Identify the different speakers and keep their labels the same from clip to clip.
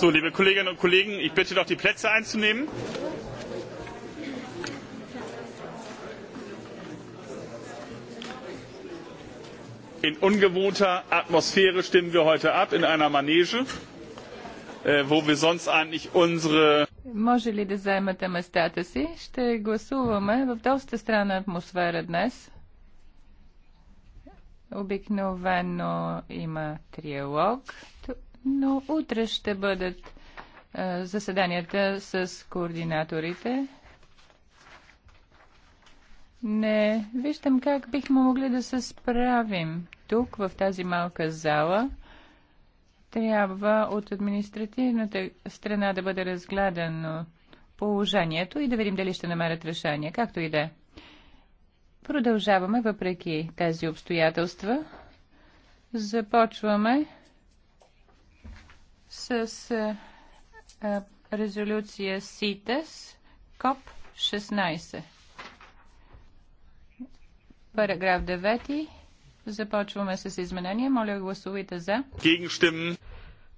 Speaker 1: So, liebe Kolleginnen und Kollegen, ich bitte doch, die Plätze einzunehmen. In ungewohnter Atmosphäre stimmen wir heute ab, in einer Manege, wo wir sonst eigentlich unsere.
Speaker 2: Може ли да заемете местата си? Ще гласуваме в доста странна атмосфера днес. Обикновено има триалог но утре ще бъдат е, заседанията с координаторите. Не виждам как бихме могли да се справим тук, в тази малка зала. Трябва от административната страна да бъде разгледано положението и да видим дали ще намерят решение, както и да е. Продължаваме въпреки тези обстоятелства. Започваме с резолюция СИТЕС КОП 16. Параграф 9. Започваме с изменение. Моля, гласувайте за.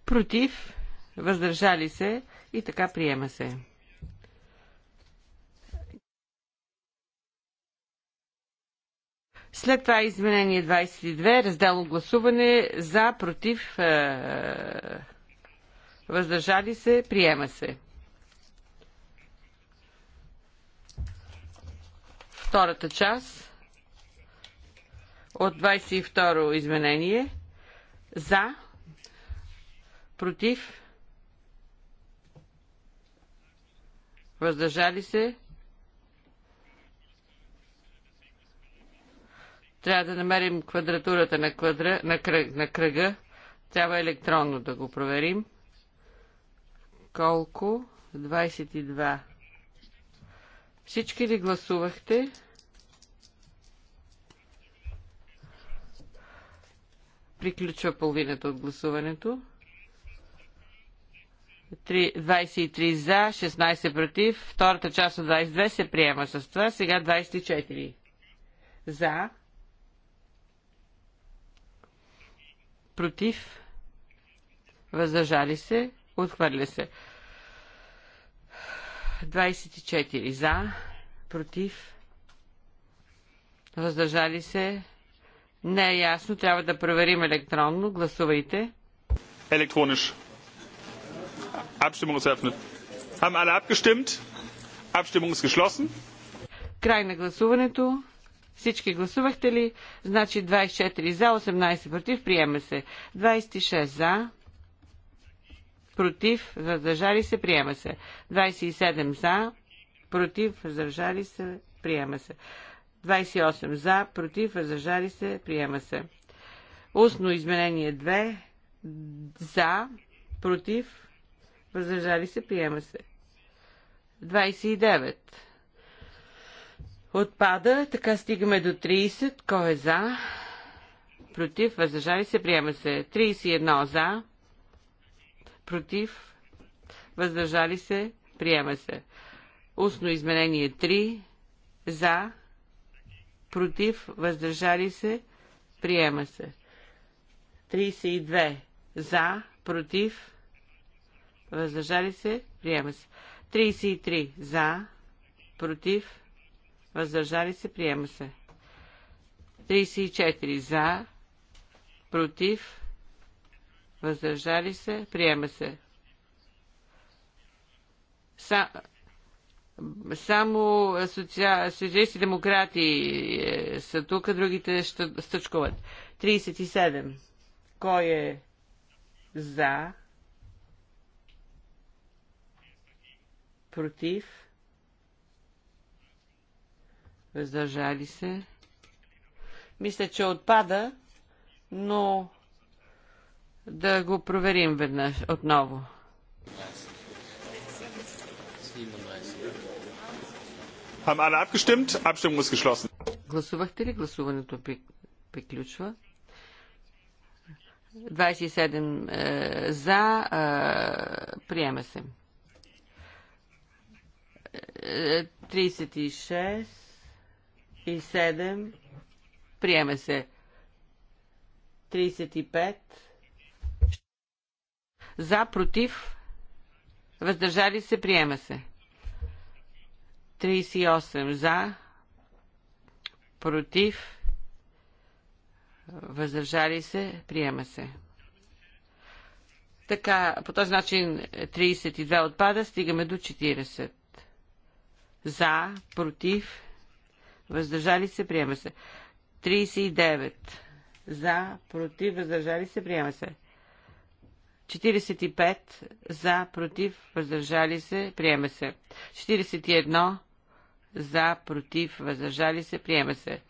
Speaker 2: Против. Въздържали се. И така приема се.
Speaker 3: След това изменение 22, разделно гласуване за, против, е, въздържали се, приема се. Втората част от 22 изменение за, против, въздържали се, трябва да намерим квадратурата на, квадра, на, кръг, на кръга. Трябва електронно да го проверим. Колко? 22. Всички ли гласувахте? Приключва половината от гласуването. 23 за, 16 против. Втората част от 22 се приема с това. Сега 24 за. Против. Въздържали се. Отхвърля се. 24 за, против, въздържали се. Не е ясно, трябва да проверим електронно. Гласувайте.
Speaker 1: Електрониш. Abstimmung се eröffnet. Haben alle abgestimmt? Abstimmung ist geschlossen.
Speaker 3: Край на гласуването. Всички гласувахте ли? Значи 24 за, 18 против. Приема се. 26 за, против, въздържали се, приема се. 27 за, против, въздържали се, приема се. 28 за, против, въздържали се, приема се. Устно изменение 2 за, против, въздържали се, приема се. 29. Отпада, така стигаме до 30. Кой е за? Против, въздържали се, приема се. 31 за, против, въздържали се, приема се. Устно изменение 3, за, против, въздържали се, приема се. 32, за, против, въздържали се, приема се. 33, за, против, въздържали се, приема се. 34, за, против, въздържали се, приема се. Са, само социалисти демократи е, са тук, другите ще стъчкуват. 37. Кой е за? Против? Въздържали се? Мисля, че отпада, но да го проверим веднъж отново. Гласувахте ли? Гласуването приключва. 27 е, за. Е, приема се. 36 е, и 7. Приема се. 35. За, против, въздържали се, приема се. 38 за, против, въздържали се, приема се. Така, по този начин 32 отпада, стигаме до 40. За, против, въздържали се, приема се. 39. За, против, въздържали се, приема се. 45 за, против, въздържали се, приема се. 41 за, против, въздържали се, приема се.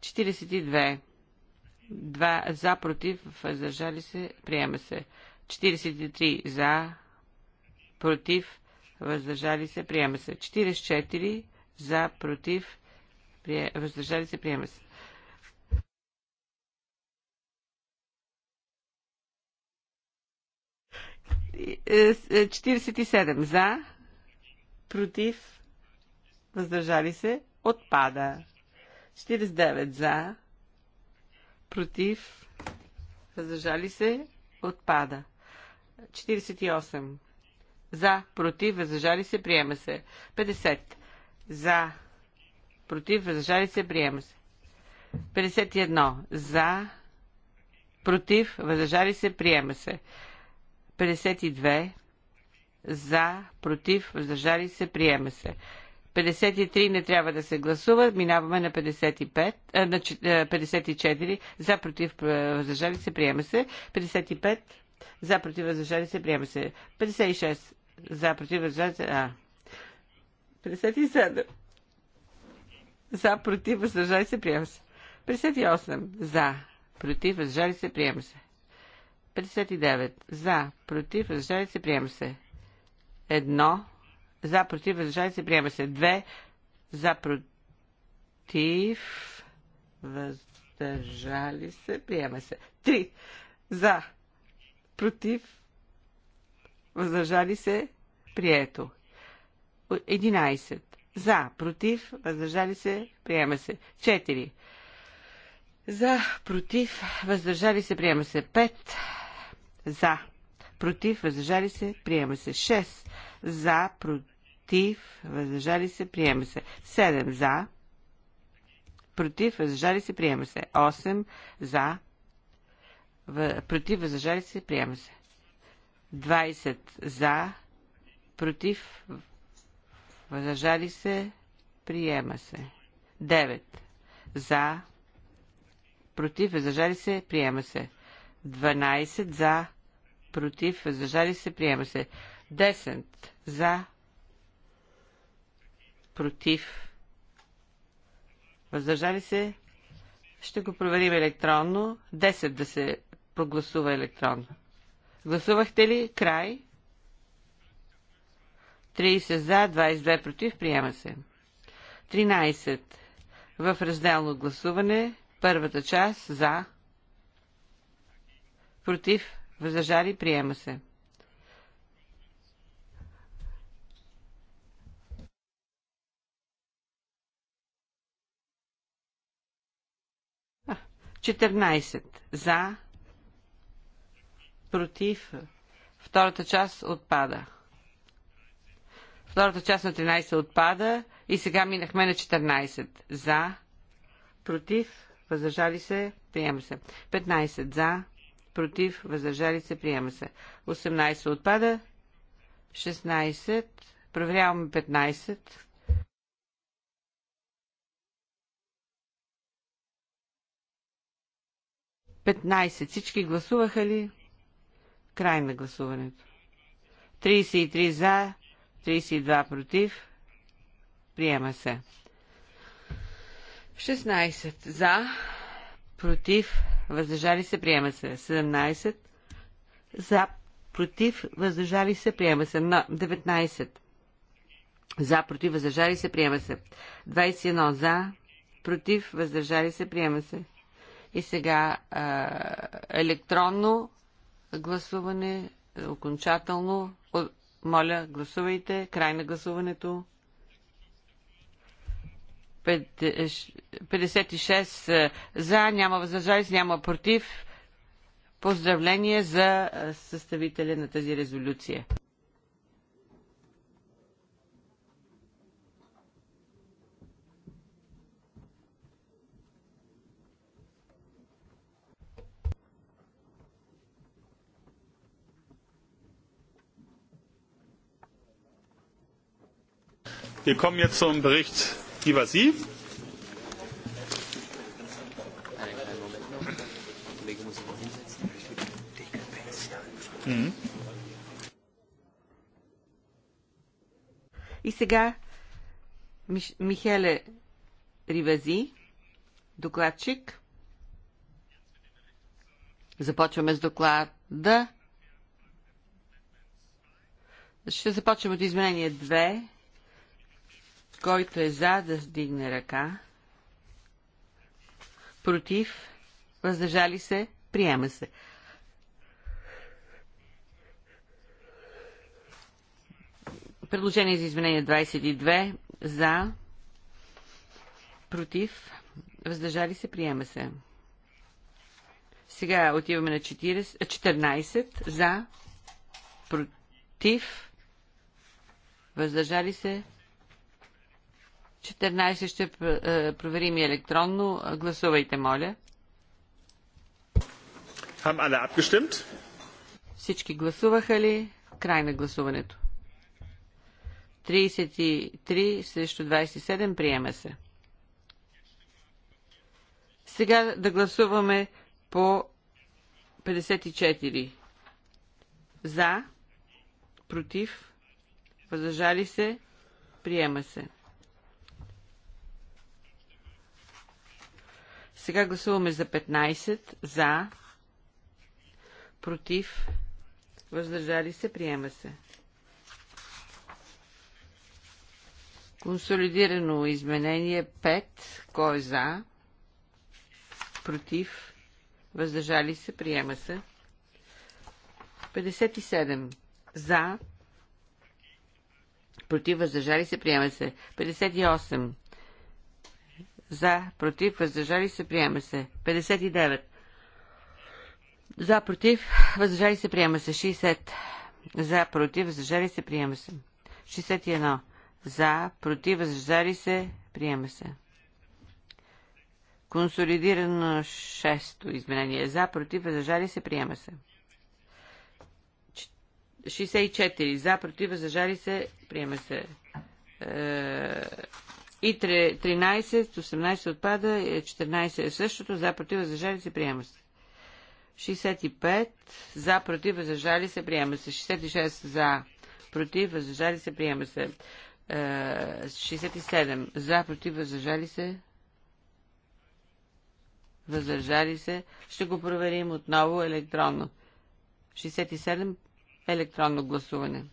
Speaker 3: 42 2 за, против, въздържали се, приема се. 43 за, против, въздържали се, приема се. 44 за, против, въздържали се, приема се. 47 за, против, въздържали се, отпада. 49 за, против, въздържали се, отпада. 48 за, против, въздържали се, приема се. 50 за, против, въздържали се, приема се. 51 за, против, въздържали се, приема се. 52 за, против, въздържали се, приема се. 53 не трябва да се гласува. Минаваме на 55, на 54. За, против, въздържали се, приема се. 55. За, против, въздържали се, приема се. 56. За, против, въздържали се. А. 57. За, против, въздържали се, приема се. 58. За, против, въздържали се, приема се. 59. За, против, въздържали се, приема се. Едно За, против, въздържали се, приема се. 2. За, против, въздържали се, приема се. Три. За, против, въздържали се, прието. 11. За, против, въздържали се, приема се. 4. За, против, въздържали се, приема се. 5 за, против, въздържали се, приема се. 6 за, против, въздържали се, приема се. 7 за, против, въздържали се, приема се. 8 за, против, въздържали се, приема се. 20 за, против, въздържали се, приема се. 9 за, против, въздържали се, приема се. 12 за, против, въздържали се, приема се. 10 за, против, въздържали се. Ще го проверим електронно. 10 да се прогласува електронно. Гласувахте ли? Край. 30 за, 22 против, приема се. 13. В разделно гласуване, първата част за, против, въздържали, приема се. А, 14 за, против, втората част отпада. Втората част на 13 отпада и сега минахме на 14. За, против, въздържали се, приема се. 15 за, против, въздържали се, приема се. 18 отпада, 16, проверяваме 15. Петнайсет. Всички гласуваха ли? Край на гласуването. 33 за, 32 против. Приема се. 16 за, против, въздържали се, приема се. 17 за, против, въздържали се, приема се. 19 за, против, въздържали се, приема се. 21 за, против, въздържали се, приема се. И сега а, електронно гласуване, окончателно. Моля, гласувайте. Край на гласуването. 56 е, за, няма въздържали няма против. Поздравление за е, съставителя на тази резолюция.
Speaker 1: Wir kommen jetzt zum Bericht die war sie.
Speaker 3: И сега Миш, Михеле Ривази, докладчик. Започваме с доклада. Ще започваме от изменение който е за, да сдигне ръка. Против. Въздържали се. Приема се. Предложение за изменение 22. За. Против. Въздържали се. Приема се. Сега отиваме на 40, 14. За. Против. Въздържали се. 14 ще е, проверим и електронно. Гласувайте, моля.
Speaker 1: Haben alle abgestimmt?
Speaker 3: Всички гласуваха ли? Край на гласуването. 33 срещу 27 приема се. Сега да гласуваме по 54. За, против, въздържали се, приема се. Сега гласуваме за 15. За. Против. Въздържали се. Приема се. Консолидирано изменение 5. Кой е за? Против. Въздържали се. Приема се. 57. За. Против. Въздържали се. Приема се. 58 за, против, въздържали се, приема се. 59. За, против, въздържали се, приема се. 60. За, против, въздържали се, приема се. 61. За, против, въздържали се, приема се. Консолидирано 6 изменение. За, против, въздържали се, приема се. 64. За, против, въздържали се, приема се. Е... И 13, 18 отпада, 14 е същото, за против въздържали се приема се. 65 за против въздържали се приема се. 66 за против въздържали се приема се. 67 е, за против въздържали се въздържали се. Ще го проверим отново електронно. 67 електронно гласуване.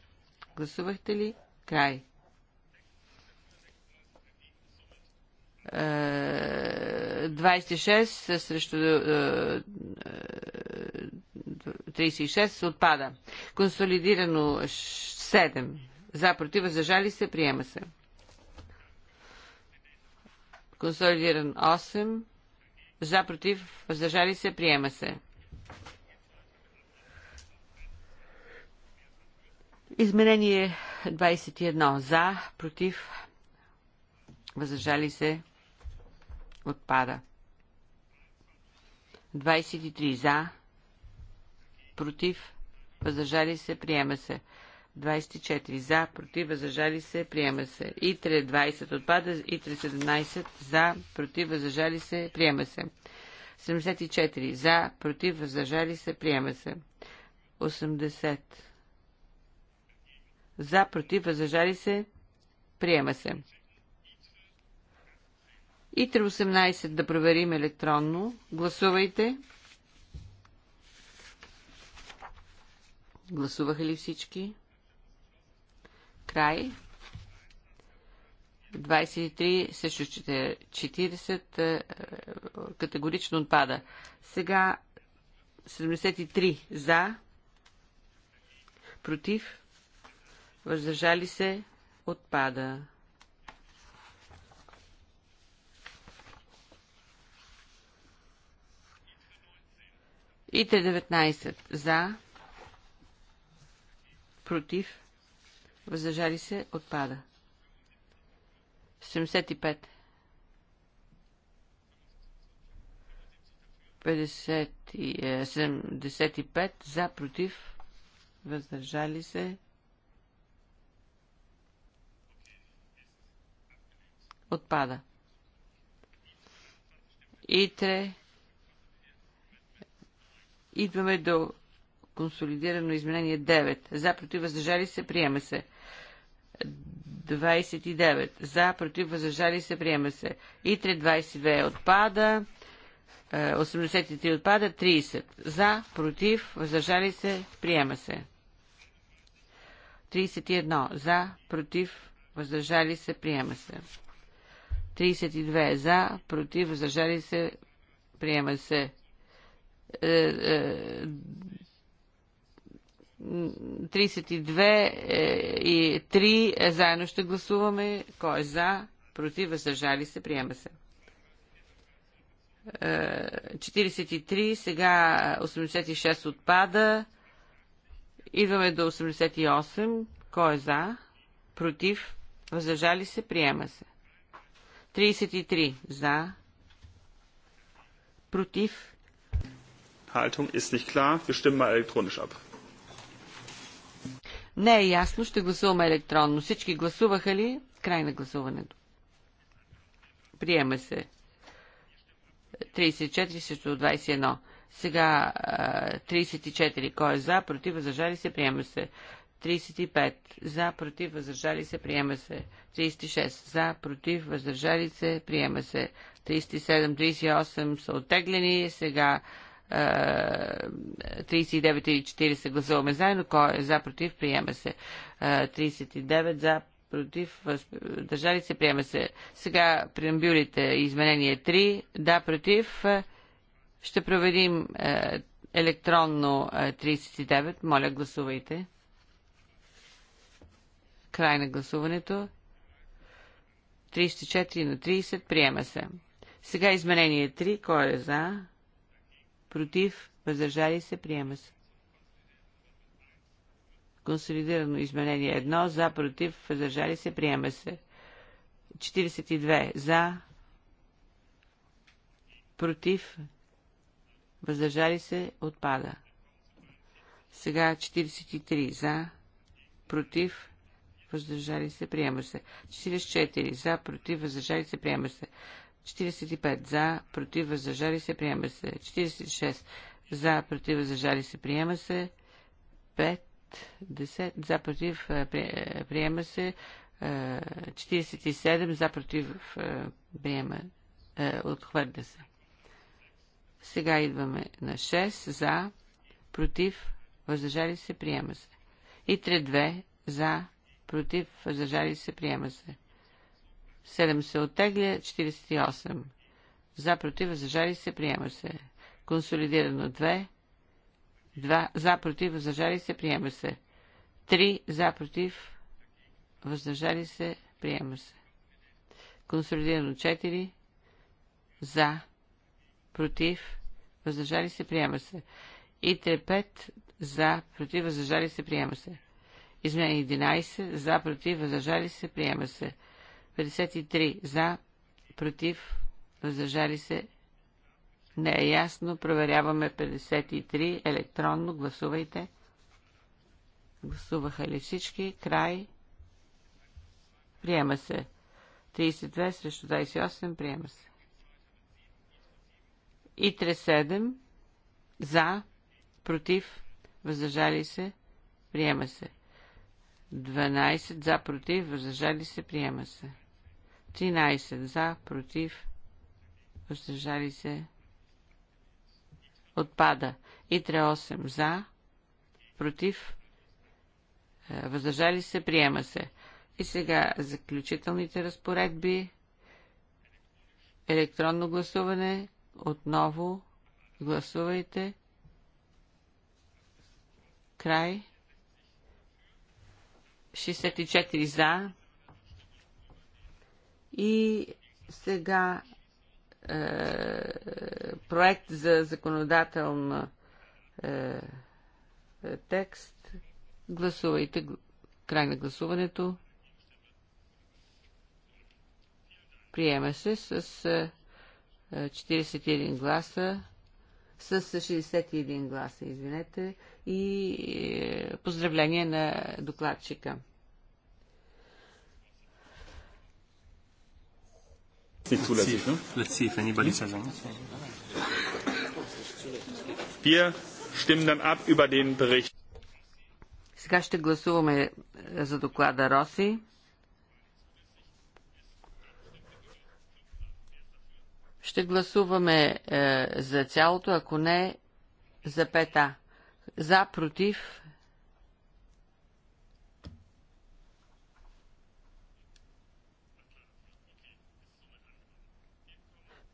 Speaker 3: Гласувахте ли? Край. 26 срещу 36 е, е, отпада. Консолидирано 7. За, против, жали се, приема се. Консолидиран 8. За, против, жали се, приема се. Изменение 21. За, против, въздържали се, приема се. Отпада. 23 за. Против. Въздържали се. Приема се. 24 за. Против. Въздържали се. Приема се. Итре 20 отпада. Итре 17 за. Против. Въздържали се. Приема се. 74 за. Против. Въздържали се. Приема се. 80 за. Против. Въздържали се. Приема се. И 318 да проверим електронно. Гласувайте. Гласуваха ли всички? Край. 23 също 40 категорично отпада. Сега 73 за, против, въздържали се, отпада. И 19 за, против, въздържали се, отпада. 75. 50, 75 за, против, въздържали се. Отпада. Итре Идваме до консолидирано изменение 9. За, против, въздържали се, приема се. 29. За, против, въздържали се, приема се. Итре 22 отпада. 83 е, отпада. 30. За, против, въздържали се, приема се. 31. За, против, въздържали се, приема се. 32. За, против, въздържали се, приема се. 32 е, е, и 3 е, заедно ще гласуваме. Кой е за? Против? Въздържали се? Приема се. 43, сега 86 отпада. Идваме до 88. Кой е за? Против? Въздържали се? Приема се. 33 за. Против?
Speaker 1: Haltung ist nicht klar. Wir stimmen mal elektronisch ab.
Speaker 3: Не е ясно, ще гласуваме електронно. Всички гласуваха ли? Край на гласуването. Приема се. 34 срещу 21. Сега 34. Кой е за? Против, въздържали се, приема се. 35. За, против, въздържали се, приема се. 36. За, против, въздържали се, приема се. 37, 38 са оттеглени. Сега 39 и 40 гласуваме заедно. Кой е за, против, приема се. 39 за, против, държали се, приема се. Сега преамбюлите, изменение 3, да, против. Ще проведим електронно 39. Моля, гласувайте. Край на гласуването. 34 на 30. Приема се. Сега изменение 3. Кой е за? против, въздържали се, приема се. Консолидирано изменение 1, за, против, въздържали се, приема се. 42, за, против, въздържали се, отпада. Сега 43, за, против, въздържали се, приема се. 44, за, против, въздържали се, приема се. 45 за, против, въздържали се, приема се. 46 за, против, въздържали се, приема се. 5, 10 за, против, е, е, приема се. 47 е, за, против, приема, отхвърля се. Сега идваме на 6 за, против, въздържали се, приема се. И 3-2 за, против, въздържали се, приема се. 7 се оттегля, 48. За, против, зажали се, приема се. Консолидирано 2. 2. За, против, зажали се, приема се. 3. За, против, въздържали се, приема се. Консолидирано 4. За, против, въздържали се, приема се. И 3, 5. За, против, въздържали се, приема се. Изменя 11. За, против, въздържали се, приема се. 53 за, против, въздържали се. Не е ясно. Проверяваме 53. Електронно гласувайте. Гласуваха ли всички? Край. Приема се. 32 срещу 28. Приема се. И 37 за, против, въздържали се. Приема се. 12 за, против, въздържали се. Приема се. 13 за, против, въздържали се, отпада. Итре 8 за, против, е, въздържали се, приема се. И сега заключителните разпоредби, електронно гласуване, отново гласувайте. Край. 64 за, и сега е, проект за законодателна е, е текст. Гласувайте. Край на гласуването. Приема се с е, 41 е, гласа с 61 е, гласа, извинете, и поздравление на докладчика.
Speaker 1: Let's see, let's see if anybody says anything. Wir stimmen dann ab über den Bericht.
Speaker 3: Сега ще гласуваме е, за доклада Роси. Ще гласуваме е, за цялото, ако не за пета. За, против,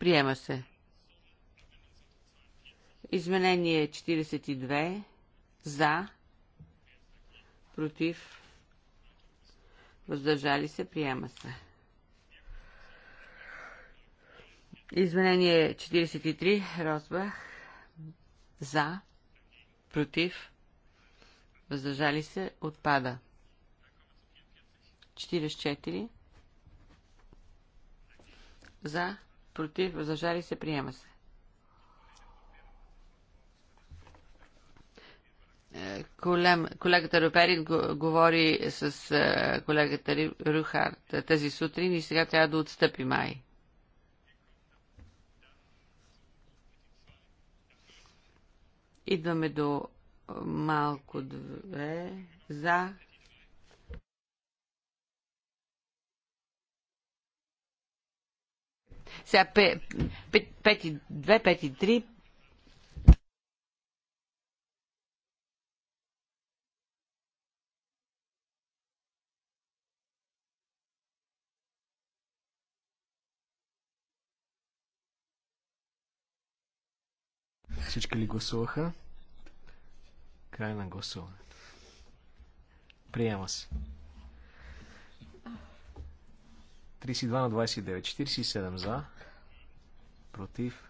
Speaker 3: Приема се. Изменение 42. За. Против. Въздържали се. Приема се. Изменение 43. Розбах. За. Против. Въздържали се. Отпада. 44. За против, въздържали се, приема се. Е, колем, колегата Руперин говори с е, колегата Рухард тази сутрин и сега трябва да отстъпи май. Идваме до е, малко две за Сега 5 2, 5 3
Speaker 4: Всички ли гласуваха? Край на гласуването. Приема се. 32 на 29. 47 за. Против.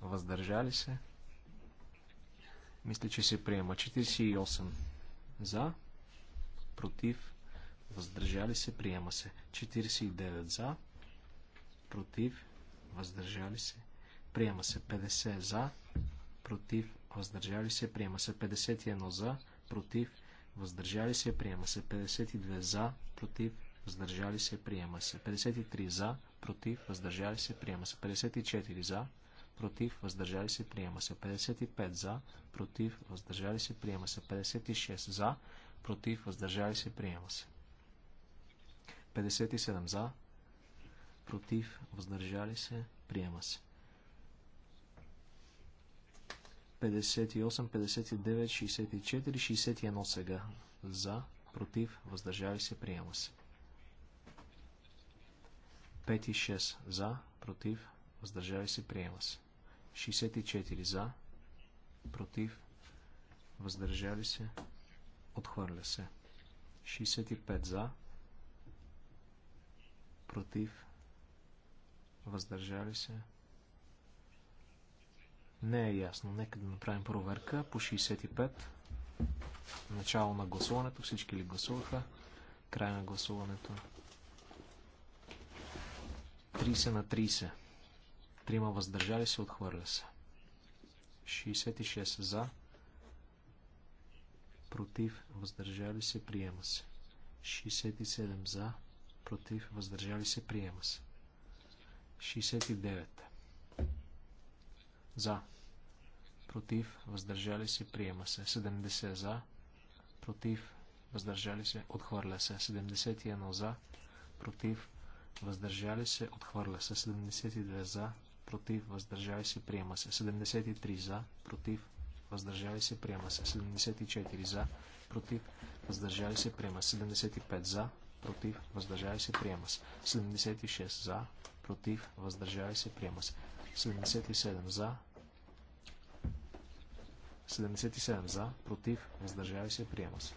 Speaker 4: Въздържали се. Мисля, че се приема. 48 за. Против. Въздържали се. Приема се. 49 за. Против. Въздържали се. Приема се. 50 за. Против. Въздържали се. Приема се. 51 за. Против. Въздържали се. Приема се. 52 за. Против въздържали се, приема се. 53 за, против, въздържали се, приема се. 54 за, против, въздържали се, приема се. 55 за, против, въздържали се, приема се. 56 за, против, въздържали се, приема се. 57 за, против, въздържали се, приема се. 58, 59, 64, 61 сега. За, против, въздържали се, приема се. 5 и 6 за, против, въздържали се, приема се. 64 за, против, въздържали се, отхвърля се. 65 за, против, въздържали се. Не е ясно. Нека да направим проверка по 65. Начало на гласуването. Всички ли гласуваха? Край на гласуването. 30 на 30. Трима въздържали се, отхвърля се. 66 за. Против, въздържали се, приема се. 67 за. Против, въздържали се, приема се. 69 за. Против, въздържали се, приема се. 70 за. Против, въздържали се, отхвърля се. 71 за. Против, въздържали се, отхвърля се. 72 за, против, въздържали се, приема се. 73 за, против, въздържали се, приема се. 74 за, против, въздържали се, приема се. 75 за, против, въздържали се, приема се. 76 за, против, въздържали се, приема се. 77 за, 77 за, против, въздържали се, приема се.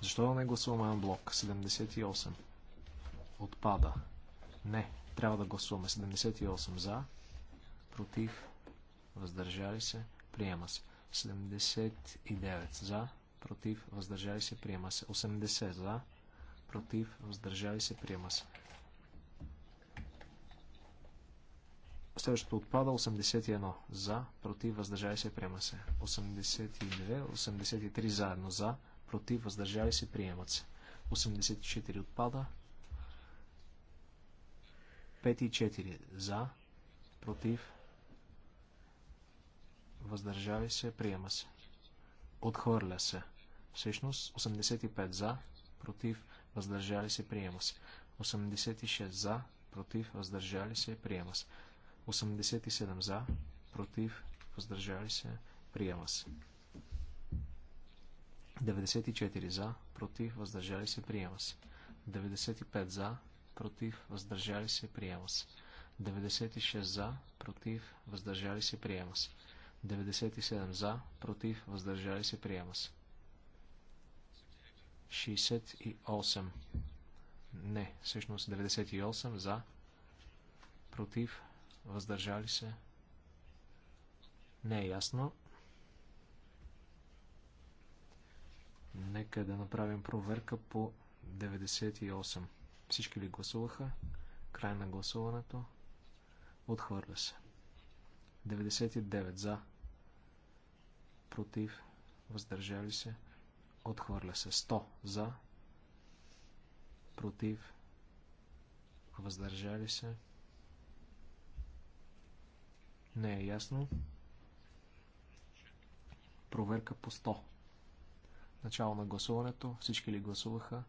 Speaker 4: Защо да не гласуваме блок? 78 Отпада. Не. Трябва да гласуваме. 78 за. Против. Въздържали се. Приема се. 79 за. Против. Въздържали се. Приема се. 80 за. Против. Въздържали се. Приема се. Следващото отпада 81 за, против, въздържали се, приема се. 82, 83 заедно за, против, въздържали се, приемат се. 84 отпада, 5 и 4 за, против, въздържали се, приема се. Отхвърля се. Всъщност 85 за, против, въздържали се, приема се. 86 за, против, въздържали се, приема се. 87 за, против, въздържали се, приема се. 94 за, против, въздържали се, приема се. 95 за, против, въздържали се, приема се. 96 за, против, въздържали се, приема се. 97 за, против, въздържали се, приема се. 68. Не, всъщност 98 за, против, въздържали се. Не е ясно. Нека да направим проверка по 98. Всички ли гласуваха? Край на гласуването. Отхвърля се. 99 за. Против. Въздържали се. Отхвърля се. 100 за. Против. Въздържали се. Не е ясно. Проверка по 100. Начало на гласуването. Всички ли гласуваха?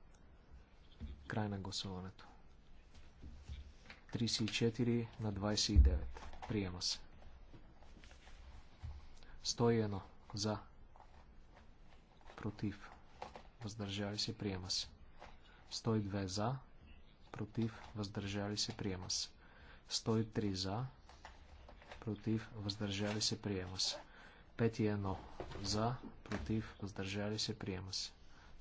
Speaker 4: Край на гласуването. 34 на 29. Приема се. 101. За. Против. Въздържали се. Приема се. 102 за. Против. Въздържали се. Приема се. 103 за. Против. Въздържали се. Приема се. 5 1. За. Против. Въздържали се. Приема се.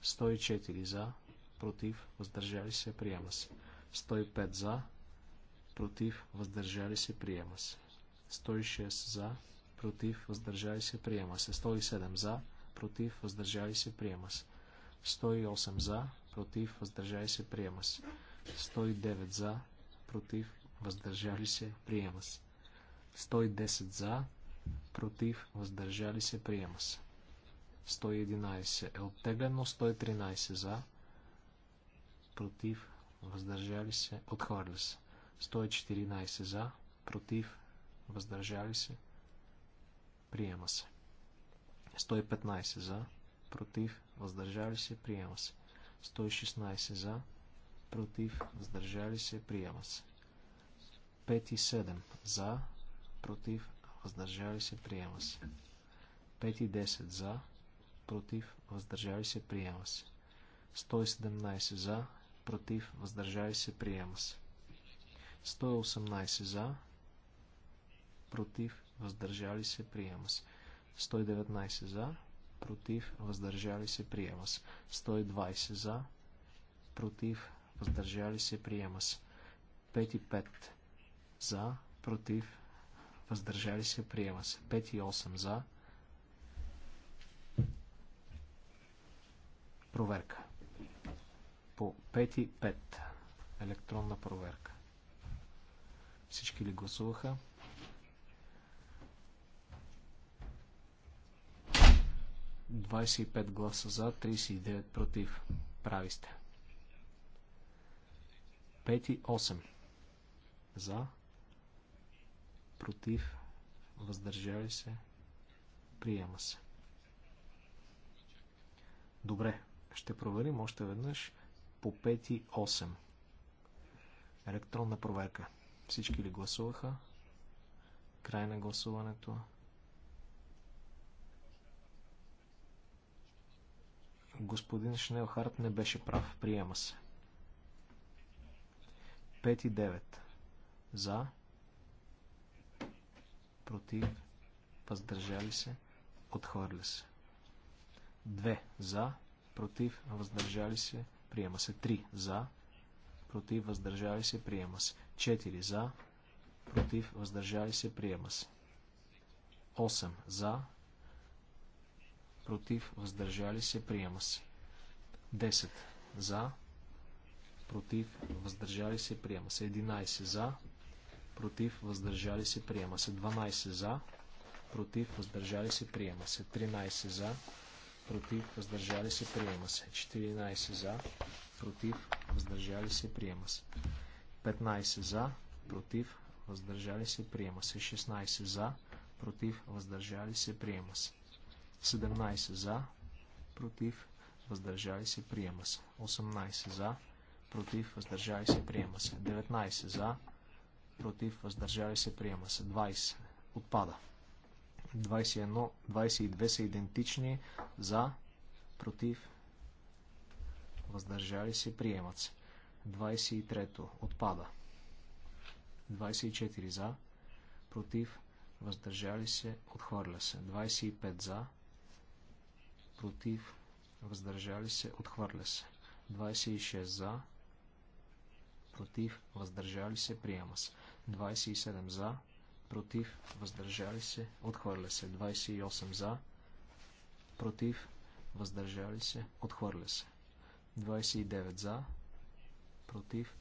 Speaker 4: 104 за против, въздържали се, приема се. 105 за, против, въздържали се, приема се. 106 за, против, въздържали се, приема се. 107 за, против, въздържали се, приема се. 108 за, против, въздържали се, приема се. 109 за, против, въздържали се, приема се. 110 за, против, въздържали се, приема се. 111 е оттеглено, 113 за, против, въздържали се, отхвърля се. 114 за, против, въздържали се, приема се. 115 за, против, въздържали се, приема се. 116 за, против, въздържали се, приема се. 5 и 7 за, против, въздържали се, приема се. 5 и 10 за, против, въздържали се, приема се. 117 за, против, въздържали се, приема се. 118 за, против, въздържали се, приема се. 119 за, против, въздържали се, приема се. 120 за, против, въздържали се, приема се. 5 за, против, въздържали се, приема се. 5 за. Проверка по 5 и 5. Електронна проверка. Всички ли гласуваха? Двадесет гласа за, 39 против. Прави сте. 5 и 8 за, против, въздържали се, приема се. Добре, ще проверим още веднъж по 5 и 8. Електронна проверка. Всички ли гласуваха? Край на гласуването. Господин Шнелхарт не беше прав. Приема се. 5 и 9. За. Против. Въздържали се. Отхвърля се. 2. За. Против. Въздържали се приема се 3 за, против, въздържали се, приема се 4 за, против, въздържали се, приема се 8 за, против, въздържали се, приема се 10 за, против, въздържали се, приема се 11 за, против, въздържали се, приема се 12 за, против, въздържали се, приема се 13 за, против, въздържали се, приема се. 14 за, против, въздържали се, приема се. 15 за, против, въздържали се, приема се. 16 за, против, въздържали се, приема се. 17 за, против, въздържали се, приема се. 18 за, против, въздържали се, приема се. 19 за, против, въздържали се, приема се. 20 отпада. 21, 22 са идентични. За, против, въздържали се, приемат се. 23 отпада. 24 за, против, въздържали се, отхвърля се. 25 за, против, въздържали се, отхвърля се. 26 за, против, въздържали се, приема се. 27 за, против, въздържали се, отхвърля се. 28 за, против, въздържали се, отхвърля се. 29 за, против,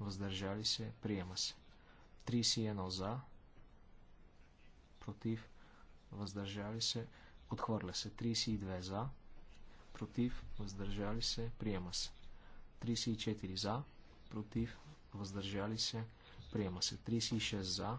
Speaker 4: въздържали се, приема се. 31 за, против, въздържали се, отхвърля се. 32 за, против, въздържали се, приема се. 34 за, против, въздържали се, приема се. 36 за,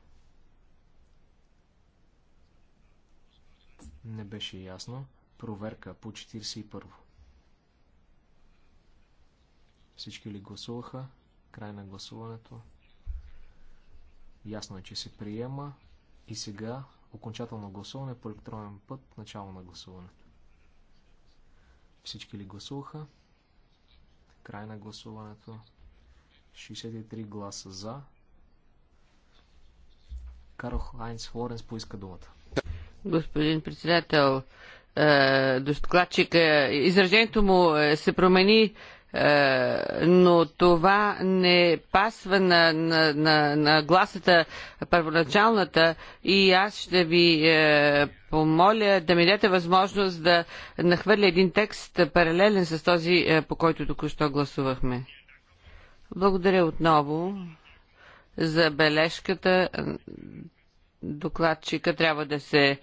Speaker 4: Не беше ясно. Проверка по 41. Всички ли гласуваха? Край на гласуването. Ясно е, че се приема. И сега окончателно гласуване по електронен път, начало на гласуването. Всички ли гласуваха? Край на гласуването. 63 гласа за. Карл Хайнц Флоренс поиска думата.
Speaker 3: Господин председател, е, Доскладчика, изражението му е, се промени е, но това не пасва на, на, на, на гласата първоначалната и аз ще ви помоля да ми дадете възможност да нахвърля един текст паралелен с този, по който току-що гласувахме. Благодаря отново за бележката докладчика трябва да се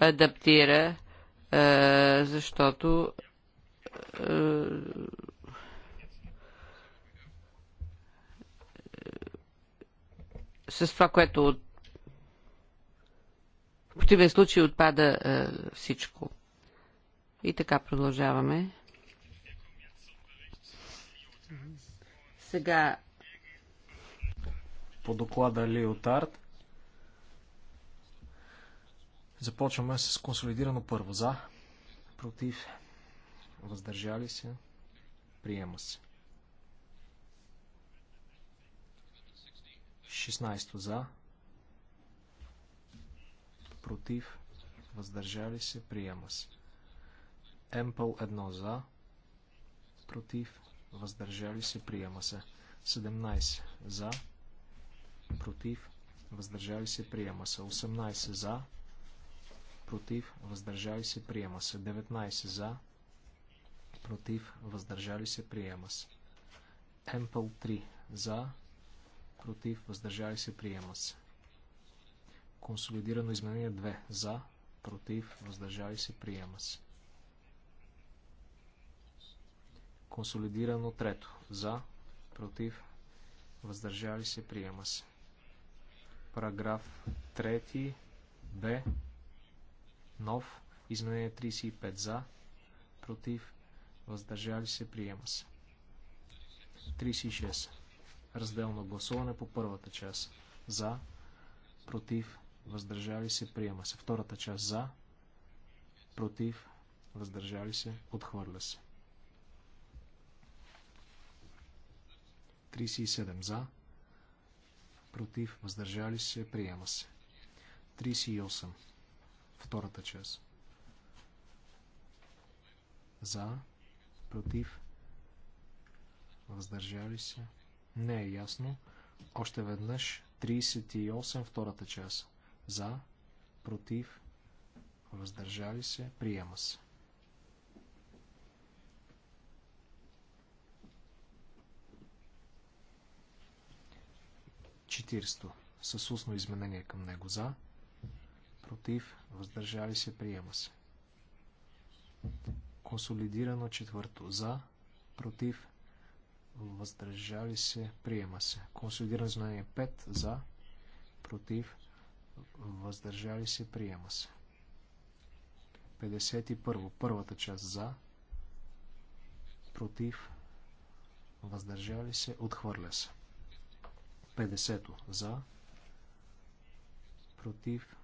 Speaker 3: адаптира, е, защото е, с това, което от... в противен случай отпада е, всичко. И така продължаваме. Сега.
Speaker 4: По доклада Лиотард Започваме с консолидирано първо за, против, въздържали се, приема се. 16 за, против, въздържали се, приема се. Емпъл 1 за, против, въздържали се, приема се. 17 за, против, въздържали се, приема се. 18 за, против, против, въздържали се, приема се. 19 за, против, въздържали се, приема се. Емпъл 3 за, против, въздържали се, приема се. Консолидирано изменение 2 за, против, въздържали се, приема се. Консолидирано трето за, против, въздържали се, приема се. Параграф 3 Б нов, изменение 35 за, против, въздържали се, приема се. 36. Разделно гласуване по първата част. За, против, въздържали се, приема се. Втората част за, против, въздържали се, отхвърля се. 37 за, против, въздържали се, приема се. 38 Втората част. За, против, въздържали се. Не е ясно. Още веднъж 38 втората част. За, против, въздържали се, приема се. Четиристо. С устно изменение към него за, против, въздържали се, приема се. Консолидирано четвърто за, против, въздържали се, приема се. Консолидирано знание 5 за, против, въздържали се, приема се. 51. Първата част за, против, въздържали се, отхвърля се. 50. За, против,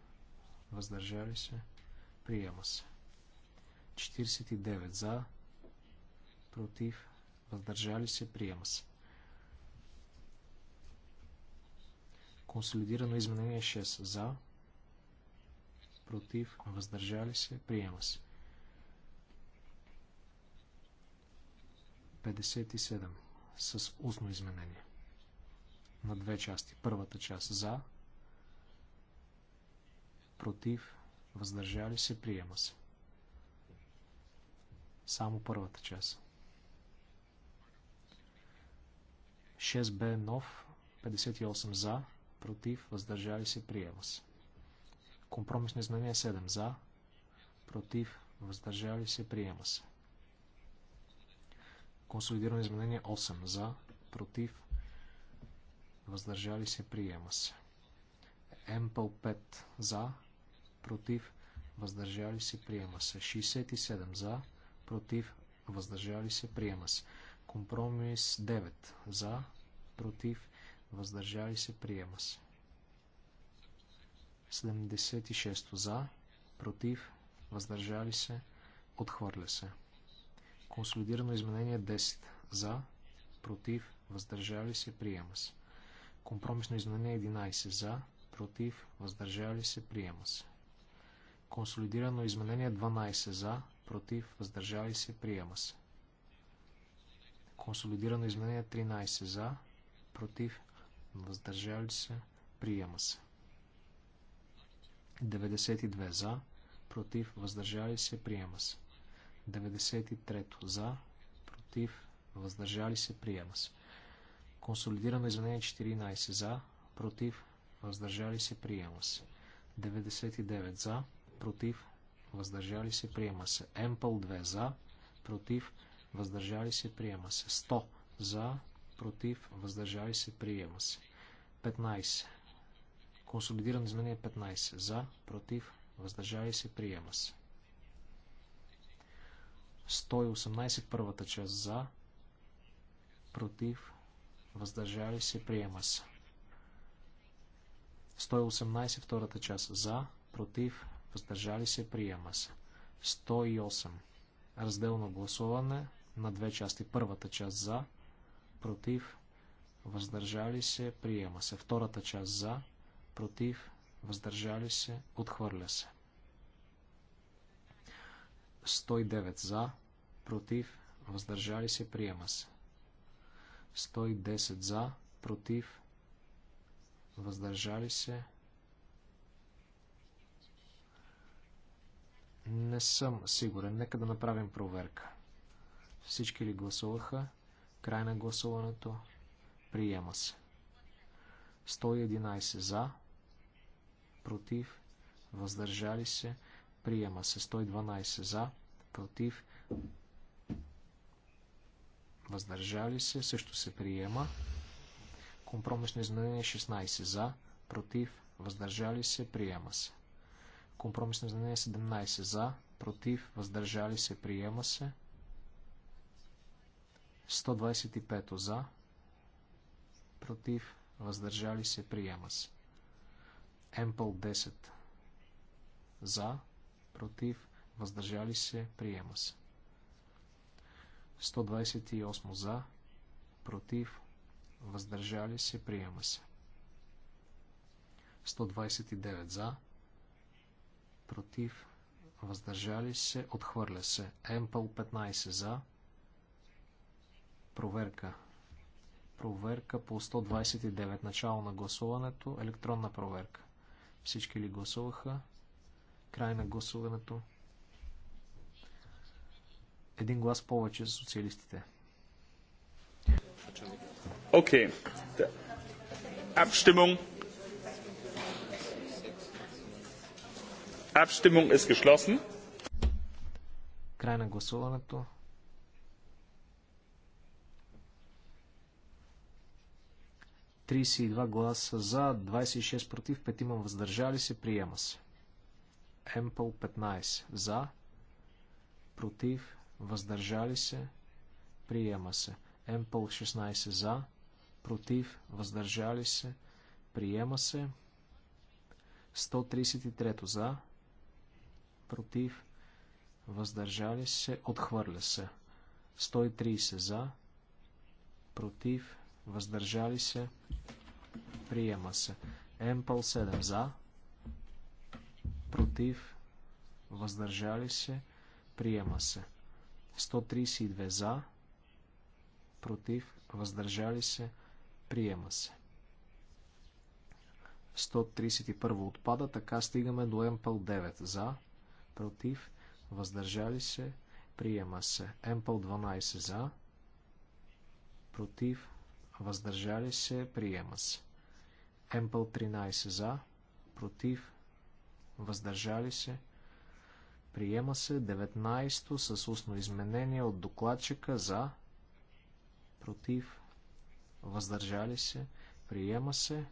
Speaker 4: въздържали се, приема се. 49 за, против, въздържали се, приема се. Консолидирано изменение 6 за, против, въздържали се, приема се. 57 с устно изменение на две части. Първата част за, против, въздържали се, приема се. Само първата част. 6 б нов, 58 за, против, въздържали се, приема се. Компромисно изменение 7 за, против, въздържали се, приема се. Консолидирано изменение 8 за, против, въздържали се, приема се. МПЛ 5 за, против, въздържали се, приема се. 67 за, против, въздържали се, приема се. Компромис 9 за, против, въздържали се, приема се. 76 за, против, въздържали се, отхвърля се. Консолидирано изменение 10 за, против, въздържали се, приема се. Компромисно изменение 11 за, против, въздържали се, приема се. Консолидирано изменение 12 за, против, въздържали се, приема се. Консолидирано изменение 13 за, против, въздържали се, приема се. 92 за, против, въздържали се, приема се. 93 за, против, въздържали се, приема се. Консолидирано изменение 14 за, против, въздържали се, приема се. 99 за, против, въздържали се, приема се. Емпъл 2 за, против, въздържали се, приема се. 100 за, против, въздържали се, приема се. 15. Консолидиран изменение 15. За, против, въздържали се, приема се. 118 първата част за, против, въздържали се, приема се. 118 втората част за, против, въздържали се, приема се. 108. Разделно гласуване на две части. Първата част за, против, въздържали се, приема се. Втората част за, против, въздържали се, отхвърля се. 109 за, против, въздържали се, приема се. 110 за, против, въздържали се, Не съм сигурен. Нека да направим проверка. Всички ли гласуваха? Край на гласуването. Приема се. 111 за, против, въздържали се. Приема се. 112 за, против, въздържали се. Също се приема. Компромисно изменение 16 за, против, въздържали се. Приема се. Компромисно изменение 17 за, против, въздържали се, приема се. 125 за, против, въздържали се, приема се. Емпъл 10 за, против, въздържали се, приема се. 128 за, против, въздържали се, приема се. 129 за, против, въздържали се, отхвърля се. Емпъл 15 за. Проверка. Проверка по 129. Начало на гласуването. Електронна проверка. Всички ли гласуваха? Край на гласуването. Един глас повече за социалистите. Окей. Okay. Abstimmung Abstimmung
Speaker 1: ist geschlossen.
Speaker 4: Край на гласуването. Тридесет и два гласа за, 26 против, 5 въздържали се, приема се. Емпъл 15 за, против, въздържали се, приема се. Емпъл 16 за, против, въздържали се, приема се. 133 за, против, въздържали се, отхвърля се. 130 за, против, въздържали се, приема се. Емпъл 7 за, против, въздържали се, приема се. 132 за, против, въздържали се, приема се. 131 отпада, така стигаме до Емпъл 9 за, против, въздържали се, приема се. Емпъл 12 за, против, въздържали се, приема се. Емпъл 13 за, против, въздържали се, приема се. 19 с устно изменение от докладчика за, против, въздържали се, приема се.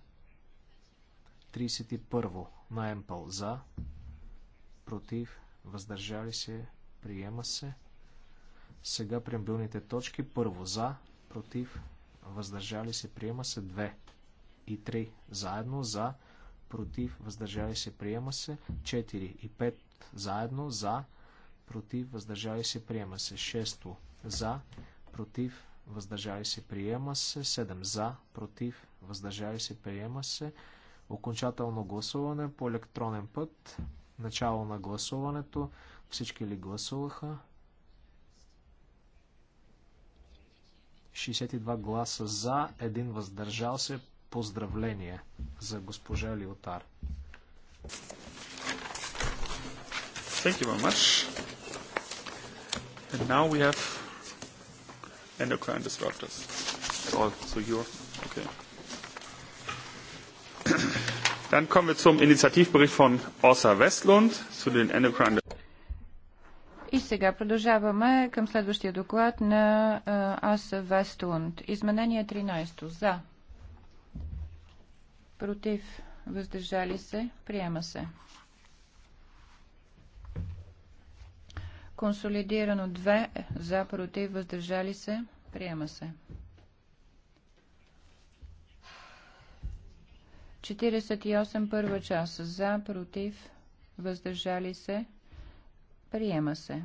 Speaker 4: 31 на Емпъл за, против, против, въздържали се, приема се. Сега преамбилните точки. Първо за, против, въздържали се, приема се. 2 и 3 заедно за, против, въздържали се, приема се. 4 и 5 заедно за, против, въздържали се, приема се. 6 за, против, въздържали се, приема се. 7 за, против, въздържали се, приема се. Окончателно гласуване по електронен път. Начало на гласуването. Всички ли гласуваха? 62 гласа за, един въздържал се. Поздравление за госпожа Лиотар. Thank you very much. And now we have
Speaker 1: endocrine disruptors. Oh, so you're okay. Dann kommen wir zum Initiativbericht von Åsa Westlund zu den Endocrine.
Speaker 2: И сега продължаваме към следващия доклад на Аса Вестлунд. Изменение 13. За. Против. Въздържали се. Приема се. Консолидирано 2. За. Против. Въздържали се. Приема се. 48 първа част. За, против, въздържали се. Приема се.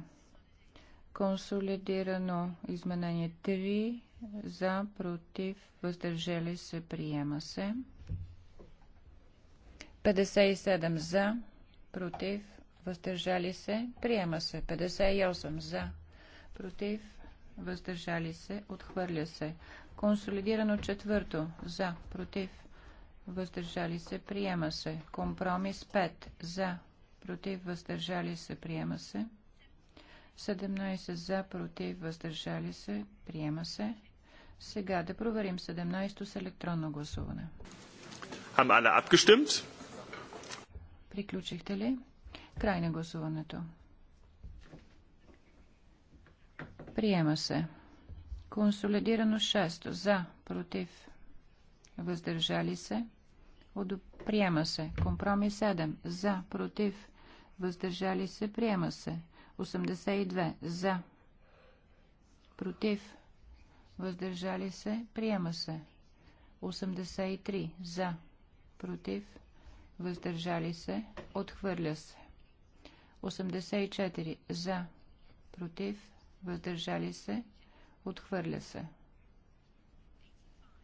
Speaker 2: Консолидирано изменение 3. За, против, въздържали се. Приема се. 57 за, против, въздържали се. Приема се. 58 за, против, въздържали се. Отхвърля се. Консолидирано четвърто. За, против, въздържали се, приема се. Компромис 5 за, против, въздържали се, приема се. 17 за, против, въздържали се, приема се. Сега да проверим 17 с електронно гласуване.
Speaker 1: Haben alle abgestimmt?
Speaker 2: Приключихте ли? Край на гласуването. Приема се. Консолидирано 6 за, против, въздържали се, Приема се. Компромис 7. За. Против. Въздържали се. Приема се. 82. За. Против. Въздържали се. Приема се. 83. За. Против. Въздържали се. Отхвърля се. 84. За. Против. Въздържали се. Отхвърля се.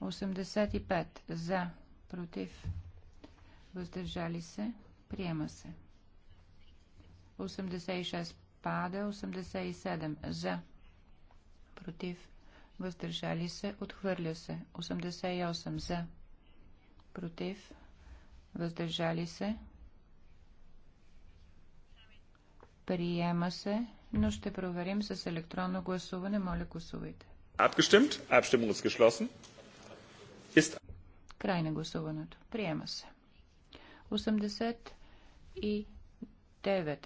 Speaker 2: 85. За. Против въздържали се, приема се. 86 пада, 87 за, против, въздържали се, отхвърля се. 88 за, против, въздържали се, приема се, но ще проверим с електронно гласуване. Моля, гласувайте.
Speaker 1: Abgestimmt. Abstimmung ist Ist...
Speaker 2: Край на гласуването. Приема се. 89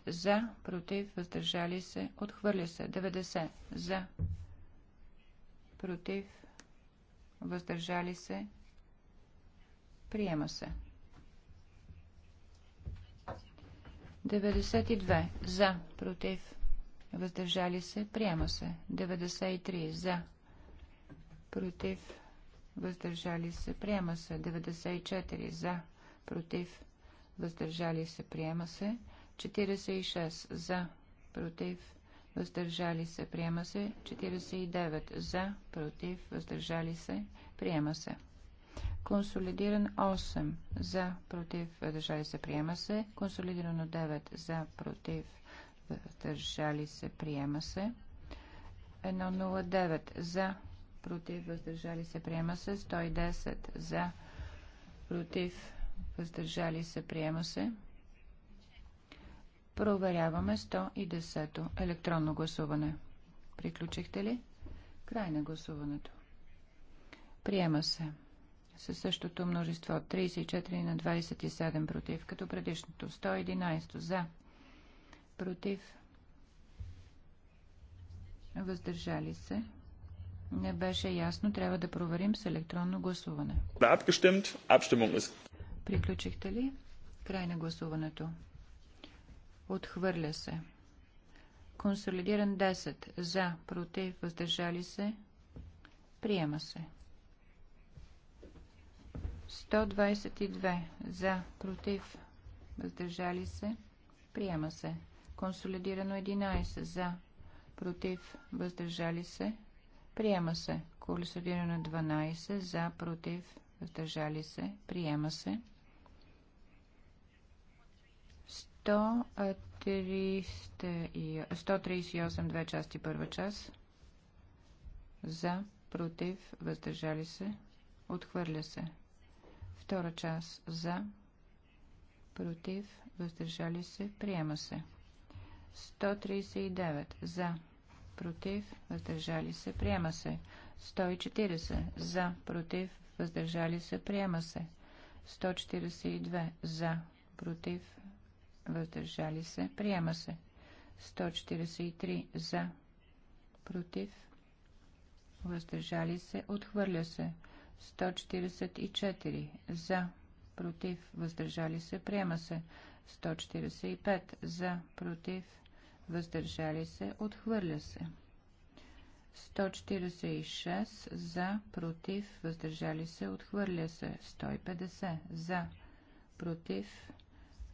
Speaker 2: за, против, въздържали се, отхвърля се. 90 за, против, въздържали се, приема се. 92 за, против, въздържали се, приема се. 93 за, против, въздържали се, приема се. 94 за, против, въздържали се, приема се. 46 за, против, въздържали се, приема се. 49 за, против, въздържали се, приема се. Консолидиран 8 за, против, въздържали се, приема се. Консолидирано 9 за, против, въздържали се, приема се. 109 за, против, въздържали се, приема се. 110 за, против, въздържали се, приема се. Проверяваме 110-то електронно гласуване. Приключихте ли? Край на гласуването. Приема се. Със същото множество 34 на 27 против, като предишното 111 за, против, въздържали се. Не беше ясно, трябва да проверим с електронно гласуване.
Speaker 1: Abgestimmt. Abstimmung ist
Speaker 2: Приключихте ли? Край на гласуването. Отхвърля се. Консолидиран 10. За, против, въздържали се. Приема се. 122. За, против, въздържали се. Приема се. Консолидирано 11. За, против, въздържали се. Приема се. Консолидирано 12. За, против, въздържали се. Приема се. 138, две части, първа част. За, против, въздържали се, отхвърля се. Втора част. За, против, въздържали се, приема се. 139. За, против, въздържали се, приема се. 140. За, против, въздържали се, приема се. 142. За, против, въздържали се, приема се. 143 за, против, въздържали се, отхвърля се. 144 за, против, въздържали се, приема се. 145 за, против, въздържали се, отхвърля се. 146 за, против, въздържали се, отхвърля се. 150 за, против,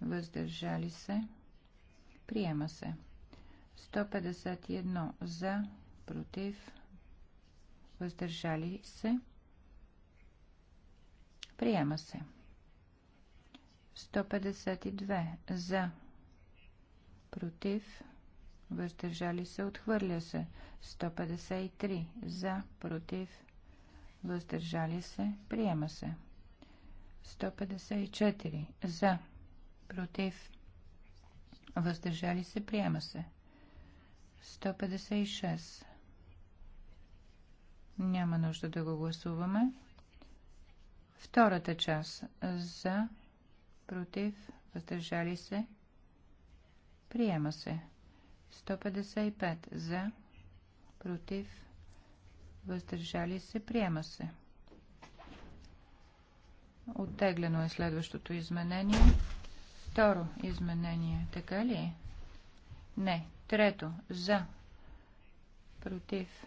Speaker 2: въздържали се, приема се. 151 за, против, въздържали се, приема се. 152 за, против, въздържали се, отхвърля се. 153 за, против, въздържали се, приема се. 154 за, против, въздържали се, приема се. 156. Няма нужда да го гласуваме. Втората част за, против, въздържали се, приема се. 155 за, против, въздържали се, приема се. Оттеглено е следващото изменение. Второ изменение. Така ли е? Не. Трето. За. Против.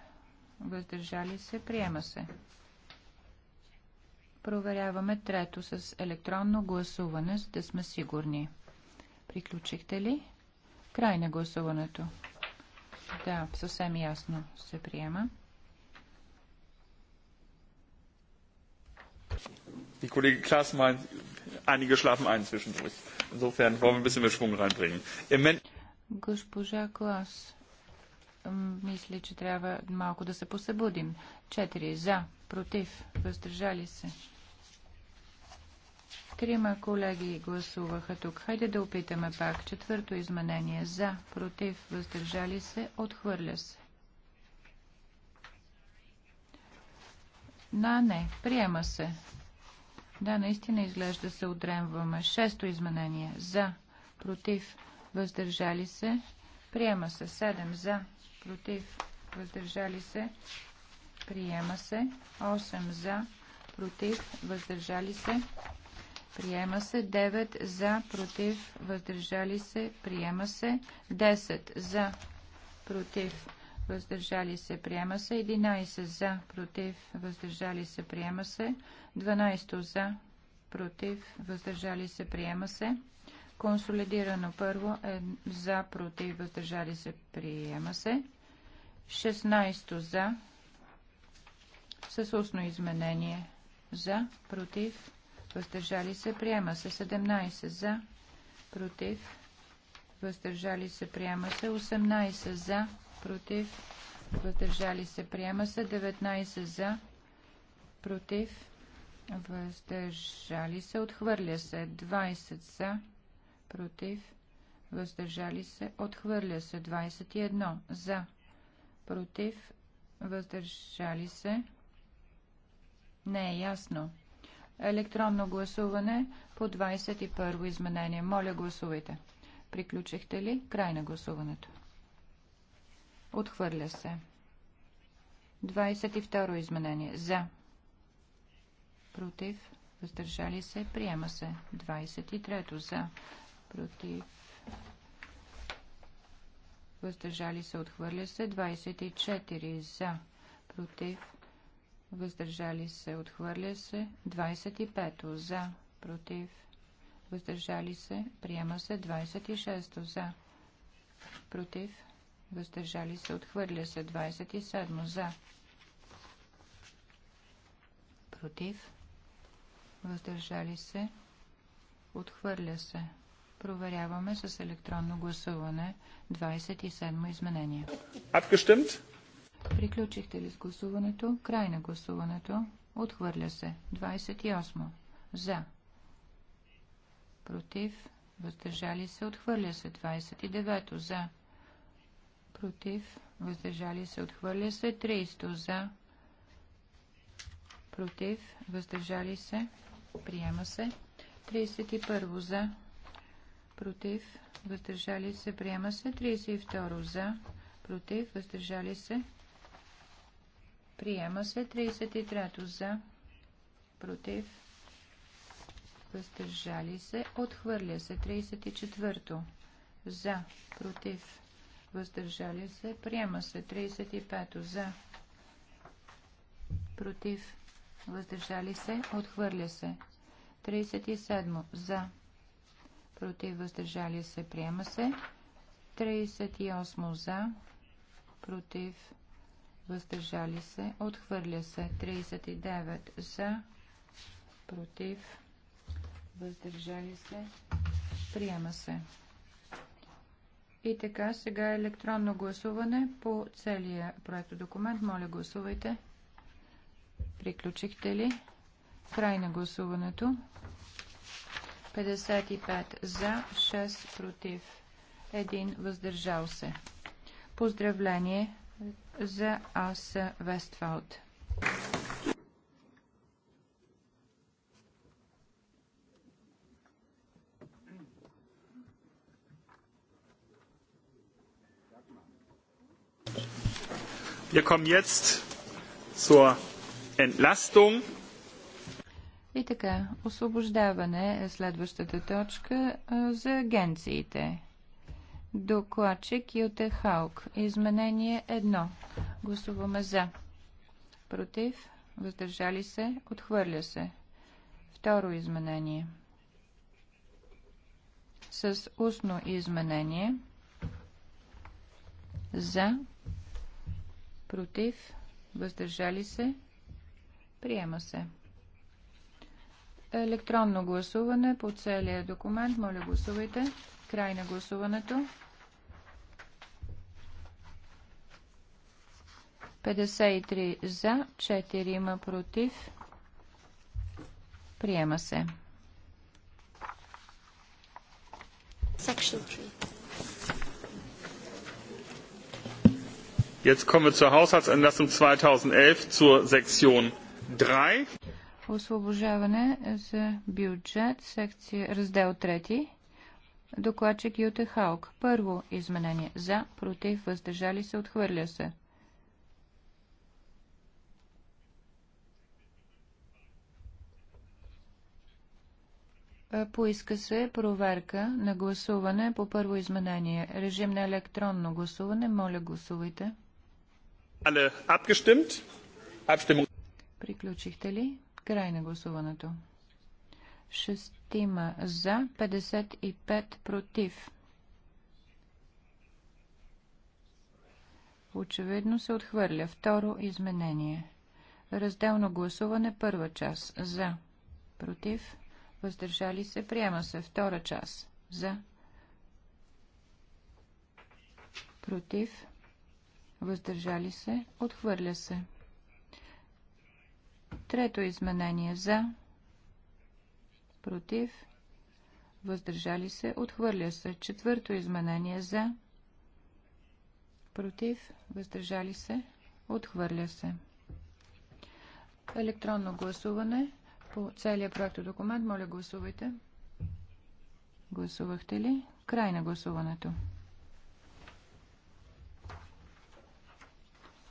Speaker 2: Въздържали се. Приема се. Проверяваме трето с електронно гласуване, за да сме сигурни. Приключихте ли? Край на гласуването. Да, съвсем ясно се приема.
Speaker 1: Die Kollege Klaas meint, einige schlafen ein zwischendurch. Insofern wollen wir ein bisschen mehr Schwung reinbringen. Im
Speaker 2: Госпожа Клас, мисля, че трябва малко да се посъбудим. Четири за, против, въздържали се. Трима колеги гласуваха тук. Хайде да опитаме пак. Четвърто изменение. За, против, въздържали се, отхвърля се. Да, не. Приема се. Да, наистина изглежда се отремваме. Шесто изменение. За. Против. Въздържали се. Приема се. Седем. За. Против. Въздържали се. Приема се. 8 за. Против. Въздържали се. Приема се. 9 за. Против. Въздържали се. Приема се. 10 за. Против въздържали се, приема се. 11 за, против, въздържали се, приема се. 12 за, против, въздържали се, приема се. Консолидирано първо е за, против, въздържали се, приема се. 16 за, с устно изменение за, против, въздържали се, приема се. 17 за, против, въздържали се, приема се. 18 за, против, въздържали се, приема се. 19 за, против, въздържали се, отхвърля се. 20 за, против, въздържали се, отхвърля се. 21 за, против, въздържали се. Не е ясно. Електронно гласуване по 21 изменение. Моля, гласувайте. Приключихте ли? Край на гласуването. Отхвърля се. 22 изменение. За. Против. Въздържали се. Приема се. 23 за. Против. Въздържали се. Отхвърля се. 24 за. Против. Въздържали се. Отхвърля се. 25 за. Против. Въздържали се. Приема се. 26 за. Против въздържали се, отхвърля се 27 за, против, въздържали се, отхвърля се. Проверяваме с електронно гласуване 27 изменение. Abgestimmt? Приключихте ли с гласуването? Край на гласуването. Отхвърля се. 28. За. Против. Въздържали се. Отхвърля се. 29. За против, въздържали се, отхвърля се. 300 за, против, въздържали се, приема се. 31 за, против, въздържали се, приема се. 32 за, против, въздържали се, приема се. 33 за, против, въздържали се, отхвърля се. 34 за, против, въздържали се, приема се. 35 за, против, въздържали се, отхвърля се. 37 за, против, въздържали се, приема се. 38 за, против, въздържали се, отхвърля се. 39 за, против, въздържали се, приема се. И така, сега е електронно гласуване по целия проект документ. Моля, гласувайте. Приключихте ли? Край на гласуването. 55 за, 6 против, 1 въздържал се. Поздравление за Аса Вестфалт.
Speaker 1: Wir kommen jetzt zur Entlastung.
Speaker 2: И така, освобождаване е следващата точка за агенциите. Докладчик Юте Хаук. Изменение 1. Гласуваме за. Против. Въздържали се. Отхвърля се. Второ изменение. С устно изменение. За против, въздържали се, приема се. Електронно гласуване по целия документ. Моля, гласувайте. Край на гласуването. 53 за, 4 има против. Приема се.
Speaker 4: Section 3.
Speaker 1: Jetzt kommen wir zur Haushaltsentlastung 2011 zur Sektion 3.
Speaker 2: Освобождаване за бюджет, секция, раздел 3. Докладчик Юте Хаук. Първо изменение. За, против, въздържали се, отхвърля се. Поиска се проверка на гласуване по първо изменение. Режим на електронно гласуване. Моля, гласувайте. Приключихте ли? Край на гласуването. Шестима за, 55 против. Очевидно се отхвърля. Второ изменение. Разделно гласуване първа част. За. Против. Въздържали се. Приема се. Втора част. За. Против въздържали се, отхвърля се. Трето изменение за, против, въздържали се, отхвърля се. Четвърто изменение за, против, въздържали се, отхвърля се. Електронно гласуване по целия проект документ. Моля, гласувайте. Гласувахте ли? Край на гласуването.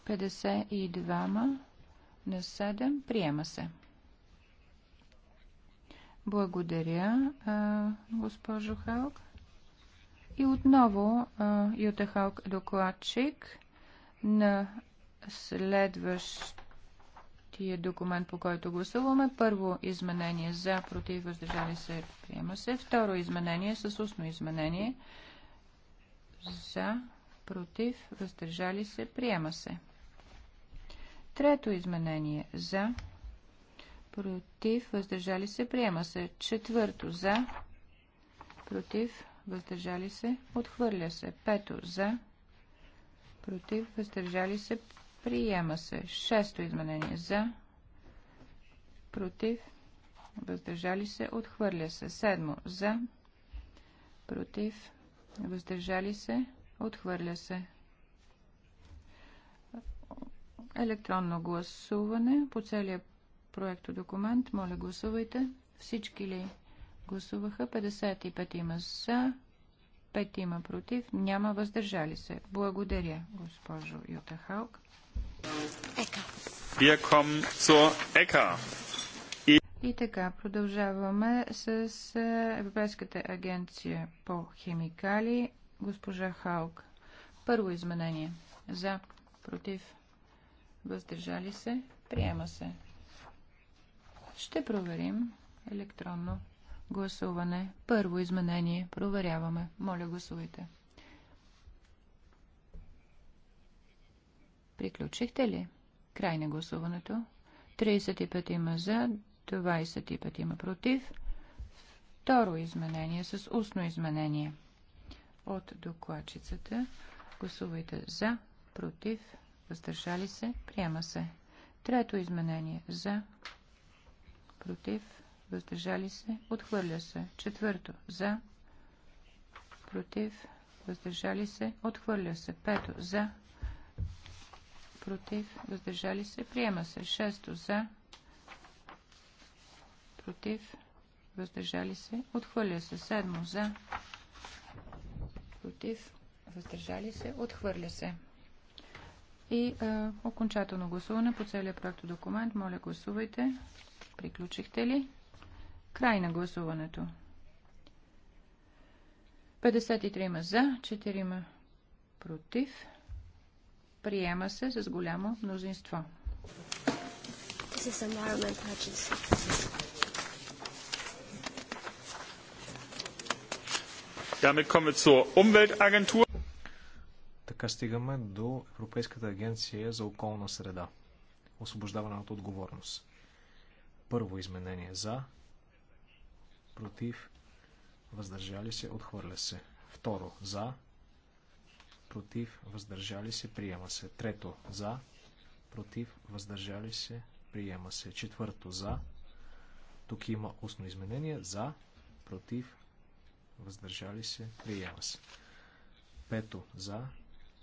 Speaker 2: 52 на 7. Приема се. Благодаря, госпожо Халк. И отново Юта Халк докладчик на следващия документ, по който гласуваме. Първо изменение за, против, въздържали се, приема се. Второ изменение с устно изменение за, против, въздържали се, приема се. Трето изменение за, против, въздържали се, приема се. Четвърто за, против, въздържали се, отхвърля се. Пето за, против, въздържали се, приема се. Шесто изменение за, против, въздържали се, отхвърля се. Седмо за, против, въздържали се, отхвърля се. Електронно гласуване по целия проект документ. Моля, гласувайте. Всички ли гласуваха? 55 има за, 5 има против, няма въздържали се. Благодаря, госпожо Юта Халк.
Speaker 1: Ека.
Speaker 2: И така, продължаваме с е, Европейската агенция по химикали. Госпожа Халк. Първо изменение. За, против, въздържали се, приема се. Ще проверим електронно гласуване. Първо изменение. Проверяваме. Моля, гласувайте. Приключихте ли? Край на гласуването. 35 има за, 25 има против. Второ изменение с устно изменение. От докладчицата гласувайте за, против, въздържали се, приема се. Трето изменение за, против, въздържали се, отхвърля се. Четвърто за, против, въздържали се, отхвърля се. Пето за, против, въздържали се, приема се. Шесто за, против, въздържали се, отхвърля се. Седмо за, против, въздържали се, отхвърля се. И а, окончателно гласуване по целия проект документ. Моля, гласувайте. Приключихте ли? Край на гласуването. 53 за, 4 против. Приема се с голямо мнозинство.
Speaker 1: damit kommen wir zur umweltagentur.
Speaker 4: Така стигаме до Европейската агенция за околна среда. Освобождаване от отговорност. Първо изменение за, против, въздържали се, отхвърля се. Второ за, против, въздържали се, приема се. Трето за, против, въздържали се, приема се. Четвърто за, тук има устно изменение, за, против, въздържали се, приема се. Пето за,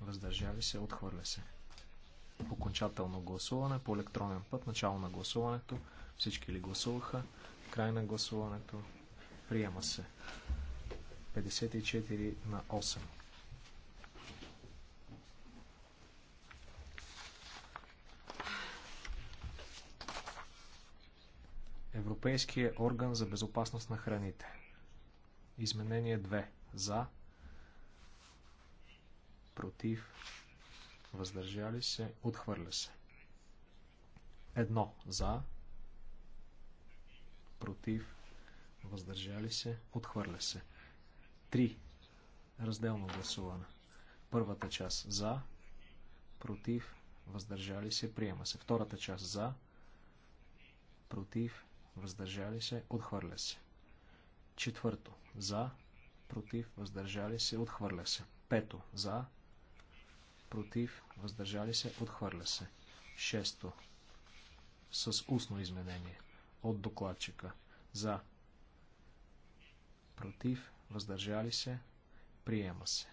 Speaker 4: въздържали се, отхвърля се. Окончателно гласуване по електронен път, начало на гласуването, всички ли гласуваха, край на гласуването, приема се. 54 на 8. Европейския орган за безопасност на храните. Изменение 2. За, против, въздържали се, отхвърля се. Едно за, против, въздържали се, отхвърля се. Три. Разделно гласуване. Първата част за, против, въздържали се, приема се. Втората част за, против, въздържали се, отхвърля се. Четвърто. За, против, въздържали се, отхвърля се. Пето. За, против, въздържали се, отхвърля се. Шесто. С устно изменение. От докладчика. За. Против, въздържали се, приема се.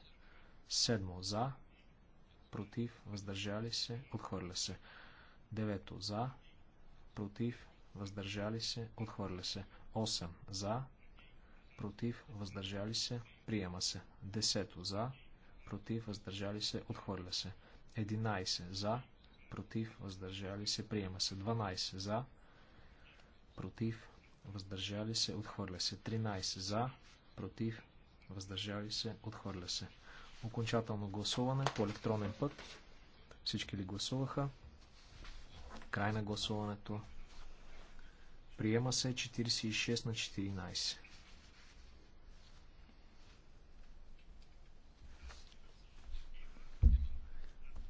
Speaker 4: Седмо. За. Против, въздържали се, отхвърля се. Девето. За. Против, въздържали се, отхвърля се. 8. За. Против, въздържали се, приема се. Десето. За против, въздържали се, отхвърля се. 11 за, против, въздържали се, приема се. 12 за, против, въздържали се, отхвърля се. 13 за, против, въздържали се, отхвърля се. Окончателно гласуване по електронен път. Всички ли гласуваха? Край на гласуването. Приема се 46 на 14.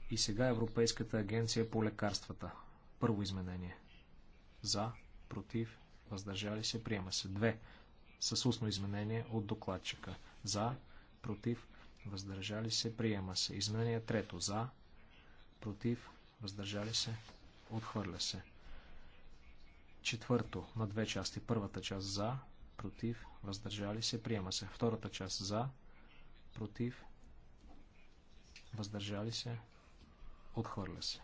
Speaker 4: и сега Европейската агенция по лекарствата. Първо изменение. За, против, въздържали се, приема се. Две. С устно изменение от докладчика. За, против, въздържали се, приема се. Изменение трето. За, против, въздържали се, отхвърля се. Четвърто. На две части. Първата част за, против, въздържали се, приема се. Втората част за, против, въздържали се, Отхвърля се.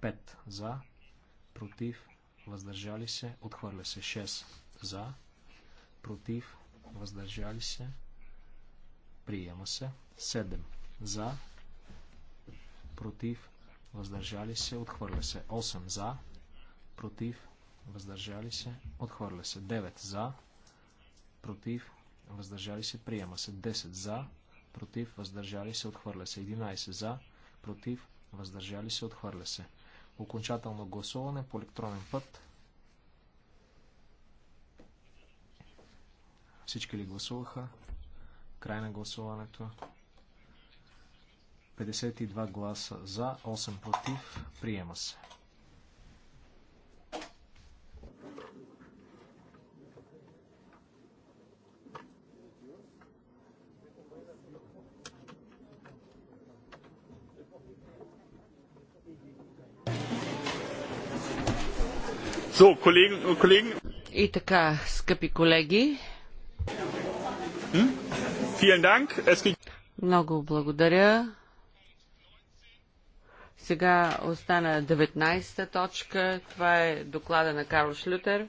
Speaker 4: 5 за, против, въздържали се, отхвърля се. 6 за, против, въздържали се, приема се. 7 за, против, въздържали се, отхвърля се. 8 за, против, въздържали се, отхвърля се. 9 за, против, въздържали се, приема се. 10 за, против, въздържали се, отхвърля се. 11 за, против, против, въздържали се, отхвърля се. Окончателно гласуване по електронен път. Всички ли гласуваха? Край на гласуването. 52 гласа за, 8 против. Приема се.
Speaker 3: И така, скъпи колеги.
Speaker 1: Hm?
Speaker 3: Много благодаря. Сега остана 19-та точка. Това е доклада на Карл Шлютер.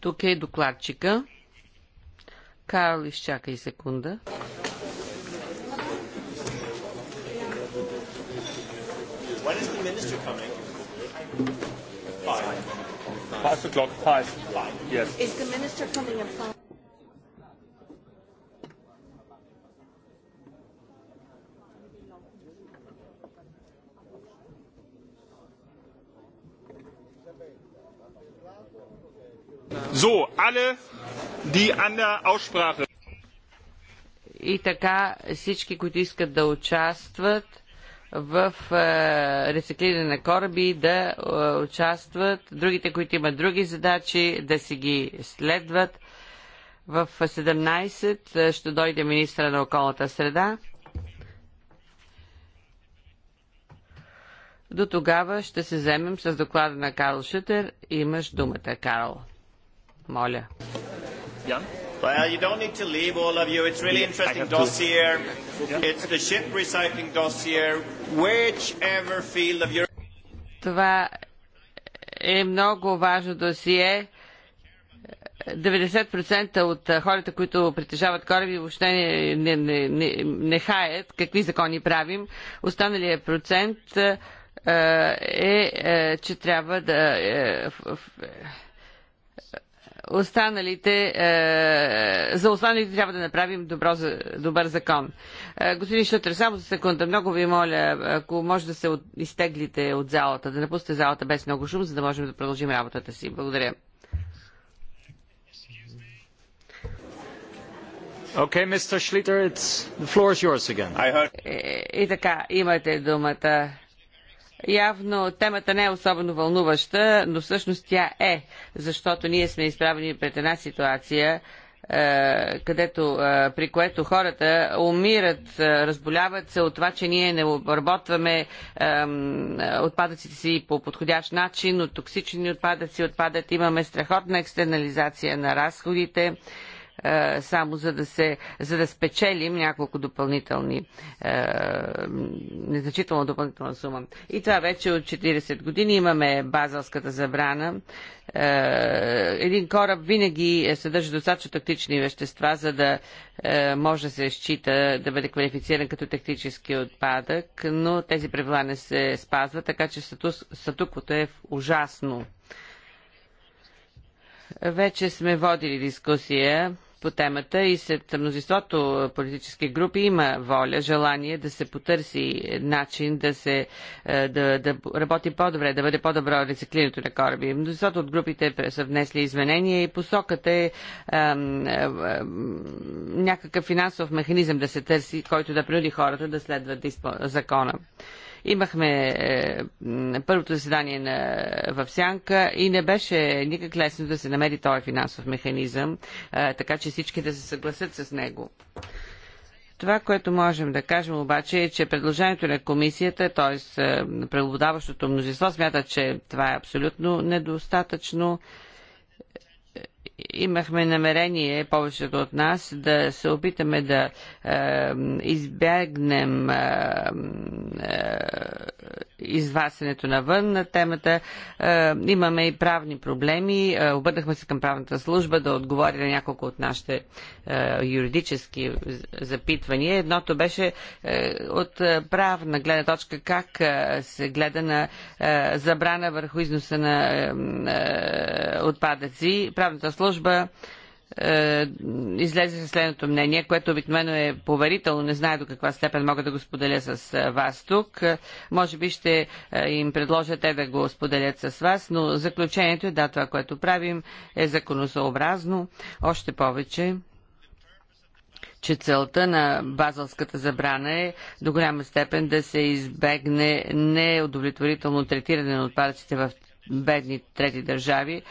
Speaker 3: Тук е докладчика. Карл, изчакай секунда.
Speaker 1: When is the minister coming? Five o'clock. Five. Five. Yes.
Speaker 2: Is
Speaker 3: the minister coming in
Speaker 4: five?
Speaker 1: So, alle, die an der Aussprache.
Speaker 3: И така всички, които искат да участват, в е, рециклиране на кораби да е, участват, другите, които имат други задачи, да си ги следват. В 17 е, ще дойде министра на околната среда. До тогава ще се вземем с доклада на Карл Шутер. Имаш думата, Карл. Моля.
Speaker 2: Jan? Well, you don't need to leave, all of you. It's really yeah, interesting dossier. It's the
Speaker 4: ship recycling dossier. Whichever field of your...
Speaker 3: Това е много важно досие. 90% от хората, които притежават кораби, въобще не, не, не, не, хаят какви закони правим. Останалия процент е, е, е че трябва да. Е, е, останалите, е, за останалите трябва да направим добро, добър закон. Е, господин Шутер, само за секунда, много ви моля, ако може да се изтеглите от залата, да напусте залата без много шум, за да можем да продължим работата си. Благодаря.
Speaker 4: Okay, Mr. Schlitter, it's, the floor is yours again. I heard...
Speaker 3: и, е, и така, имате думата. Явно темата не е особено вълнуваща, но всъщност тя е, защото ние сме изправени пред една ситуация, е, където, е, при което хората умират, е, разболяват се от това, че ние не обработваме отпадъците си по подходящ начин, от токсични отпадъци отпадат, имаме страхотна екстернализация на разходите е, само за да, се, за да спечелим няколко допълнителни, е, незначително допълнителна сума. И това вече от 40 години имаме базалската забрана. Е, един кораб винаги съдържа достатъчно тактични вещества, за да може да се счита да бъде квалифициран като тактически отпадък, но тези правила не се спазват, така че статуквото е ужасно. Вече сме водили дискусия по темата и след мнозинството политически групи има воля, желание да се потърси начин да се е, да, да работи по-добре, да бъде по-добро рециклирането на кораби. Мнозинството от групите са внесли изменения и посоката е ам, е, ам, някакъв финансов механизъм да се търси, който да принуди хората да следват закона. Имахме е, първото заседание на, в Сянка и не беше никак лесно да се намери този финансов механизъм, е, така че всички да се съгласят с него. Това, което можем да кажем обаче е, че предложението на комисията, т.е. Е, преобладаващото мнозинство, смята, че това е абсолютно недостатъчно. Е, имахме намерение, повечето от нас, да се опитаме да е, избягнем е, е, извасенето навън на темата. Е, имаме и правни проблеми. Е, обърнахме се към правната служба да отговори на няколко от нашите е, юридически запитвания. Едното беше е, от правна гледна точка как е, се гледа на е, забрана върху износа на е, е, отпадъци. Правната служба служба е, излезе със следното мнение, което обикновено е поверително, не знае до каква степен мога да го споделя с е, вас тук. Може би ще е, им предложа те да го споделят с вас, но заключението е да, това, което правим е законосъобразно, още повече че целта на базалската забрана е до голяма степен да се избегне неудовлетворително третиране на отпадъците в бедни трети държави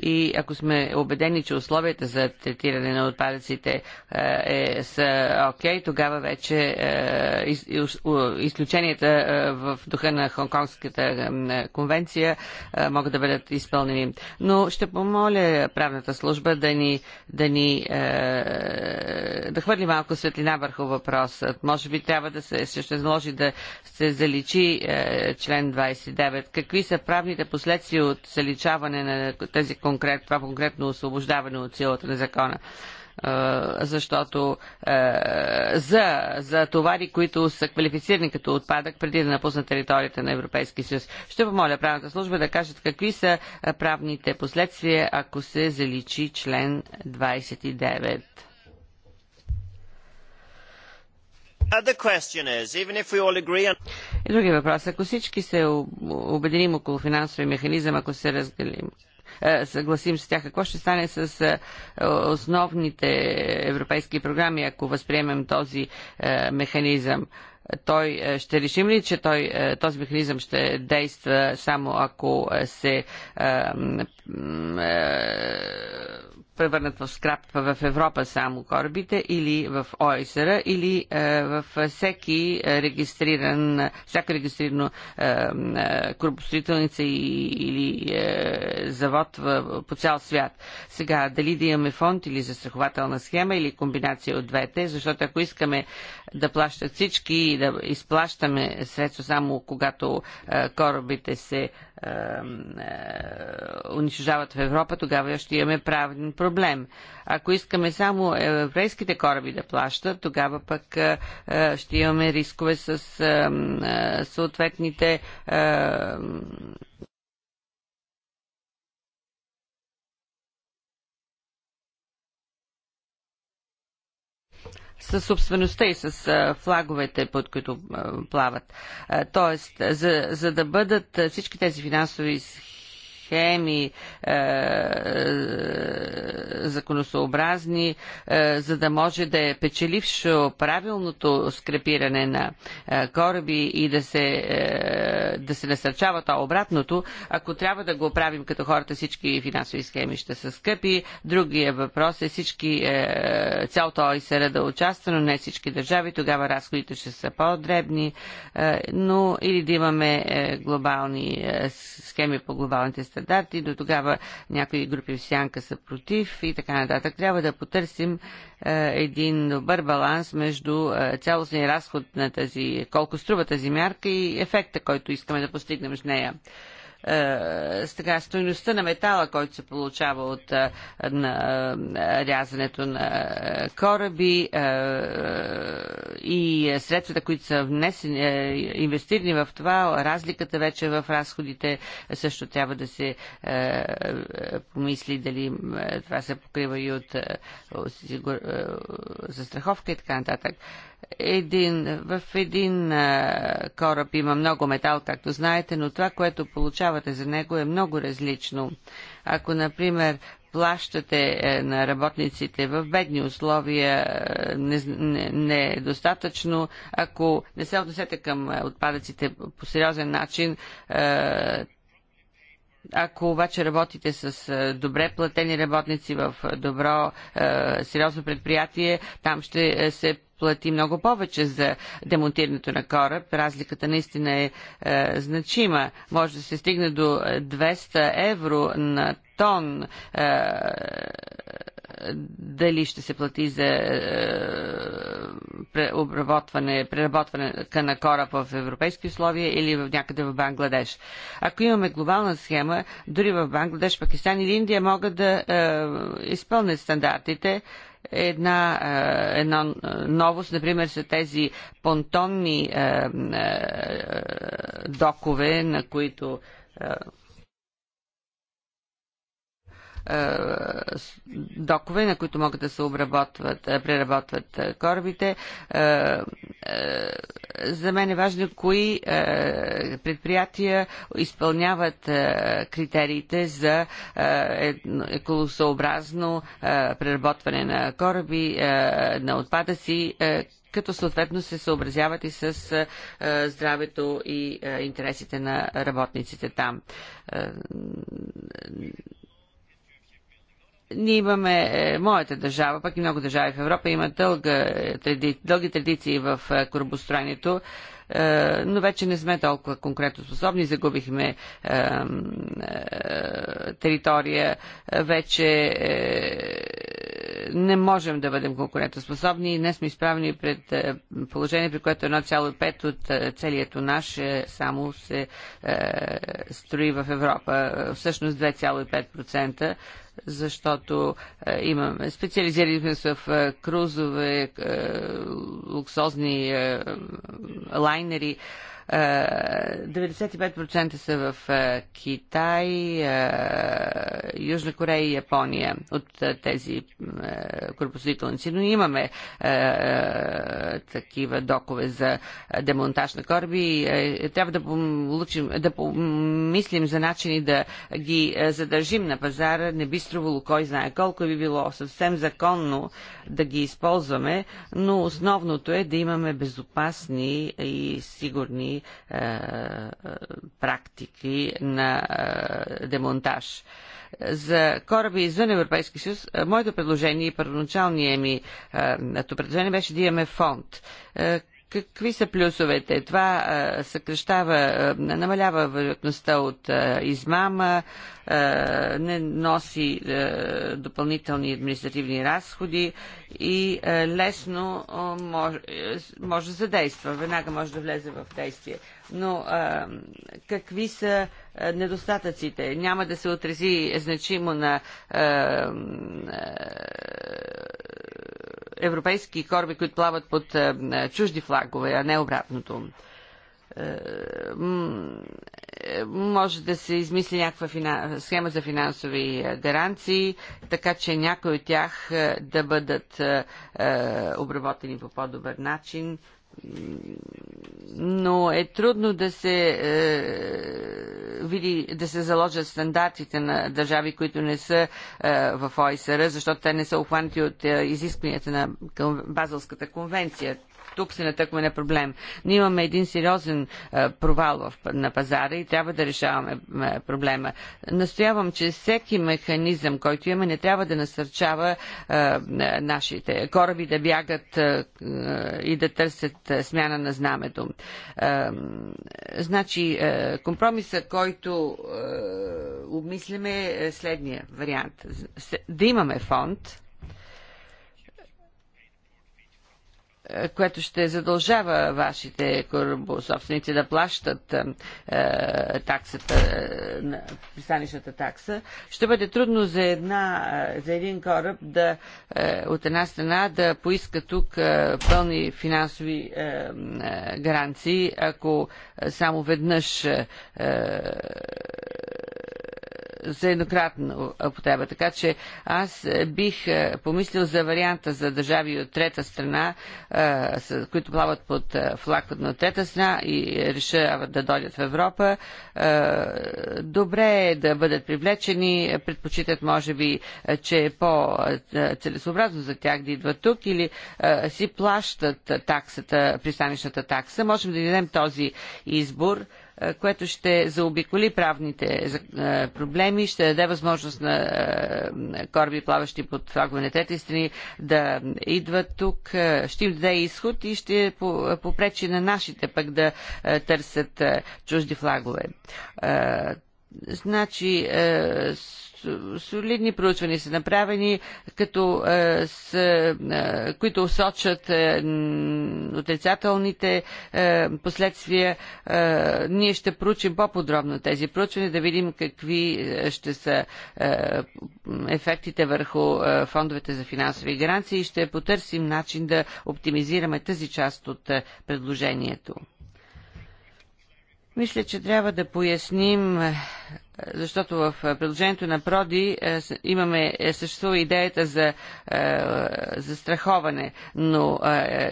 Speaker 3: и ако сме убедени, че условията за третиране на отпадъците е, е са окей, okay, тогава вече е, из, из, изключенията е, в духа на Хонконгската е, конвенция е, могат да бъдат изпълнени. Но ще помоля правната служба да ни, да ни е, да хвърли малко светлина върху въпросът. Може би трябва да се, ще наложи да се заличи е, член 29. Какви са правните последствия от заличаване на тези конкрет, това конкретно освобождаване от силата на закона защото е, за, за товари, които са квалифицирани като отпадък преди да напуснат територията на Европейския съюз. Ще помоля правната служба да кажат какви са правните последствия, ако се заличи член 29. И други въпрос. Ако всички се обединим около финансови механизъм, ако се разделим, е, съгласим с тях. Какво ще стане с е, основните европейски програми, ако възприемем този е, механизъм? той е, ще решим ли, че той, е, този механизъм ще действа само ако се е, е, превърнат в скрап в Европа само корабите или в ОСР или е, в всеки регистриран, всяка е, е, корабостроителница или завод в, по цял свят. Сега, дали да имаме фонд или застрахователна схема или комбинация от двете, защото ако искаме да плащат всички да изплащаме средства само когато е, корабите се е, е, унищожават в Европа, тогава ще имаме правен проблем. Ако искаме само европейските кораби да плащат, тогава пък ще имаме рискове с съответните Със собствеността и с флаговете, под които плават. Тоест, за, за да бъдат всички тези финансови схеми, е, законосообразни, е, за да може да е печелившо правилното скрепиране на е, кораби и да се, е, да се насърчава това обратното. Ако трябва да го правим като хората, всички финансови схеми ще са скъпи. Другия въпрос е всички, е, цялото ОИСР да участва, но не всички държави. Тогава разходите ще са по-дребни, е, но или да имаме е, глобални е, схеми по глобалните страни стандарти, до тогава някои групи в сянка са против и така нататък. Трябва да потърсим е, един добър баланс между е, цялостния разход на тази, колко струва тази мярка и ефекта, който искаме да постигнем с нея така, е, стойността на метала, който се получава от е, на, е, рязането на кораби и средствата, които са внесени, инвестирани в това, разликата вече в разходите също трябва да се помисли дали това се покрива и от застраховка и така нататък един, в един а, кораб има много метал, както знаете, но това, което получавате за него е много различно. Ако, например, плащате е, на работниците в бедни условия е, недостатъчно, не, не е ако не се отнесете към е, отпадъците по сериозен начин, е, ако обаче работите с е, добре платени работници в добро, сериозно предприятие, там ще се плати много повече за демонтирането на кораб. Разликата наистина е, е значима. Може да се стигне до 200 е, евро на тон. Е, дали ще се плати за е, обработване, преработване на кораб в европейски условия или в някъде в Бангладеш. Ако имаме глобална схема, дори в Бангладеш, Пакистан или Индия могат да е, изпълнят стандартите, Една, е, една новост, например, са тези понтонни е, е, докове, на които е, докове, на които могат да се обработват, е, преработват е, корабите. За мен е важно кои предприятия изпълняват критериите за еколосообразно преработване на кораби, на отпадъци, като съответно се съобразяват и с здравето и интересите на работниците там. Ние имаме, е, моята държава, пък и много държави в Европа, има дълга, е, тради, дълги традиции в е, корабостроенето, е, но вече не сме толкова конкретно способни. Загубихме е, територия, вече не можем да бъдем конкурентоспособни Не сме изправени пред положение, при което 1,5 от целият наш само се е, строи в Европа. Всъщност 2,5% защото е, имаме специализирани сме в е, крузове, е, луксозни е, лайнери. Е, 95% е, са в е, Китай, е, Южна Корея и Япония от тези корпоративници. Но имаме такива докове за демонтаж на кораби. Трябва да, получим, да помислим за начини да ги задържим на пазара. Не би струвало кой знае колко би било съвсем законно да ги използваме, но основното е да имаме безопасни и сигурни е, практики на е, демонтаж за кораби извън Европейски съюз, е, моето предложение и първоначалния ми предложение беше да имаме фонд. Какви са плюсовете? Това а, съкрещава, а, намалява вероятността от а, измама, а, не носи а, допълнителни административни разходи и а, лесно а, мож, може да задейства, веднага може да влезе в действие. Но а, какви са а, недостатъците? Няма да се отрази значимо на а, европейски кораби, които плават под е, е, чужди флагове, а не обратното. Е, може да се измисли някаква схема за финансови гаранции, така че някои от тях да бъдат обработени по по-добър начин, но е трудно да се е, види, да се заложат стандартите на държави, които не са е, в ОИСР, защото те не са обхванати от е, изискванията на към Базълската конвенция тук се натъкваме на проблем. Ние имаме един сериозен е, провал на пазара и трябва да решаваме е, проблема. Настоявам, че всеки механизъм, който имаме, не трябва да насърчава е, нашите кораби да бягат и да търсят смяна на знамето. Значи, компромиса, който обмисляме е следния вариант. Да имаме фонд, което ще задължава вашите корабособственици да плащат е, таксата, е, пристанищната такса, ще бъде трудно за, една, е, за един кораб да е, от една страна да поиска тук е, пълни финансови е, е, гаранции, ако само веднъж е, за еднократна употреба. Така че аз бих е, помислил за варианта за държави от трета страна, е, които плават под е, флаг от трета страна и решават да дойдат в Европа. Добре е да бъдат привлечени, предпочитат може би, че е по-целесообразно за тях да идват тук или си плащат таксата, пристанищната такса. Можем да дадем този избор е, което ще заобиколи правните е, проблеми, ще даде възможност е, на кораби, плаващи под флагове на трети страни, да идват тук, ще им даде изход и ще попречи на нашите пък да търсят чужди флагове. Значи, е, солидни проучвания са направени, като, е, с, е, които усочат е, отрицателните е, последствия. Е, ние ще проучим по-подробно тези проучвания, да видим какви е, ще са е, ефектите върху е, фондовете за финансови гаранции и ще потърсим начин да оптимизираме тази част от е, предложението. Мисля, че трябва да поясним е, защото в е, предложението на Проди е, имаме, е, съществува идеята за застраховане, но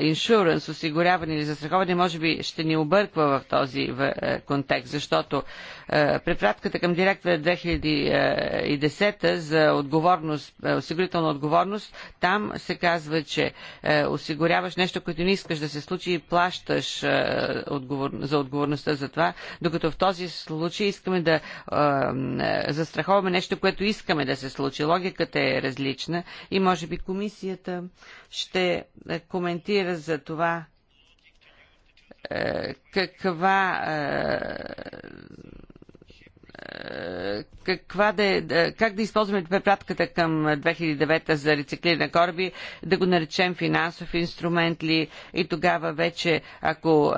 Speaker 3: иншуранс, осигуряване или застраховане може би ще ни обърква в този контекст, защото препратката към директора 2010 за отговорност, осигурителна отговорност, там се казва, че осигуряваш нещо, което не искаш да се случи и плащаш за отговорността за това, докато в този случай искаме да е, застраховаме нещо, което искаме да се случи. Логиката е различна и може би комисията ще е, коментира за това е, каква е, каква е, да, как да използваме препратката към 2009 за рециклиране на кораби, да го наречем финансов инструмент ли и тогава вече, ако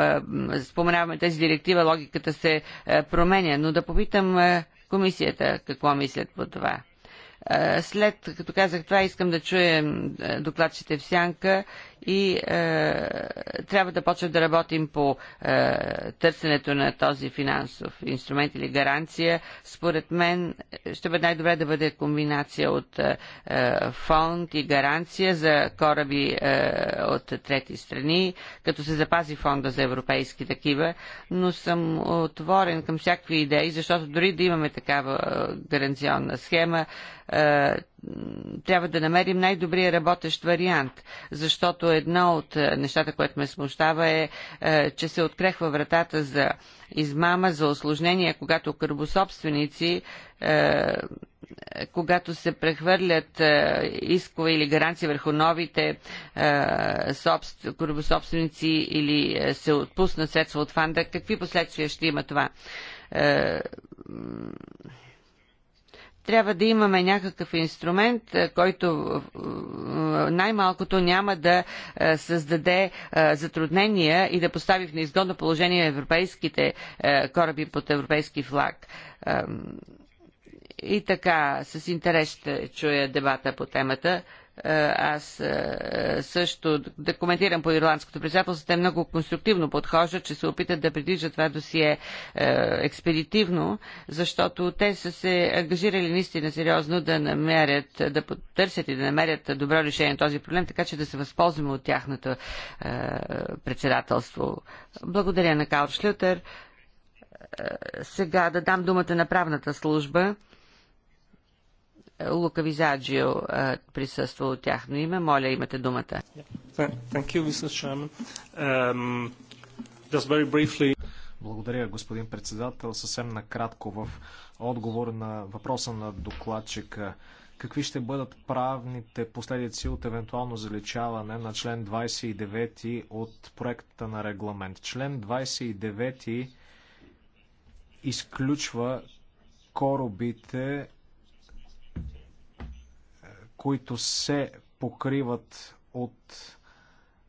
Speaker 3: е, споменаваме тази директива, логиката се променя. Но да попитам комисията какво мислят по това. Е, след като казах това, искам да чуем е, докладчите в сянка и е, трябва да почнем да работим по е, търсенето на този финансов инструмент или гаранция. Според мен е, ще бъде най-добре да бъде комбинация от е, фонд и гаранция за кораби е, от трети страни, като се запази фонда за европейски такива, но съм отворен към всякакви идеи, защото дори да имаме такава гаранционна схема, е, трябва да намерим най-добрия работещ вариант, защото едно от е, нещата, което ме смущава е, е, че се открехва вратата за измама, за осложнения, когато кърбособственици когато се прехвърлят искове или гаранции върху новите кърбособственици, или се отпуснат средства от фанда, какви последствия ще има това? трябва да имаме някакъв инструмент, е, който е, е, най-малкото няма да създаде затруднения и да постави в неизгодно положение европейските кораби под европейски флаг. И така, с интерес ще чуя дебата по темата. Е, аз е, също да коментирам по ирландското председателство, те много конструктивно подхождат, че се опитат да придвижат това досие е, експедитивно, защото те са се ангажирали наистина сериозно да намерят, да потърсят и да намерят добро решение на този проблем, така че да се възползваме от тяхното председателство. Благодаря на Калшлютер. Шлютер. Сега да дам думата на правната служба. Лука Визаджио присъства от тяхно име. Моля, имате думата.
Speaker 4: Um, Благодаря, господин председател. Съвсем накратко в отговор на въпроса на докладчика. Какви ще бъдат правните последици от евентуално заличаване на член 29 от проекта на регламент? Член 29 изключва корабите които се покриват от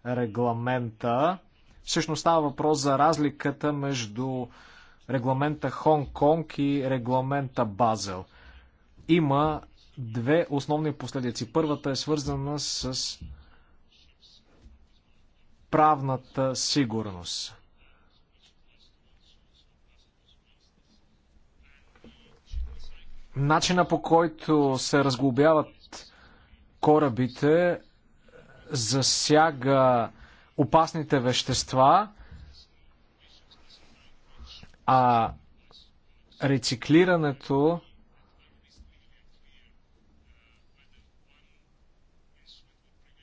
Speaker 4: регламента. Всъщност става въпрос за разликата между регламента Хонг-Конг и регламента Базел. Има две основни последици. Първата е свързана с правната сигурност. Начина по който се разглобяват корабите засяга опасните вещества, а рециклирането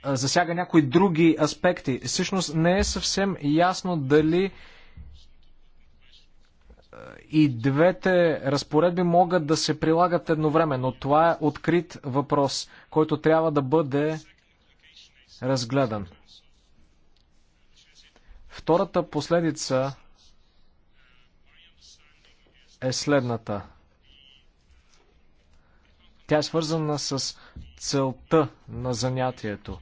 Speaker 4: засяга някои други аспекти. Всъщност не е съвсем ясно дали и двете разпоредби могат да се прилагат едновременно. Това е открит въпрос, който трябва да бъде разгледан. Втората последица е следната. Тя е свързана с целта на занятието.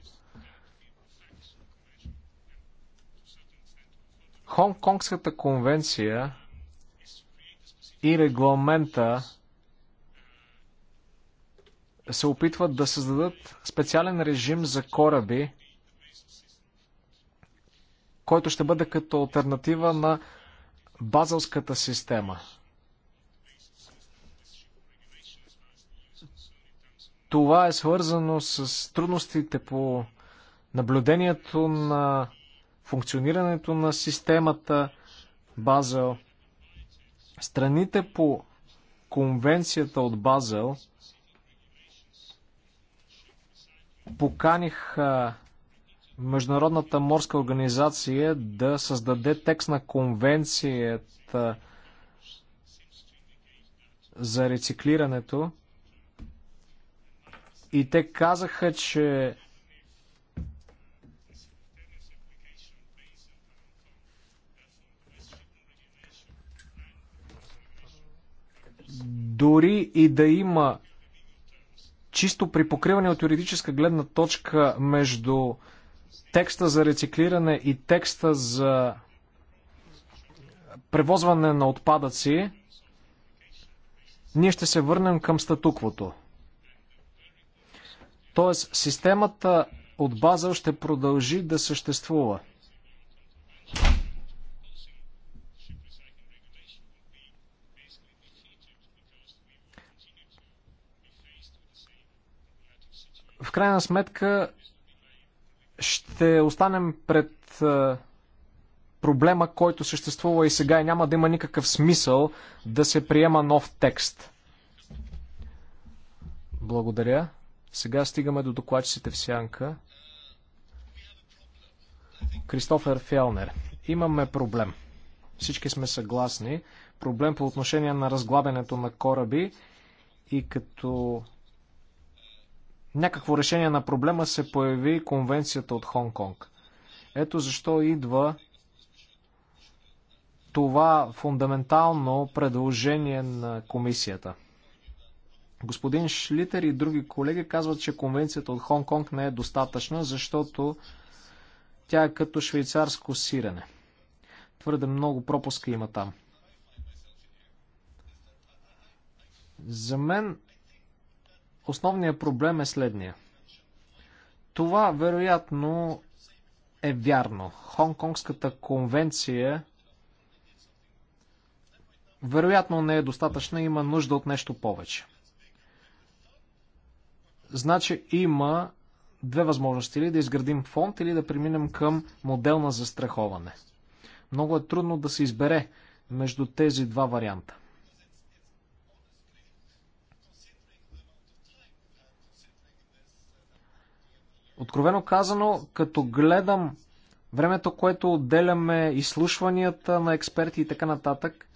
Speaker 4: Хонг-Конгската конвенция и регламента се опитват да създадат специален режим за кораби, който ще бъде като альтернатива на базалската система. Това е свързано с трудностите по наблюдението на функционирането на системата Базел – Страните по конвенцията от Базел поканиха Международната морска организация да създаде текст на конвенцията за рециклирането. И те казаха, че Дори и да има чисто при покриване от юридическа гледна точка между текста за рециклиране и текста за превозване на отпадъци, ние ще се върнем към статуквото. Тоест, системата от база ще продължи да съществува. в крайна сметка ще останем пред проблема, който съществува и сега и няма да има никакъв смисъл да се приема нов текст. Благодаря. Сега стигаме до докладчиците в сянка. Кристофер Фелнер. Имаме проблем. Всички сме съгласни. Проблем по отношение на разглабянето на кораби и като някакво решение на проблема се появи конвенцията от Хонг Конг. Ето защо идва това фундаментално предложение на комисията. Господин Шлитер и други колеги казват, че конвенцията от Хонг Конг не е достатъчна, защото тя е като швейцарско сирене. Твърде много пропуска има там. За мен Основният проблем е следния. Това вероятно е вярно. Хонконгската конвенция вероятно не е достатъчна, има нужда от нещо повече. Значи има две възможности. Или да изградим фонд, или да преминем към модел на застраховане. Много е трудно да се избере между тези два варианта. Откровено казано, като гледам времето, което отделяме, изслушванията на експерти и така нататък,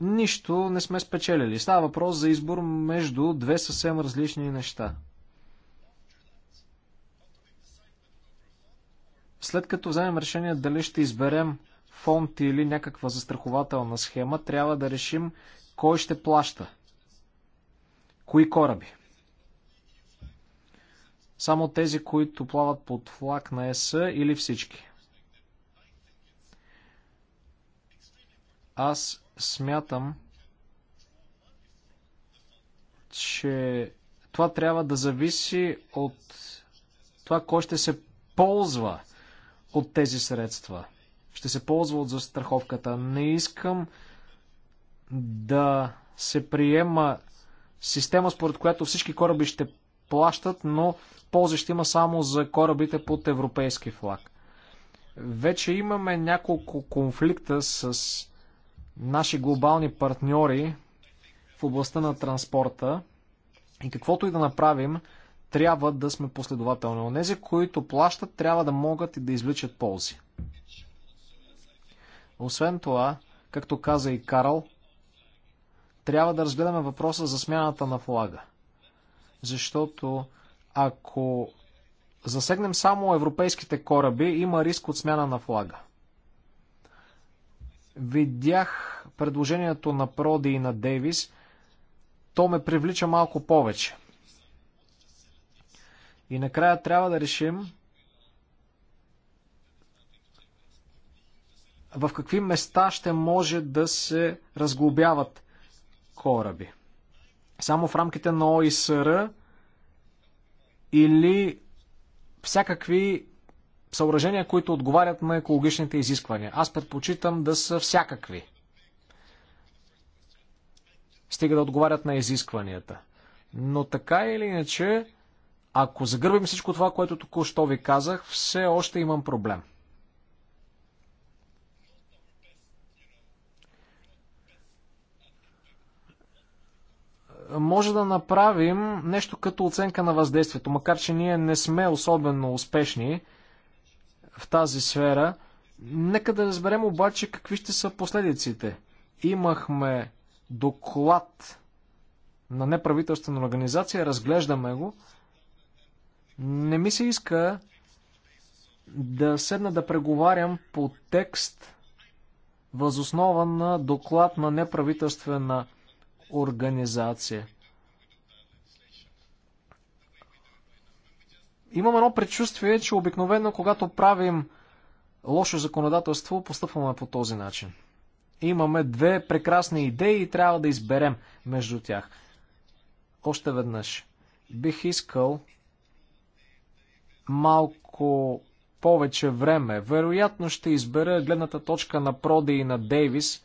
Speaker 4: нищо не сме спечелили. Става въпрос за избор между две съвсем различни неща. След като вземем решение дали ще изберем фонд или някаква застрахователна схема, трябва да решим кой ще плаща. Кои кораби? Само тези, които плават под флаг на ЕС или всички? Аз смятам, че това трябва да зависи от това, кой ще се ползва от тези средства. Ще се ползва от застраховката. Не искам да се приема система, според която всички кораби ще плащат, но ползи ще има само за корабите под европейски флаг. Вече имаме няколко конфликта с наши глобални партньори в областта на транспорта и каквото и да направим, трябва да сме последователни. Онези, които плащат, трябва да могат и да извличат ползи. Освен това, както каза и Карл, трябва да разгледаме въпроса за смяната на флага защото ако засегнем само европейските кораби, има риск от смяна на флага. Видях предложението на Проди и на Дейвис. То ме привлича малко повече. И накрая трябва да решим в какви места ще може да се разглобяват кораби само в рамките на ОИСР или всякакви съоръжения, които отговарят на екологичните изисквания. Аз предпочитам да са всякакви. Стига да отговарят на изискванията. Но така или иначе, ако загърбим всичко това, което току-що ви казах, все още имам проблем. може да направим нещо като оценка на въздействието, макар че ние не сме особено успешни в тази сфера. Нека да разберем обаче какви ще са последиците. Имахме доклад на неправителствена организация, разглеждаме го. Не ми се иска да седна да преговарям по текст възоснова на доклад на неправителствена организация. Имам едно предчувствие, че обикновено, когато правим лошо законодателство, постъпваме по този начин. Имаме две прекрасни идеи и трябва да изберем между тях. Още веднъж. Бих искал малко повече време. Вероятно ще избера гледната точка на Проди и на Дейвис,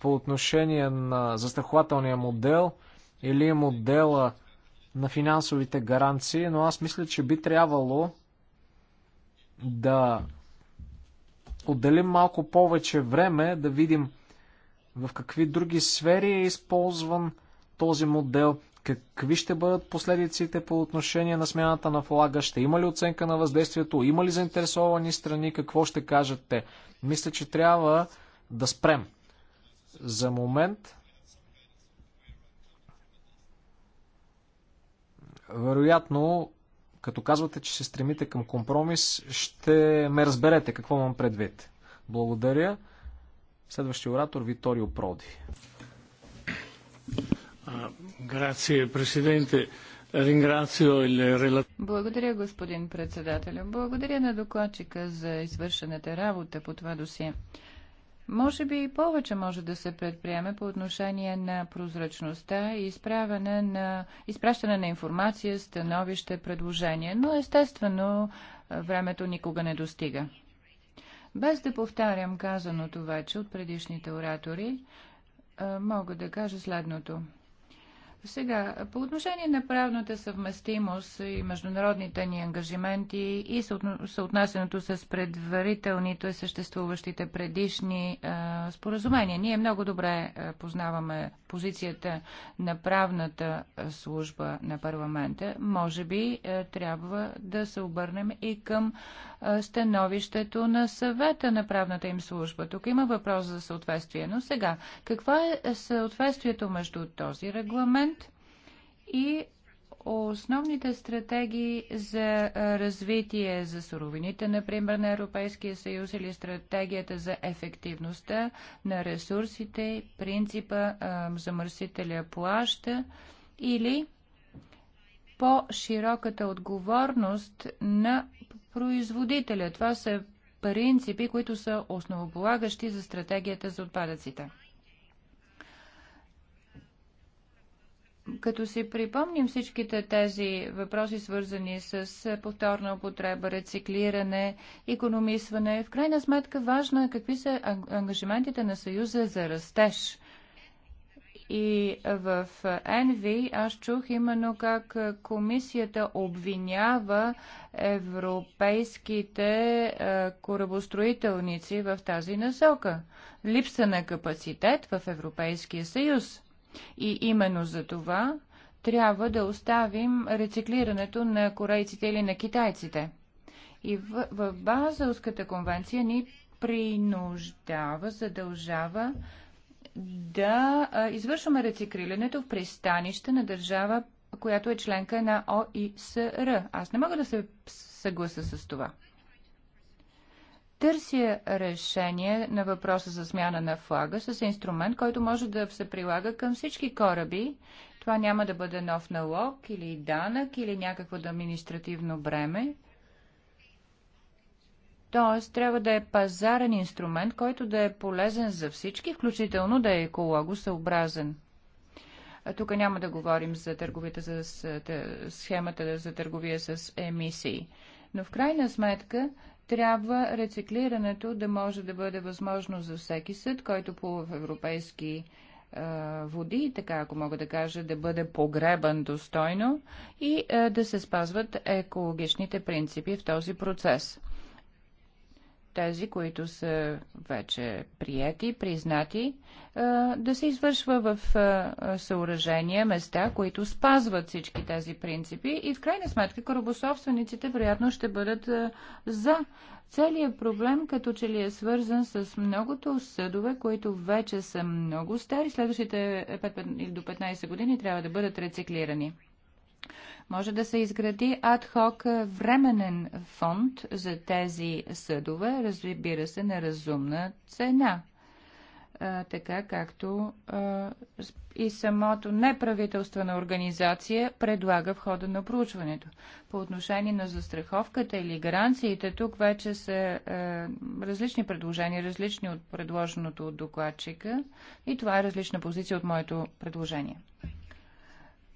Speaker 4: по отношение на застрахователния модел или модела на финансовите гаранции, но аз мисля, че би трябвало да отделим малко повече време, да видим в какви други сфери е използван този модел, какви ще бъдат последиците по отношение на смяната на флага, ще има ли оценка на въздействието, има ли заинтересовани страни, какво ще кажат те. Мисля, че трябва да спрем за момент вероятно, като казвате, че се стремите към компромис, ще ме разберете какво имам предвид. Благодаря. Следващия оратор Виторио Проди. Грация, президенте.
Speaker 2: Благодаря, господин председател, Благодаря на докладчика за извършената работа по това досие. Може би и повече може да се предприеме по отношение на прозрачността и изправяне на, изпращане на информация, становище, предложение, но естествено времето никога не достига. Без да повтарям казаното вече от предишните оратори, мога да кажа следното. Сега, по отношение на правната съвместимост и международните ни ангажименти и съотнасеното с предварителните съществуващите предишни а, споразумения, ние много добре а, познаваме позицията на правната служба на парламента. Може би а, трябва да се обърнем и към а, становището на съвета на правната им служба. Тук има въпрос за съответствие. Но сега, какво е съответствието между този регламент и основните стратегии за развитие за суровините, например, на Европейския съюз или стратегията за ефективността на ресурсите, принципа замърсителя плаща или по-широката отговорност на производителя. Това са принципи, които са основополагащи за стратегията за отпадъците. Като си припомним всичките тези въпроси, свързани с повторна употреба, рециклиране, економисване, в крайна сметка важно е какви са ангажиментите на Съюза за растеж. И в Енви аз чух именно как комисията обвинява европейските е, корабостроителници в тази насока. Липса на капацитет в Европейския съюз – и именно за това трябва да оставим рециклирането на корейците или на китайците. И в, в Базелската конвенция ни принуждава, задължава да а, извършваме рециклирането в пристанище на държава, която е членка на ОИСР. Аз не мога да се съгласа с това търся решение на въпроса за смяна на флага с инструмент, който може да се прилага към всички кораби. Това няма да бъде нов налог или данък или някакво административно бреме. Тоест, трябва да е пазарен инструмент, който да е полезен за всички, включително да е екологосъобразен. Тук няма да говорим за търговията с схемата за търговия с емисии. Но в крайна сметка трябва рециклирането да може да бъде възможно за всеки съд, който плува в европейски води, така ако мога да кажа, да бъде погребан достойно и да се спазват екологичните принципи в този процес тези, които са вече прияти, признати, да се извършва в съоръжения, места, които спазват всички тези принципи и в крайна сметка корабособствениците вероятно ще бъдат за. Целият проблем като че ли е свързан с многото съдове, които вече са много стари, следващите 5 до 15 години трябва да бъдат рециклирани. Може да се изгради адхок временен фонд за тези съдове, разбира се, на разумна цена така както и самото неправителствена организация предлага в хода на проучването. По отношение на застраховката или гаранциите, тук вече са различни предложения, различни от предложеното от докладчика и това е различна позиция от моето предложение.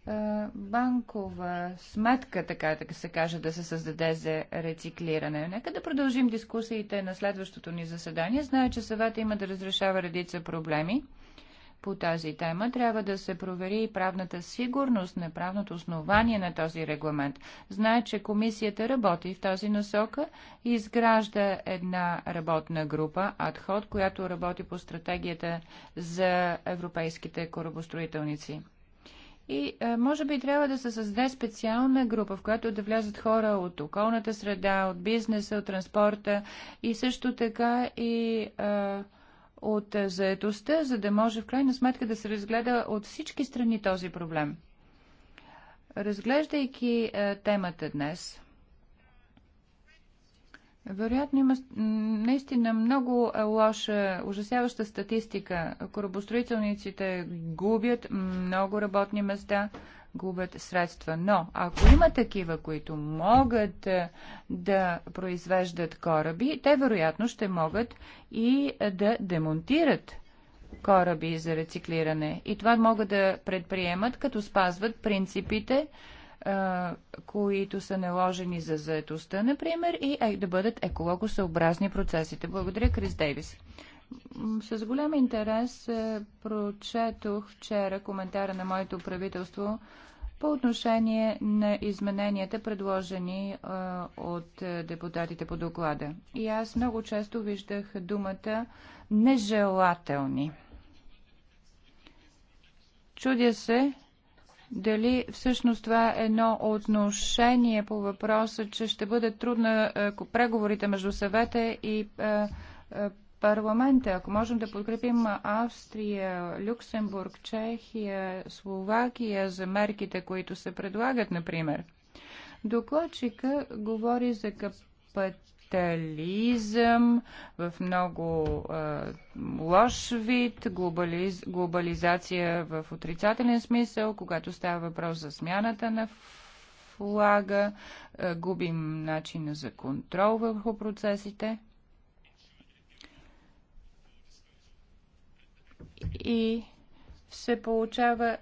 Speaker 2: Е, банкова сметка, така да се каже, да се създаде за рециклиране. Нека да продължим дискусиите на следващото ни заседание. Зная, че съвета има да разрешава редица проблеми по тази тема. Трябва да се провери и правната сигурност на правното основание на този регламент. Знае, че комисията работи в тази насока и изгражда една работна група, Адход, която работи по стратегията за европейските корабостроителници. И е, може би трябва да се създаде специална група, в която да влязат хора от околната среда, от бизнеса, от транспорта и също така и а, е, от заедостта, за да може в крайна сметка да се разгледа от всички страни този проблем. Разглеждайки а, е, темата днес, вероятно има наистина много е, лоша, ужасяваща статистика. Корабостроителниците губят много работни места, губят средства. Но ако има такива, които могат е, да произвеждат кораби, те вероятно ще могат и е, да демонтират кораби за рециклиране. И това могат да предприемат, като спазват принципите, които са наложени за заедостта, например, и да бъдат екологосъобразни процесите. Благодаря, Крис Дейвис. С голям интерес прочетох вчера коментара на моето правителство по отношение на измененията, предложени от депутатите по доклада. И аз много често виждах думата нежелателни. Чудя се дали всъщност това е едно отношение по въпроса, че ще бъде трудна е, преговорите между съвета и е, е, парламента. Ако можем да подкрепим Австрия, Люксембург, Чехия, Словакия за мерките, които се предлагат, например. Докладчика говори за капацитет капитализъм в много а, лош вид, глобализ, глобализация в отрицателен смисъл, когато става въпрос за смяната на флага, а, губим начина за контрол върху процесите. И се получава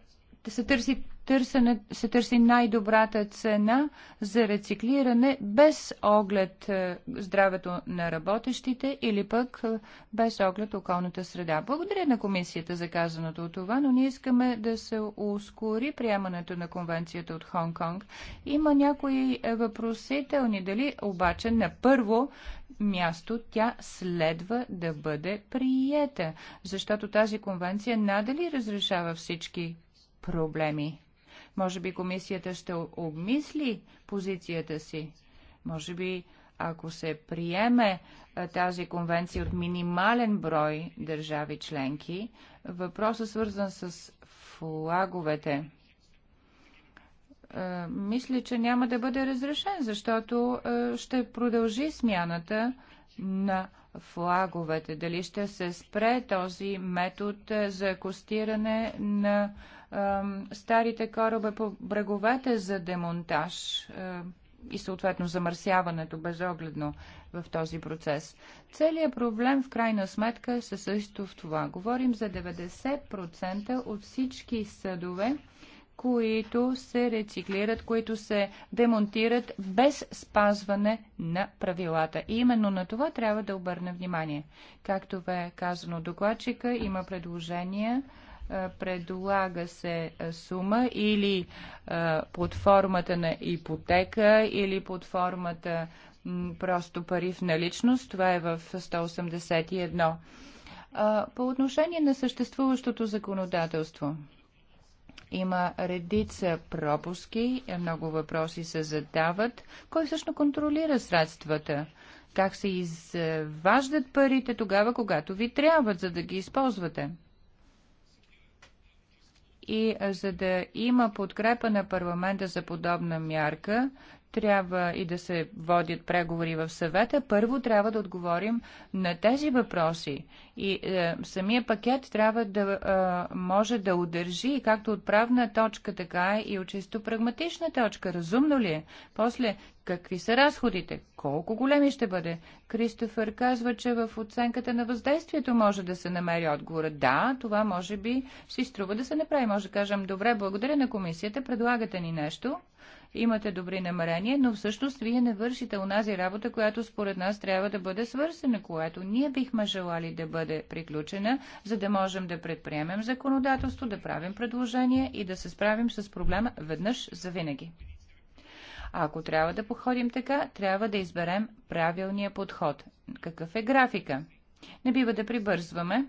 Speaker 2: да се търси търсене, се търси най-добрата цена за рециклиране без оглед е, здравето на работещите или пък е, без оглед околната среда. Благодаря на комисията за казаното от това, но ние искаме да се ускори приемането на конвенцията от Хонг-Конг. Има някои е, въпросителни. Дали обаче на първо място тя следва да бъде приета, защото тази конвенция надали разрешава всички проблеми. Може би комисията ще обмисли позицията си. Може би, ако се приеме тази конвенция от минимален брой държави членки, въпросът е свързан с флаговете мисля, че няма да бъде разрешен, защото ще продължи смяната на флаговете. Дали ще се спре този метод за костиране на старите кораба по бреговете за демонтаж и съответно замърсяването безогледно в този процес. Целият проблем в крайна сметка е се също в това. Говорим за 90% от всички съдове, които се рециклират, които се демонтират без спазване на правилата. И именно на това трябва да обърне внимание. Както бе казано докладчика, има предложения е, предлага се е, сума или е, под формата на ипотека, или под формата просто пари в наличност. Това е в 181. По отношение на съществуващото законодателство. Има редица пропуски, много въпроси се задават. Кой всъщност контролира средствата? Как се изваждат парите тогава, когато ви трябват, за да ги използвате? и за да има подкрепа на парламента за подобна мярка, трябва и да се водят преговори в съвета, първо трябва да отговорим на тези въпроси. И е, самия пакет трябва да е, може да удържи както от правна точка, така и от чисто прагматична точка. Разумно ли е? После, какви са разходите? Колко големи ще бъде? Кристофър казва, че в оценката на въздействието може да се намери отговора. Да, това може би си струва да се направи. Може да кажем, добре, благодаря на комисията, предлагате ни нещо имате добри намерения, но всъщност вие не вършите унази работа, която според нас трябва да бъде свързана, която ние бихме желали да бъде приключена, за да можем да предприемем законодателство, да правим предложения и да се справим с проблема веднъж за винаги. А ако трябва да подходим така, трябва да изберем правилния подход. Какъв е графика? Не бива да прибързваме.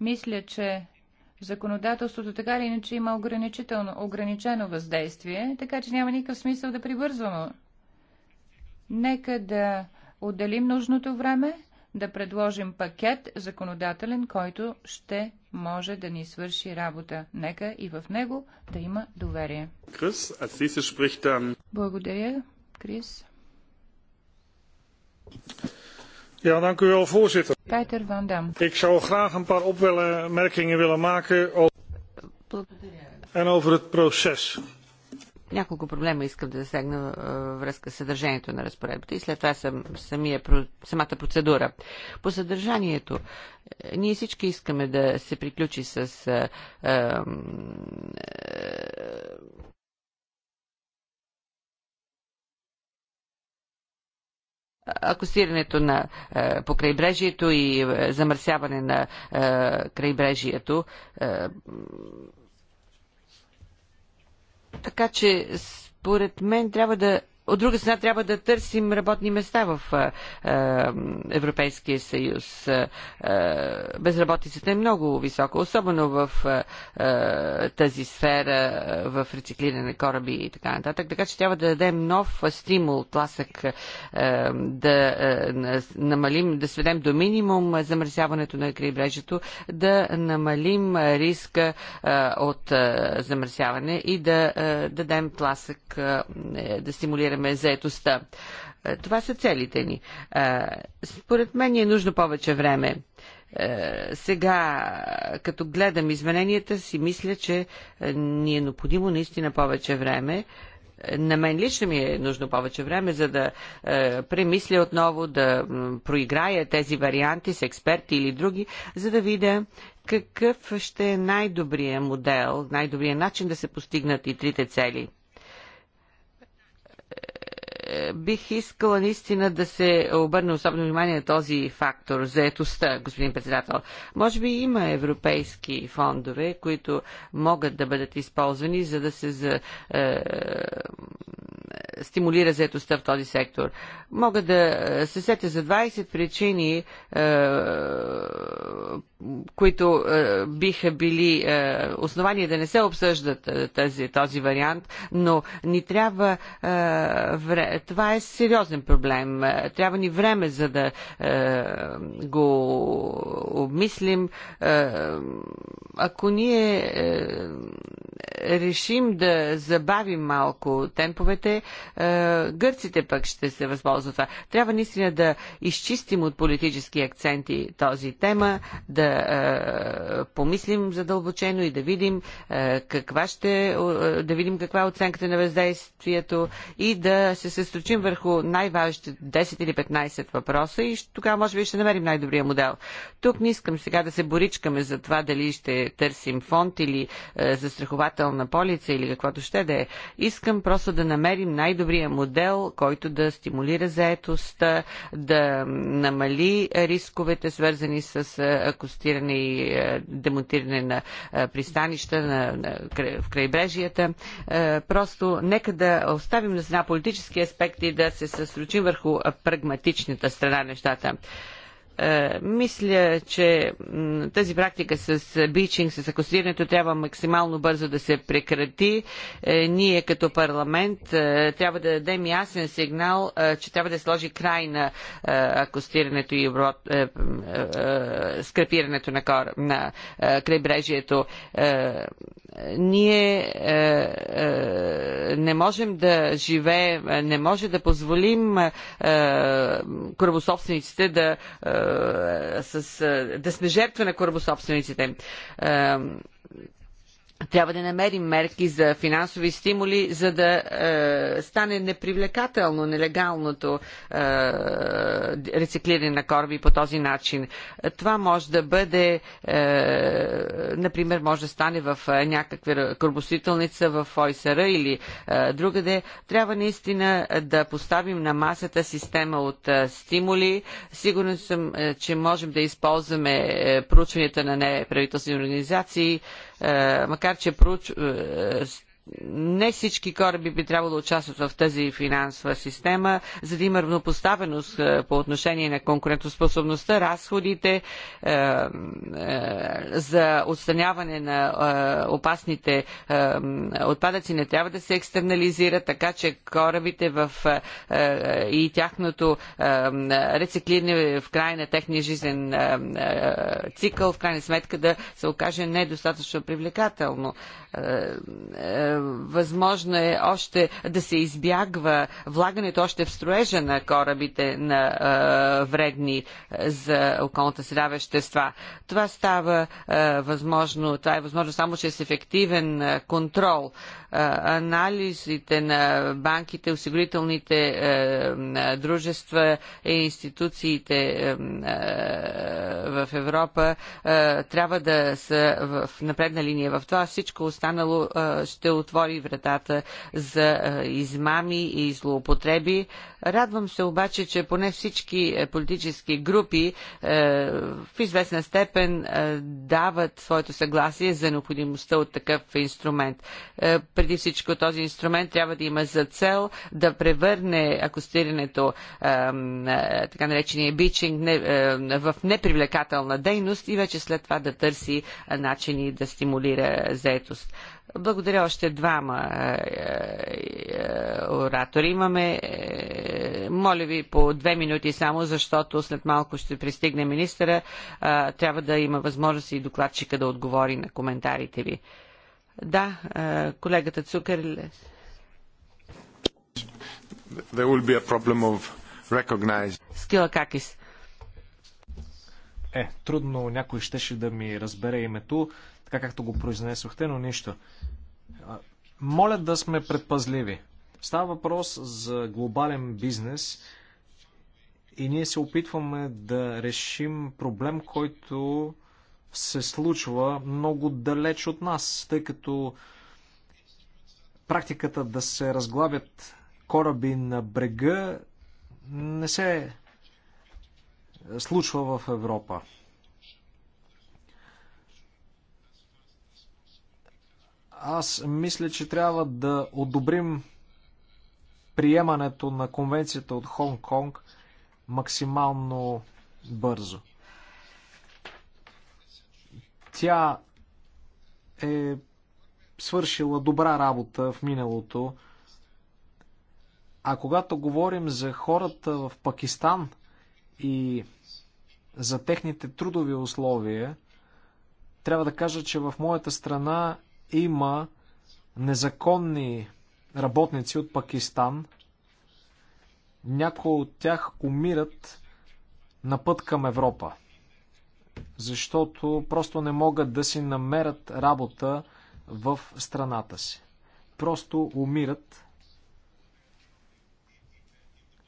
Speaker 2: Мисля, че законодателството така или иначе има ограничително, ограничено въздействие, така че няма никакъв смисъл да прибързваме. Нека да отделим нужното време, да предложим пакет законодателен, който ще може да ни свърши работа. Нека и в него да има доверие. Крис, Благодаря, Крис.
Speaker 1: Ja, dank u wel, voorzitter.
Speaker 2: Peter van Dam.
Speaker 1: Ik zou graag een paar opmerkingen willen maken over... en over het proces.
Speaker 3: Няколко проблема искам да засегна е, връзка с съдържанието на разпоредбата и след това съм, самия, самата процедура. По съдържанието, е, ние всички искаме да се приключи с е, е, акустирането на е, по крайбрежието и е, замърсяване на е, крайбрежието. Е, така че, според мен, трябва да от друга страна трябва да търсим работни места в Европейския съюз. Безработицата е много висока, особено в тази сфера, в рециклиране кораби и така нататък. Така че трябва да дадем нов стимул, тласък, да намалим, да сведем до минимум замърсяването на крайбрежието, да намалим риска от замърсяване и да дадем тласък, да стимулираме гарантираме заетостта. Е, това са целите ни. Е, според мен е нужно повече време. Е, сега, като гледам измененията си, мисля, че ни е необходимо наистина повече време. На мен лично ми е нужно повече време, за да е, премисля отново, да проиграя тези варианти с експерти или други, за да видя какъв ще е най-добрият модел, най-добрият начин да се постигнат и трите цели бих искала наистина да се обърне особено внимание на този фактор, за етостта, господин председател. Може би има европейски фондове, които могат да бъдат използвани, за да се за, е, стимулира заетостта в този сектор. Мога да се сетя за 20 причини, е, които е, биха били е, основания да не се обсъждат тази, този вариант, но ни трябва. Това е сериозен проблем. Трябва ни време, за да го обмислим. Ако ние решим да забавим малко темповете, е, гърците пък ще се възползват това. Трябва наистина да изчистим от политически акценти този тема, да е, помислим задълбочено и да видим е, каква ще, да видим каква е оценката на въздействието и да се състрочим върху най-важните 10 или 15 въпроса и тогава може би ще намерим най-добрия модел. Тук не искам сега да се боричкаме за това дали ще търсим фонд или застрахователна полица или каквото ще да е. Искам просто да намерим най най-добрия модел, който да стимулира заетостта, да намали рисковете, свързани с акустиране и демонтиране на пристанища на, на, в крайбрежията. Просто нека да оставим на страна политически аспекти да се съсрочим върху прагматичната страна нещата. Е, мисля, че тази практика с бичинг, с акустирането трябва максимално бързо да се прекрати. Е, ние като парламент е, трябва да дадем ясен сигнал, че трябва да сложи край на акустирането и скрапирането на, кор, на крайбрежието ние е, е, не можем да живеем, не може да позволим е, корабособствениците да, е, с, е, да сме жертва на корабособствениците. Е, трябва да намерим мерки за финансови стимули, за да е, стане непривлекателно нелегалното е, рециклиране на корби по този начин. Това може да бъде, е, например, може да стане в е, някаква корбосителница в ОСР или е, другаде. Трябва наистина да поставим на масата система от е, стимули. Сигурен съм, е, че можем да използваме е, проучванията на неправителствени организации. Е, е, макар че проуч... Е, не всички кораби би трябвало да участват в тази финансова система, за да има равнопоставеност е, по отношение на конкурентоспособността, разходите е, е, за отстраняване на е, опасните е, отпадъци не трябва да се екстернализира, така че корабите в, е, и тяхното рециклиране в край на техния жизнен цикъл, в крайна сметка да се окаже недостатъчно привлекателно възможно е още да се избягва влагането още в строежа на корабите на вредни за околната среда вещества. Това става възможно, това е възможно само чрез ефективен контрол. Анализите на банките, осигурителните дружества и институциите в Европа трябва да са в напредна линия. В това всичко останало ще отвори вратата за е, измами и злоупотреби. Радвам се обаче, че поне всички е, политически групи е, в известна степен дават своето съгласие за необходимостта от такъв инструмент. Преди всичко този инструмент трябва да има за цел да превърне акустирането, така наречения бичинг, в непривлекателна дейност и вече след това да търси начини да стимулира заетост. Благодаря още двама е, е, е, оратори. Имаме, моля ви, по две минути само, защото след малко ще пристигне министъра. Трябва да има възможност и докладчика да отговори на коментарите ви. Да, колегата Цукър. There will be a problem of
Speaker 4: Скила Какис. Е, трудно някой щеше да ми разбере името така както го произнесохте, но нищо. Моля да сме предпазливи. Става въпрос за глобален бизнес и ние се опитваме да решим проблем, който се случва много далеч от нас, тъй като практиката да се разглавят кораби на брега не се случва в Европа. Аз мисля, че трябва да одобрим приемането на конвенцията от Хонг Конг максимално бързо. Тя е свършила добра работа в миналото. А когато говорим за хората в Пакистан и за техните трудови условия, трябва да кажа, че в моята страна има незаконни работници от Пакистан. Някои от тях умират на път към Европа, защото просто не могат да си намерят работа в страната си. Просто умират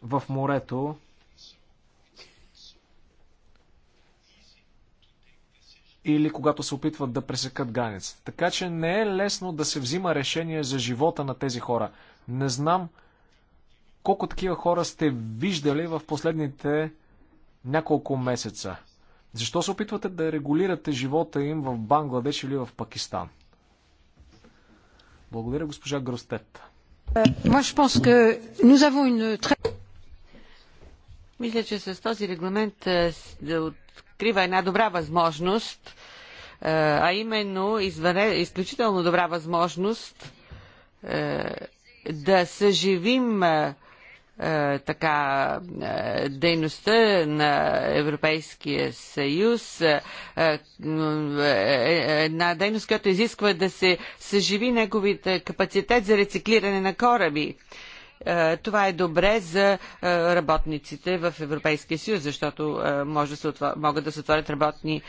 Speaker 4: в морето или когато се опитват да пресекат границата. Така че не е лесно да се взима решение за живота на тези хора. Не знам колко такива хора сте виждали в последните няколко месеца. Защо се опитвате да регулирате живота им в Бангладеш или в Пакистан? Благодаря, госпожа Гростет.
Speaker 3: Moi, je pense que nous avons une très... Мисля, че с този регламент е, да открива една добра възможност, е, а именно изключително добра възможност е, да съживим така дейността на Европейския съюз, една дейност, която изисква да се съживи неговите капацитет за рециклиране на кораби. Е, това е добре за е, работниците в Европейския съюз, защото е, може да се отвор... могат да се отворят работни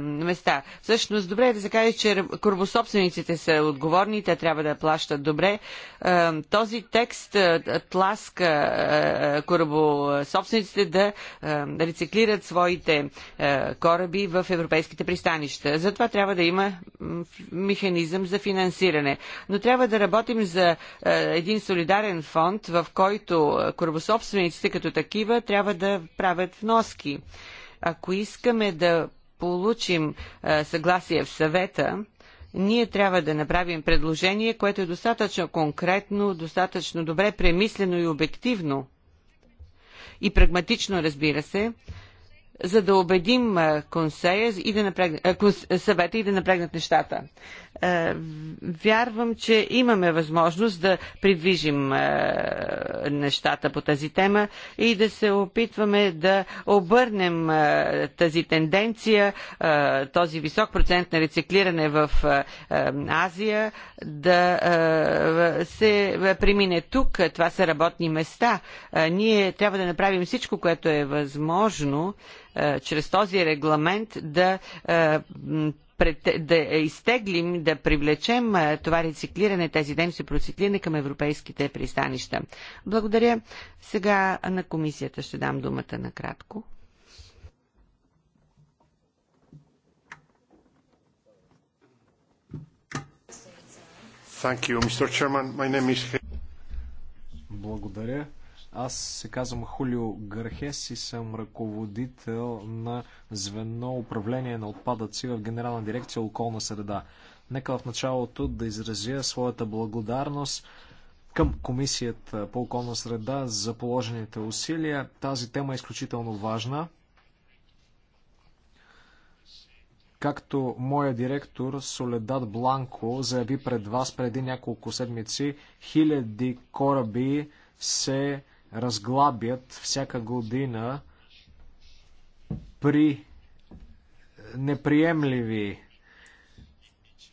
Speaker 3: места. Всъщност, добре е да се каже, че корабособствениците са отговорни, те трябва да плащат добре. Този текст тласка корабособствениците да рециклират своите кораби в европейските пристанища. Затова трябва да има механизъм за финансиране. Но трябва да работим за един солидарен фонд, фонд, в който корабособствениците като такива трябва да правят вноски. Ако искаме да получим съгласие в съвета, ние трябва да направим предложение, което е достатъчно конкретно, достатъчно добре премислено и обективно и прагматично, разбира се, за да убедим консея и да напрегнат, съвета и да напрегнат нещата. Вярвам, че имаме възможност да придвижим нещата по тази тема и да се опитваме да обърнем тази тенденция, този висок процент на рециклиране в Азия, да се премине тук. Това са работни места. Ние трябва да направим всичко, което е възможно, е, чрез този регламент да е, да изтеглим, да привлечем е, това рециклиране, тези дейности по рециклиране към европейските пристанища. Благодаря. Сега на комисията ще дам думата накратко.
Speaker 1: Thank you, Mr. Chairman. My name is...
Speaker 4: Благодаря. Аз се казвам Хулио Гърхес и съм ръководител на звено управление на отпадъци в Генерална дирекция околна среда. Нека в началото да изразя своята благодарност към Комисията по околна среда за положените усилия. Тази тема е изключително важна. Както моя директор Соледат Бланко заяви пред вас преди няколко седмици, хиляди кораби се разглабят всяка година при неприемливи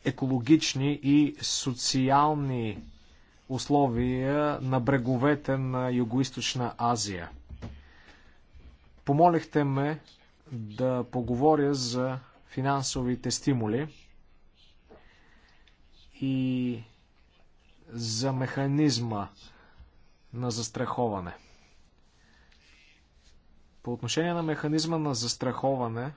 Speaker 4: екологични и социални условия на бреговете на Югоизточна Азия. Помолихте ме да поговоря за финансовите стимули и за механизма на застраховане. По отношение на механизма на застраховане,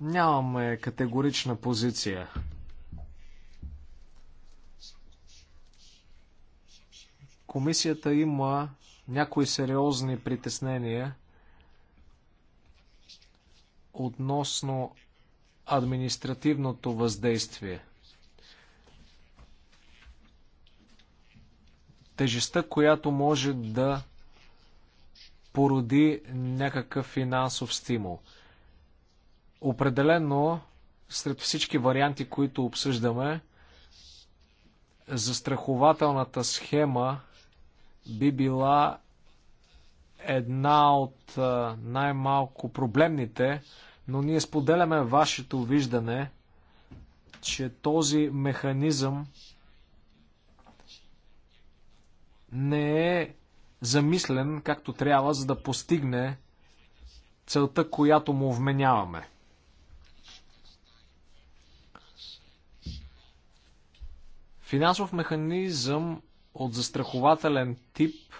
Speaker 4: нямаме категорична позиция. Комисията има някои сериозни притеснения относно административното въздействие – тежестта, която може да породи някакъв финансов стимул. Определено, сред всички варианти, които обсъждаме, застрахователната схема би била една от най-малко проблемните, но ние споделяме вашето виждане, че този механизъм не е замислен както трябва, за да постигне целта, която му вменяваме. Финансов механизъм от застрахователен тип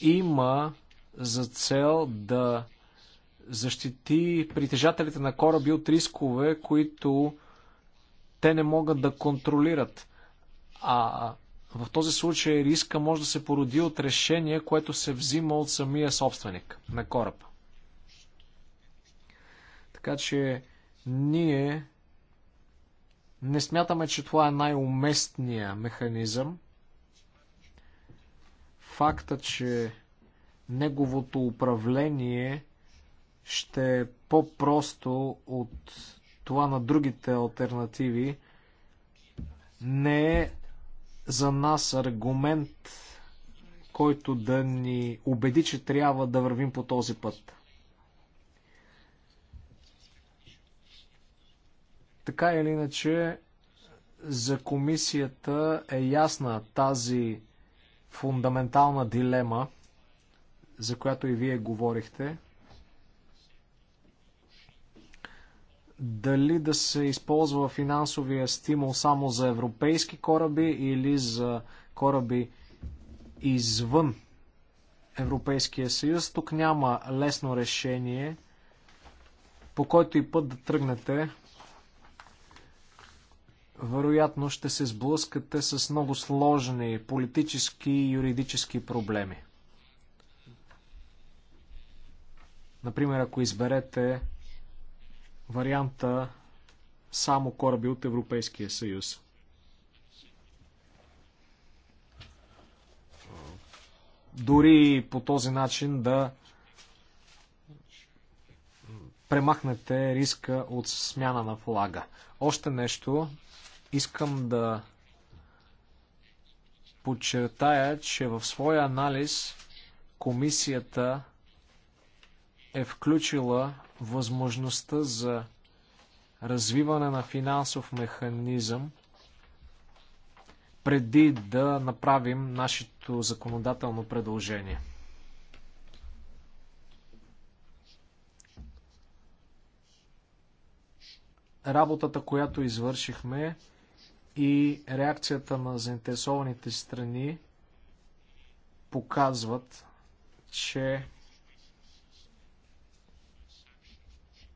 Speaker 4: има за цел да защити притежателите на кораби от рискове, които те не могат да контролират. А в този случай риска може да се породи от решение, което се взима от самия собственик на кораба. Така че ние не смятаме, че това е най-уместния механизъм. Факта, че неговото управление ще е по-просто от това на другите альтернативи, не е за нас аргумент, който да ни убеди, че трябва да вървим по този път. Така или иначе, за комисията е ясна тази фундаментална дилема, за която и вие говорихте – дали да се използва финансовия стимул само за европейски кораби или за кораби извън Европейския съюз. Тук няма лесно решение, по който и път да тръгнете. Вероятно ще се сблъскате с много сложни политически и юридически проблеми. Например, ако изберете варианта само кораби от Европейския съюз. Дори по този начин да премахнете риска от смяна на флага. Още нещо искам да подчертая, че в своя анализ комисията е включила възможността за развиване на финансов механизъм преди да направим нашето законодателно предложение. Работата, която извършихме и реакцията на заинтересованите страни показват, че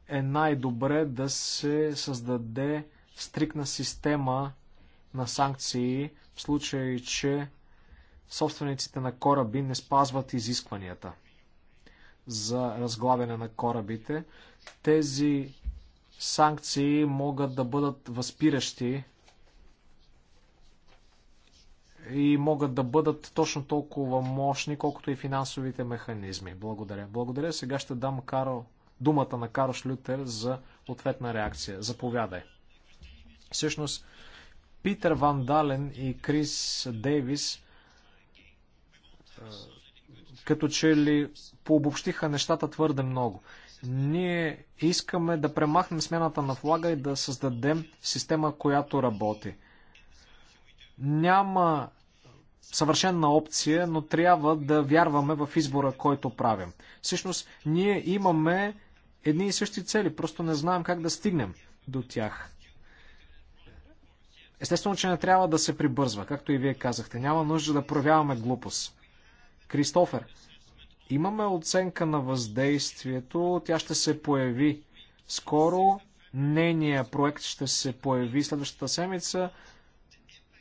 Speaker 4: е най-добре да се създаде стрикна система на санкции в случай, че собствениците на кораби не спазват изискванията за разглавяне на корабите. Тези санкции могат да бъдат възпиращи и могат да бъдат точно толкова мощни, колкото и финансовите механизми. Благодаря. Благодаря. Сега ще дам Карл думата на Карл Шлютер за ответна реакция. Заповядай. Всъщност, Питер Ван Дален и Крис Дейвис като че ли пообобщиха нещата твърде много. Ние искаме да премахнем смяната на флага и да създадем система, която работи. Няма съвършенна опция, но трябва да вярваме в избора, който правим. Всъщност, ние имаме едни и същи цели, просто не знаем как да стигнем до тях. Естествено, че не трябва да се прибързва, както и вие казахте. Няма нужда да проявяваме глупост. Кристофер, имаме оценка на въздействието, тя ще се появи скоро. Нейният проект ще се появи следващата седмица.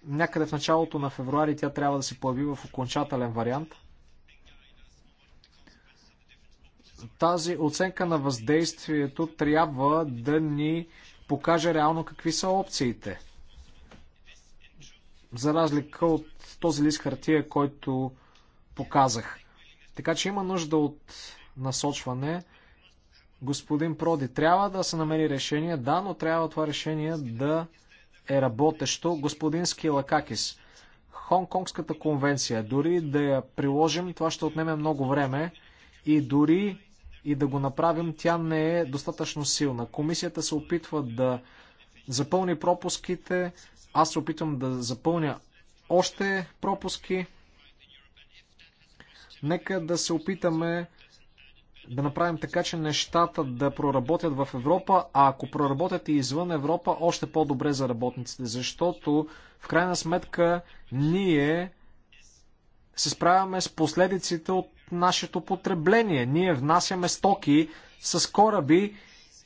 Speaker 4: Някъде в началото на февруари тя трябва да се появи в окончателен вариант. Тази оценка на въздействието трябва да ни покаже реално какви са опциите. За разлика от този лист хартия, който показах. Така че има нужда от насочване. Господин Проди, трябва да се намери решение, да, но трябва това решение да е работещо. Господин Скилакакис, Хонконгската конвенция, дори да я приложим, това ще отнеме много време и дори и да го направим, тя не е достатъчно силна. Комисията се опитва да запълни пропуските, аз се опитвам да запълня още пропуски. Нека да се опитаме да направим така, че нещата да проработят в Европа, а ако проработят и извън Европа, още по-добре за работниците, защото в крайна сметка ние се справяме с последиците от нашето потребление. Ние внасяме стоки с кораби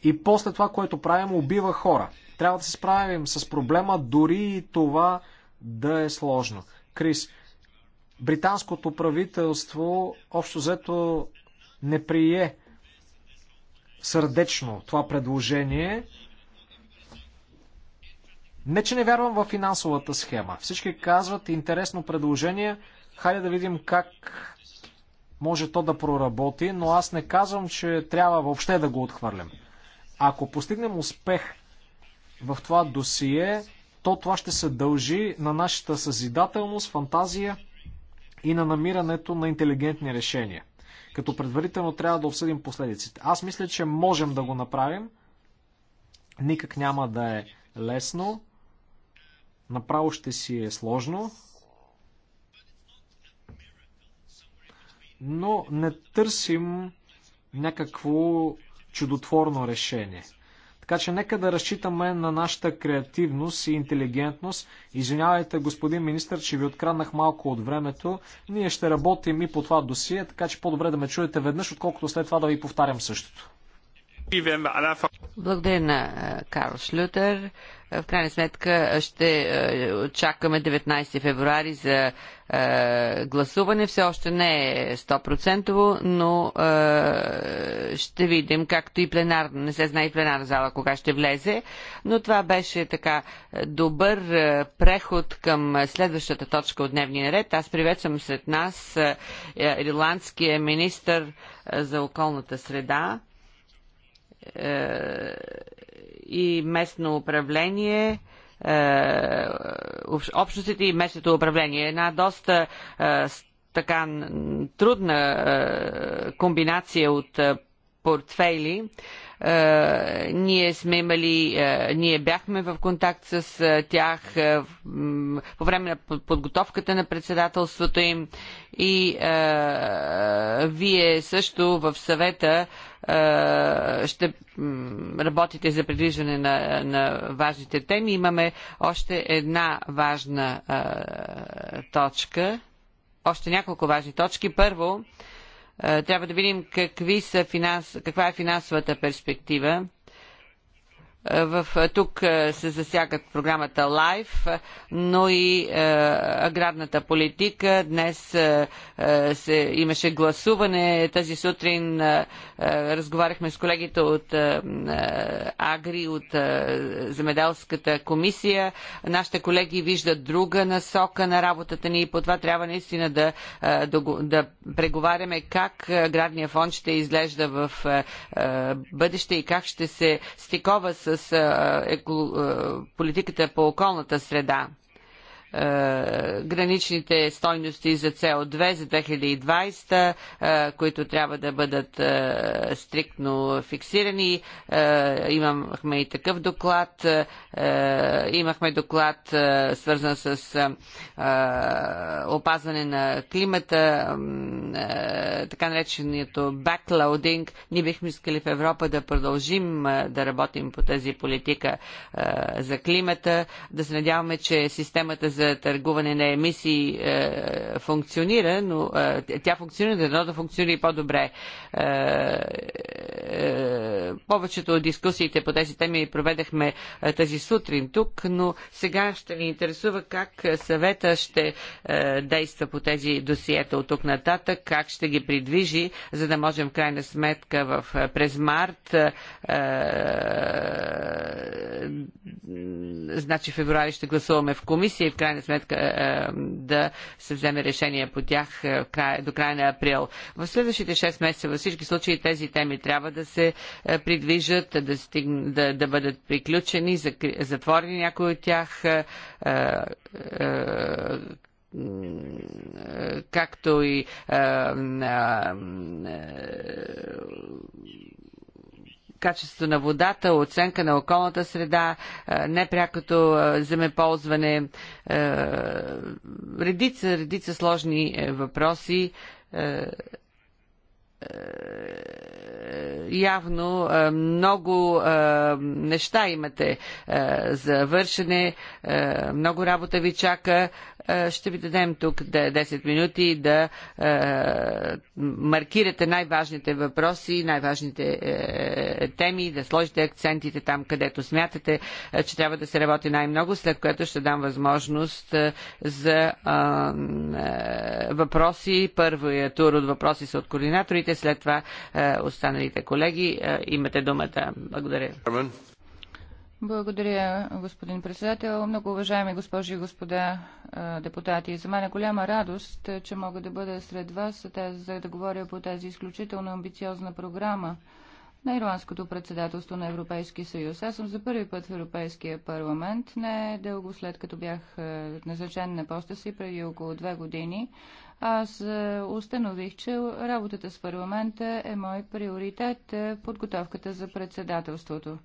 Speaker 4: и после това, което правим, убива хора. Трябва да се справим с проблема, дори и това да е сложно. Крис, британското правителство общо взето не прие сърдечно това предложение. Не, че не вярвам в финансовата схема. Всички казват интересно предложение. Хайде да видим как може то да проработи, но аз не казвам, че трябва въобще да го отхвърлям. Ако постигнем успех в това досие, то това ще се дължи на нашата съзидателност, фантазия и на намирането на интелигентни решения. Като предварително трябва да обсъдим последиците. Аз мисля, че можем да го направим. Никак няма да е лесно. Направо ще си е сложно, но не търсим някакво чудотворно решение. Така че нека да разчитаме на нашата креативност и интелигентност. Извинявайте, господин министр, че ви откраднах малко от времето. Ние ще работим и по това досие, така че по-добре да ме чуете веднъж, отколкото след това да ви повтарям същото. Благодаря
Speaker 3: на Карл Шлютер. В крайна сметка ще чакаме 19 февруари за гласуване. Все още не е 100%, но ще видим, както и пленар, не се знае и пленарна зала кога ще влезе, но това беше така добър преход към следващата точка от дневния ред. Аз приветствам след нас е, ирландския министр за околната среда е, и местно управление, е, общностите и местното управление. Една доста е, така трудна е, комбинация от портфейли. Ние сме имали, ние бяхме в контакт с тях по време на подготовката на председателството им и вие също в съвета е, ще работите за придвижване на, на важните теми. Имаме още една важна е, точка, още няколко важни точки. Първо, е, трябва да видим какви са финанс... каква е финансовата перспектива е, в, е, тук е, се засягат програмата Лайф, но и аграрната политика. Днес се, имаше гласуване. Тази сутрин разговаряхме с колегите от Агри, от Земеделската комисия. Нашите колеги виждат друга насока на работата ни и по това трябва наистина да, да, да преговаряме как аграрния фонд ще изглежда в бъдеще и как ще се стикова с с политиката по околната среда. Е, граничните стойности за CO2 за 2020, е, които трябва да бъдат е, стриктно фиксирани. Имахме и такъв доклад. Имахме доклад свързан с опазване на климата, така нареченото backloading. Ние бихме искали в Европа да продължим да работим по тази политика за климата, да се надяваме, че системата за търгуване на емисии е, функционира, но е, тя функционира, но да функционира и по-добре. Е, е, повечето от дискусиите по тези теми проведахме е, тази сутрин тук, но сега ще ни интересува как съвета ще е, действа по тези досиета от тук нататък, как ще ги придвижи, за да можем в крайна сметка в, е, през март е, е, значи февруари ще гласуваме в комисия и в крайна сметка е, да се вземе решение по тях е, до края на април. В следващите 6 месеца във всички случаи тези теми трябва да се е, придвижат, да, стиг... да, да бъдат приключени, затворени някои от тях както и а, а, качество на водата, оценка на околната среда, е, непрякото е, земеползване, е, редица, редица сложни въпроси явно е, много е, неща имате е, за вършене, много работа ви чака. Ще ви дадем тук 10 минути да маркирате най-важните въпроси, най-важните теми, да сложите акцентите там, където смятате, че трябва да се работи най-много, след което ще дам възможност за въпроси. Първият тур от въпроси са от координаторите, след това останали останалите колеги. Е, имате думата. Благодаря.
Speaker 2: Благодаря, господин председател. Много уважаеми госпожи и господа е, депутати, за мен е голяма радост, че мога да бъда сред вас, за да говоря по тази изключително амбициозна програма на Ирландското председателство на Европейския съюз. Аз съм за първи път в Европейския парламент, не дълго след като бях е, назначен на поста си преди около две години. Аз е, установих, че работата с парламента е мой приоритет, е, подготовката за председателството.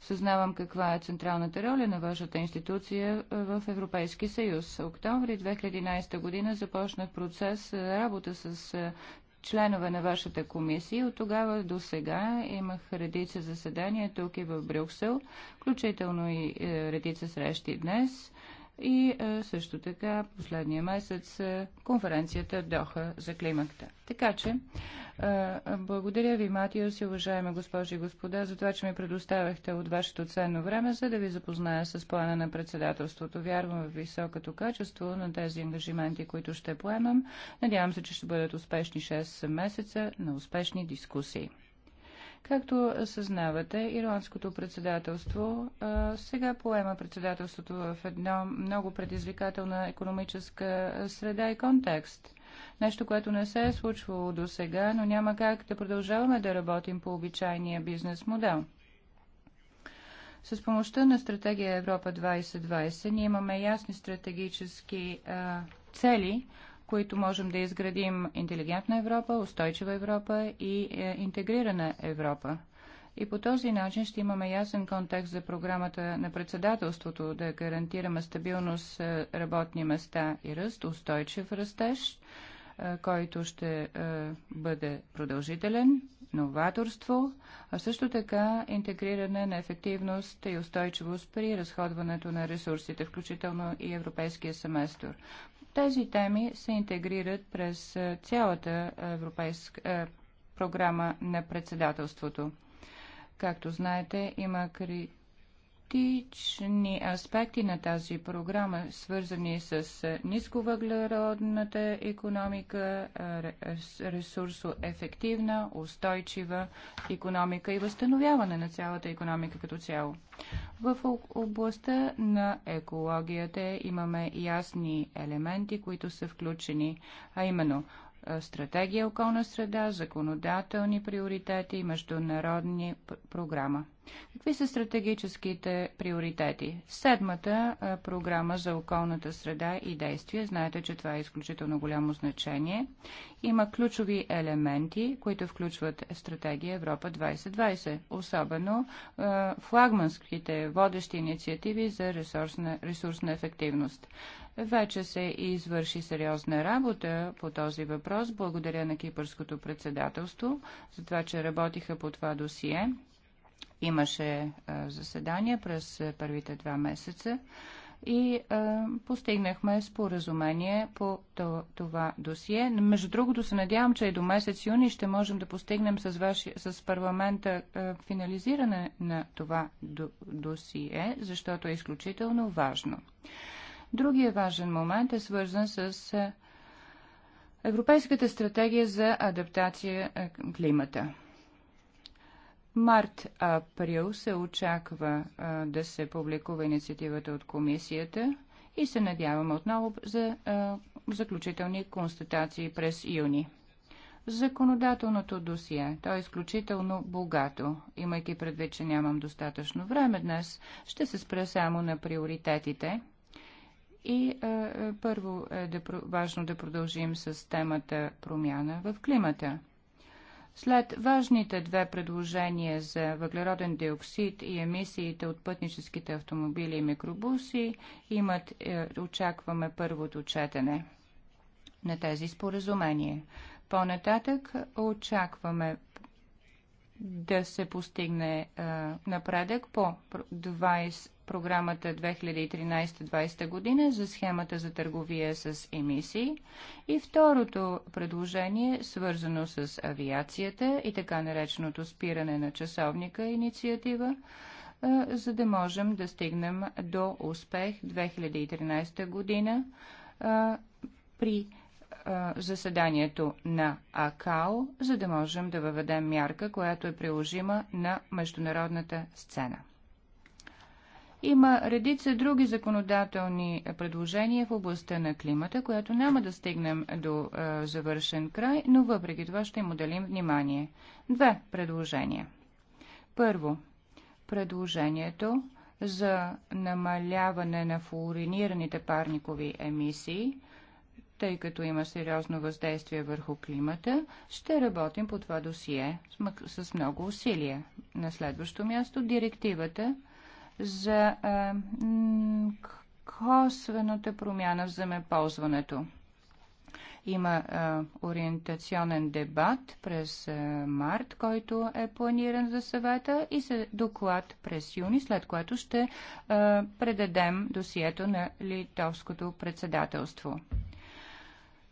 Speaker 2: Съзнавам каква е централната роля на вашата институция в Европейски съюз. Октомври 2011 година започнах процес работа с членове на вашата комисия. От тогава до сега имах редица заседания тук и в Брюксел, включително и е, редица срещи днес и е, също така последния месец е, конференцията Доха за климата. Така че, е, благодаря ви, Матиус и уважаема госпожи и господа, за това, че ми предоставяхте от вашето ценно време, за да ви запозная с плана на председателството. Вярвам в високото качество на тези ангажименти, които ще поемам. Надявам се, че ще бъдат успешни 6 месеца на успешни дискусии. Както съзнавате, ирландското председателство а, сега поема председателството в една много предизвикателна економическа среда и контекст. Нещо, което не се е случвало до сега, но няма как да продължаваме да работим по обичайния бизнес модел. С помощта на стратегия Европа 2020 ние имаме ясни стратегически а, цели, които можем да изградим интелигентна Европа, устойчива Европа и е, интегрирана Европа. И по този начин ще имаме ясен контекст за програмата на председателството да гарантираме стабилност е, работни места и ръст, устойчив растеж, е, който ще бъде продължителен, новаторство, а също така интегриране на ефективност и устойчивост при разходването на ресурсите, включително и европейския семестър. Тези теми се интегрират през цялата европейска програма на председателството. Както знаете, има кри практични аспекти на тази програма, свързани с нисковъглеродната економика, ресурсоефективна, устойчива економика и възстановяване на цялата економика като цяло. В областта на екологията имаме ясни елементи, които са включени, а именно стратегия околна среда, законодателни приоритети и международни програма. Какви са стратегическите приоритети? Седмата програма за околната среда и действие. Знаете, че това е изключително голямо значение. Има ключови елементи, които включват стратегия Европа 2020, особено флагманските водещи инициативи за ресурсна, ресурсна ефективност. Вече се извърши сериозна работа по този въпрос. Благодаря на Кипърското председателство за това, че работиха по това досие. Имаше заседания през първите два месеца и а, постигнахме споразумение по това досие. Между другото се надявам, че и до месец юни ще можем да постигнем с, ваши, с парламента а, финализиране на това досие, защото е изключително важно. Другия важен момент е свързан с е, Европейската стратегия за адаптация е, климата. Март-април се очаква е, да се публикува инициативата от комисията и се надяваме отново за заключителни констатации през юни. Законодателното досие, то е изключително богато. Имайки предвид, че нямам достатъчно време днес, ще се спра само на приоритетите – и а, е, е, първо е да, важно да продължим с темата промяна в климата. След важните две предложения за въглероден диоксид и емисиите от пътническите автомобили и микробуси, имат, е, очакваме първото четене на тези споразумения. По-нататък очакваме да се постигне е, напредък по програмата 2013-2020 година за схемата за търговия с емисии. И второто предложение, свързано с авиацията и така нареченото спиране на часовника инициатива, е, за да можем да стигнем до успех 2013 година е, при е, заседанието на АКАО, за да можем да въведем мярка, която е приложима на международната сцена. Има редица други законодателни предложения в областта на климата, която няма да стигнем до е, завършен край, но въпреки това ще им делим внимание. Две предложения. Първо, предложението за намаляване на флуоринираните парникови емисии, тъй като има сериозно въздействие върху климата, ще работим по това досие с много усилия. На следващо място директивата – за косвената промяна в земеползването. Има а, ориентационен дебат през а, март, който е планиран за съвета и се доклад през юни, след което ще а, предадем досието на литовското председателство.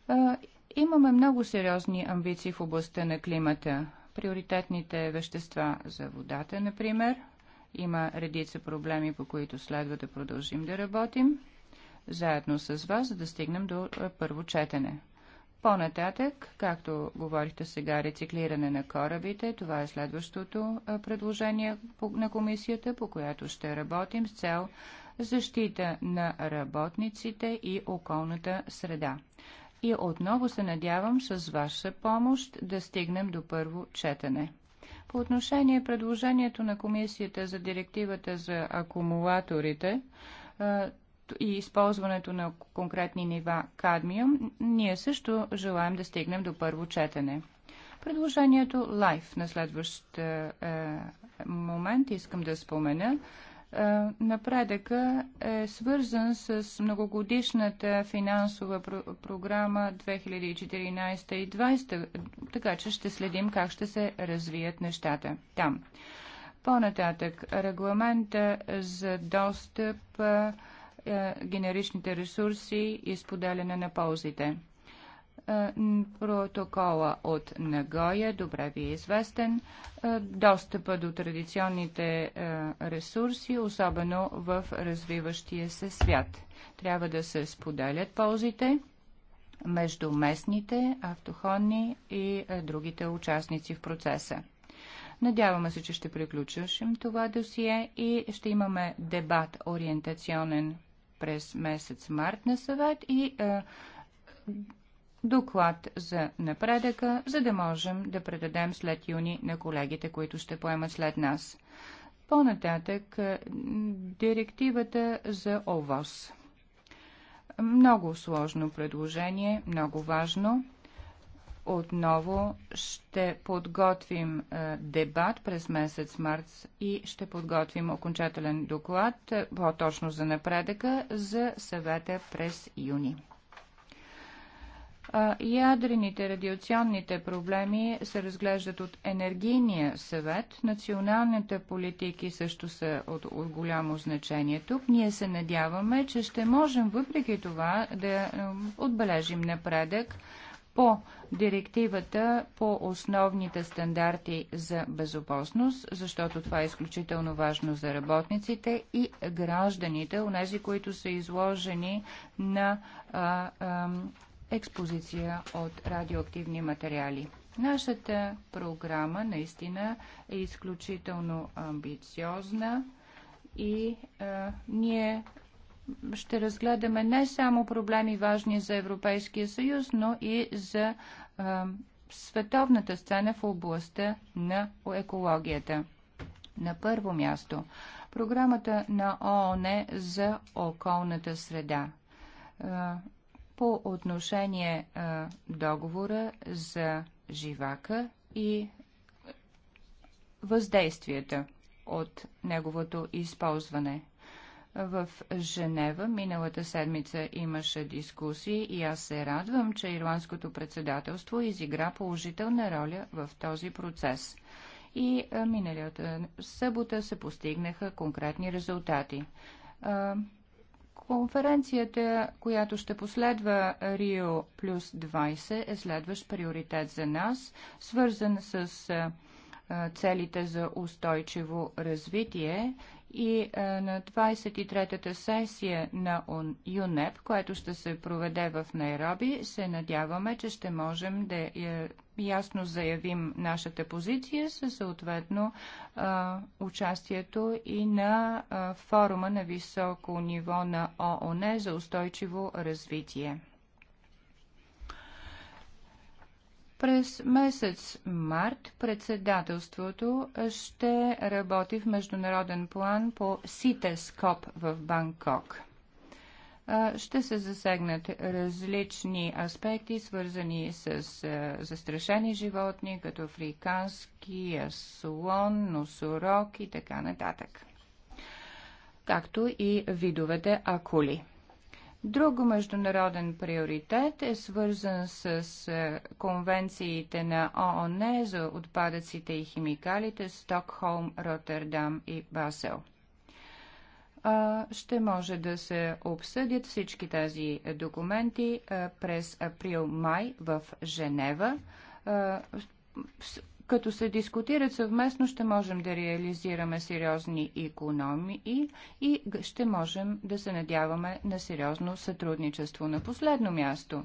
Speaker 2: А, имаме много сериозни амбиции в областта на климата. Приоритетните вещества за водата, например – има редица проблеми, по които следва да продължим да работим заедно с вас, за да стигнем до е, първо четене. По-нататък, както говорихте сега, рециклиране на корабите, това е следващото е, предложение на комисията, по която ще работим с цел защита на работниците и околната среда. И отново се надявам с ваша помощ да стигнем до първо четене. По отношение предложението на комисията за директивата за акумулаторите, и използването на конкретни нива кадмиум, ние също желаем да стигнем до първо четене. Предложението LIFE на следващ момент искам да спомена е, напредъка е свързан с многогодишната финансова програма 2014 и 2020, така че ще следим как ще се развият нещата там. По-нататък, регламента за достъп, е, генеричните ресурси и споделяне на ползите – е, протокола от Нагоя, добре ви е известен, е, достъпа до традиционните е, ресурси, особено в развиващия се свят. Трябва да се споделят ползите между местните, автохонни и другите участници в процеса. Надяваме се, че ще приключим това досие и ще имаме дебат ориентационен през месец март на съвет и е, доклад за напредъка, за да можем да предадем след юни на колегите, които ще поемат след нас. По-нататък е, директивата за ОВОС. Много сложно предложение, много важно. Отново ще подготвим е, дебат през месец март и ще подготвим окончателен доклад, е, по-точно за напредъка, за съвета през юни. Ядрените радиационните проблеми се разглеждат от Енергийния съвет. Националните политики също са от, от голямо значение. Тук ние се надяваме, че ще можем въпреки това да отбележим напредък по директивата по основните стандарти за безопасност, защото това е изключително важно за работниците и гражданите, унези, които са изложени на а, а, експозиция от радиоактивни материали. Нашата програма наистина е изключително амбициозна и а, ние ще разгледаме не само проблеми важни за Европейския съюз, но и за а, световната сцена в областта на екологията. На първо място, програмата на ООН е за околната среда по отношение а, договора за живака и въздействията от неговото използване. В Женева миналата седмица имаше дискусии и аз се радвам, че ирландското председателство изигра положителна роля в този процес. И миналата събота се постигнаха конкретни резултати Конференцията, която ще последва Рио плюс 20 е следващ приоритет за нас, свързан с целите за устойчиво развитие и е, на 23-та сесия на ЮНЕП, което ще се проведе в Найроби, се надяваме, че ще можем да е, ясно заявим нашата позиция със съответно е, участието и на форума на високо ниво на ООН за устойчиво развитие. През месец март председателството ще работи в международен план по СИТЕСКОП в Банкок. Ще се засегнат различни аспекти, свързани с застрашени животни, като африкански, слон, носорог и така нататък, както и видовете акули. Друг международен приоритет е свързан с е, конвенциите на ООН за отпадъците и химикалите Стокхолм, Роттердам и Басел. Ще може да се обсъдят всички тези документи през април-май в Женева като се дискутират съвместно, ще можем да реализираме сериозни економии и ще можем да се надяваме на сериозно сътрудничество. На последно място,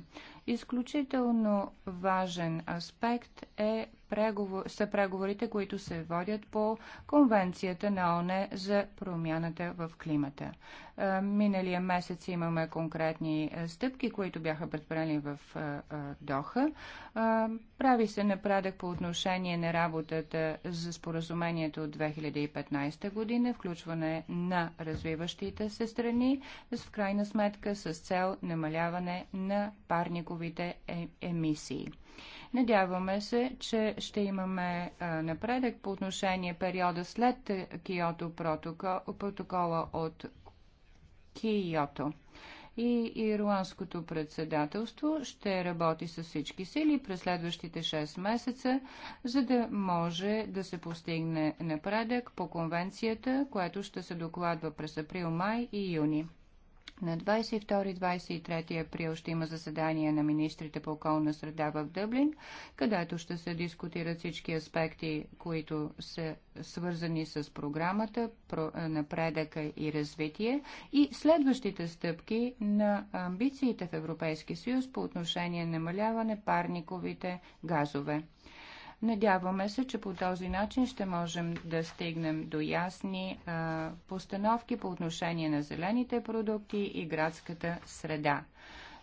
Speaker 2: Изключително важен аспект е преговор... са преговорите, които се водят по Конвенцията на ОНЕ за промяната в климата. Е, миналия месец имаме конкретни е, стъпки, които бяха предприели в е, Доха. Прави се напредък по отношение на работата за споразумението от 2015 година, включване на развиващите се страни, в крайна сметка с цел намаляване на парникови въглеродниковите е, емисии. Надяваме се, че ще имаме напредък по отношение периода след е, Киото протокол, протокола от Киото и ирландското председателство ще работи с всички сили през следващите 6 месеца, за да може да се постигне напредък по конвенцията, което ще се докладва през април, май и юни. На 22-23 април ще има заседание на министрите по околна среда в Дъблин, където ще се дискутират всички аспекти, които са свързани с програмата, е, напредъка и развитие и следващите стъпки на амбициите в Европейския съюз по отношение на намаляване парниковите газове. Надяваме се, че по този начин ще можем да стигнем до ясни а, постановки по отношение на зелените продукти и градската среда.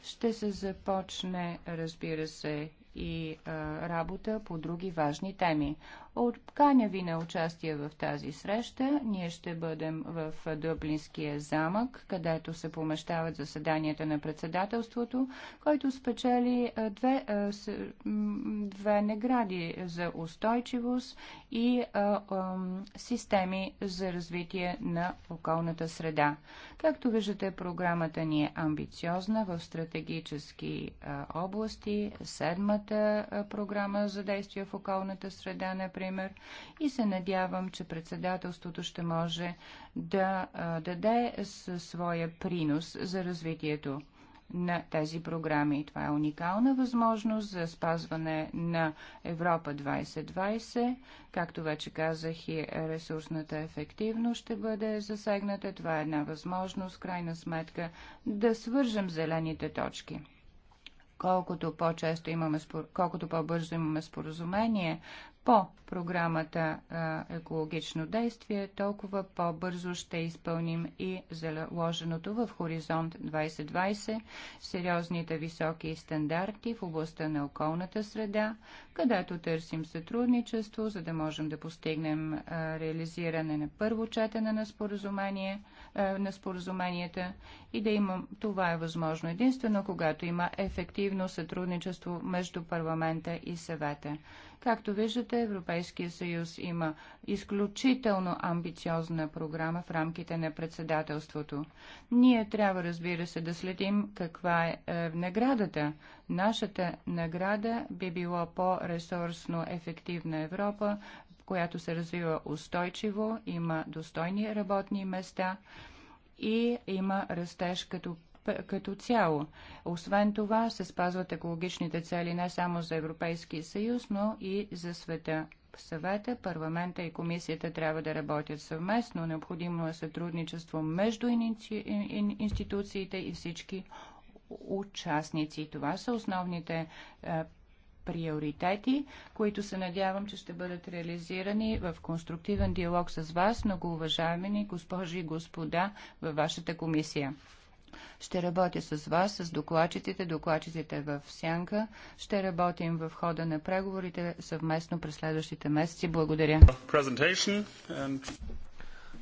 Speaker 2: Ще се започне, разбира се, и а, работа по други важни теми. Отканя ви на участие в тази среща. Ние ще бъдем в Дъблинския замък, където се помещават заседанията на председателството, който спечели две, две награди за устойчивост и системи за развитие на околната среда. Както виждате, програмата ни е амбициозна в стратегически области. Седмата програма за действие в околната среда, на например, и се надявам, че председателството ще може да даде своя принос за развитието на тези програми. Това е уникална възможност за спазване на Европа 2020. Както вече казах и ресурсната ефективност ще бъде засегната. Това е една възможност, крайна сметка, да свържем зелените точки колкото по-често имаме, колкото по-бързо имаме споразумение по програмата екологично действие, толкова по-бързо ще изпълним и заложеното в Хоризонт 2020 сериозните високи стандарти в областта на околната среда, където търсим сътрудничество, за да можем да постигнем реализиране на първо четене на споразумение – е, на споразуменията и да имам това е възможно единствено, когато има ефективно сътрудничество между парламента и съвета. Както виждате, Европейския съюз има изключително амбициозна програма в рамките на председателството. Ние трябва, разбира се, да следим каква е, е наградата. Нашата награда би било по-ресурсно ефективна Европа, която се развива устойчиво, има достойни работни места и има растеж като като цяло. Освен това се спазват екологичните цели не само за Европейския съюз, но и за света. Съвета, парламента и комисията трябва да работят съвместно. Необходимо е сътрудничество между институциите и всички участници. Това са основните е, приоритети, които се надявам, че ще бъдат реализирани в конструктивен диалог с вас, ни, госпожи и господа във вашата комисия. Ще работя с вас, с докладчиците, докладчиците в Сянка. Ще работим в хода на преговорите съвместно през следващите месеци. Благодаря.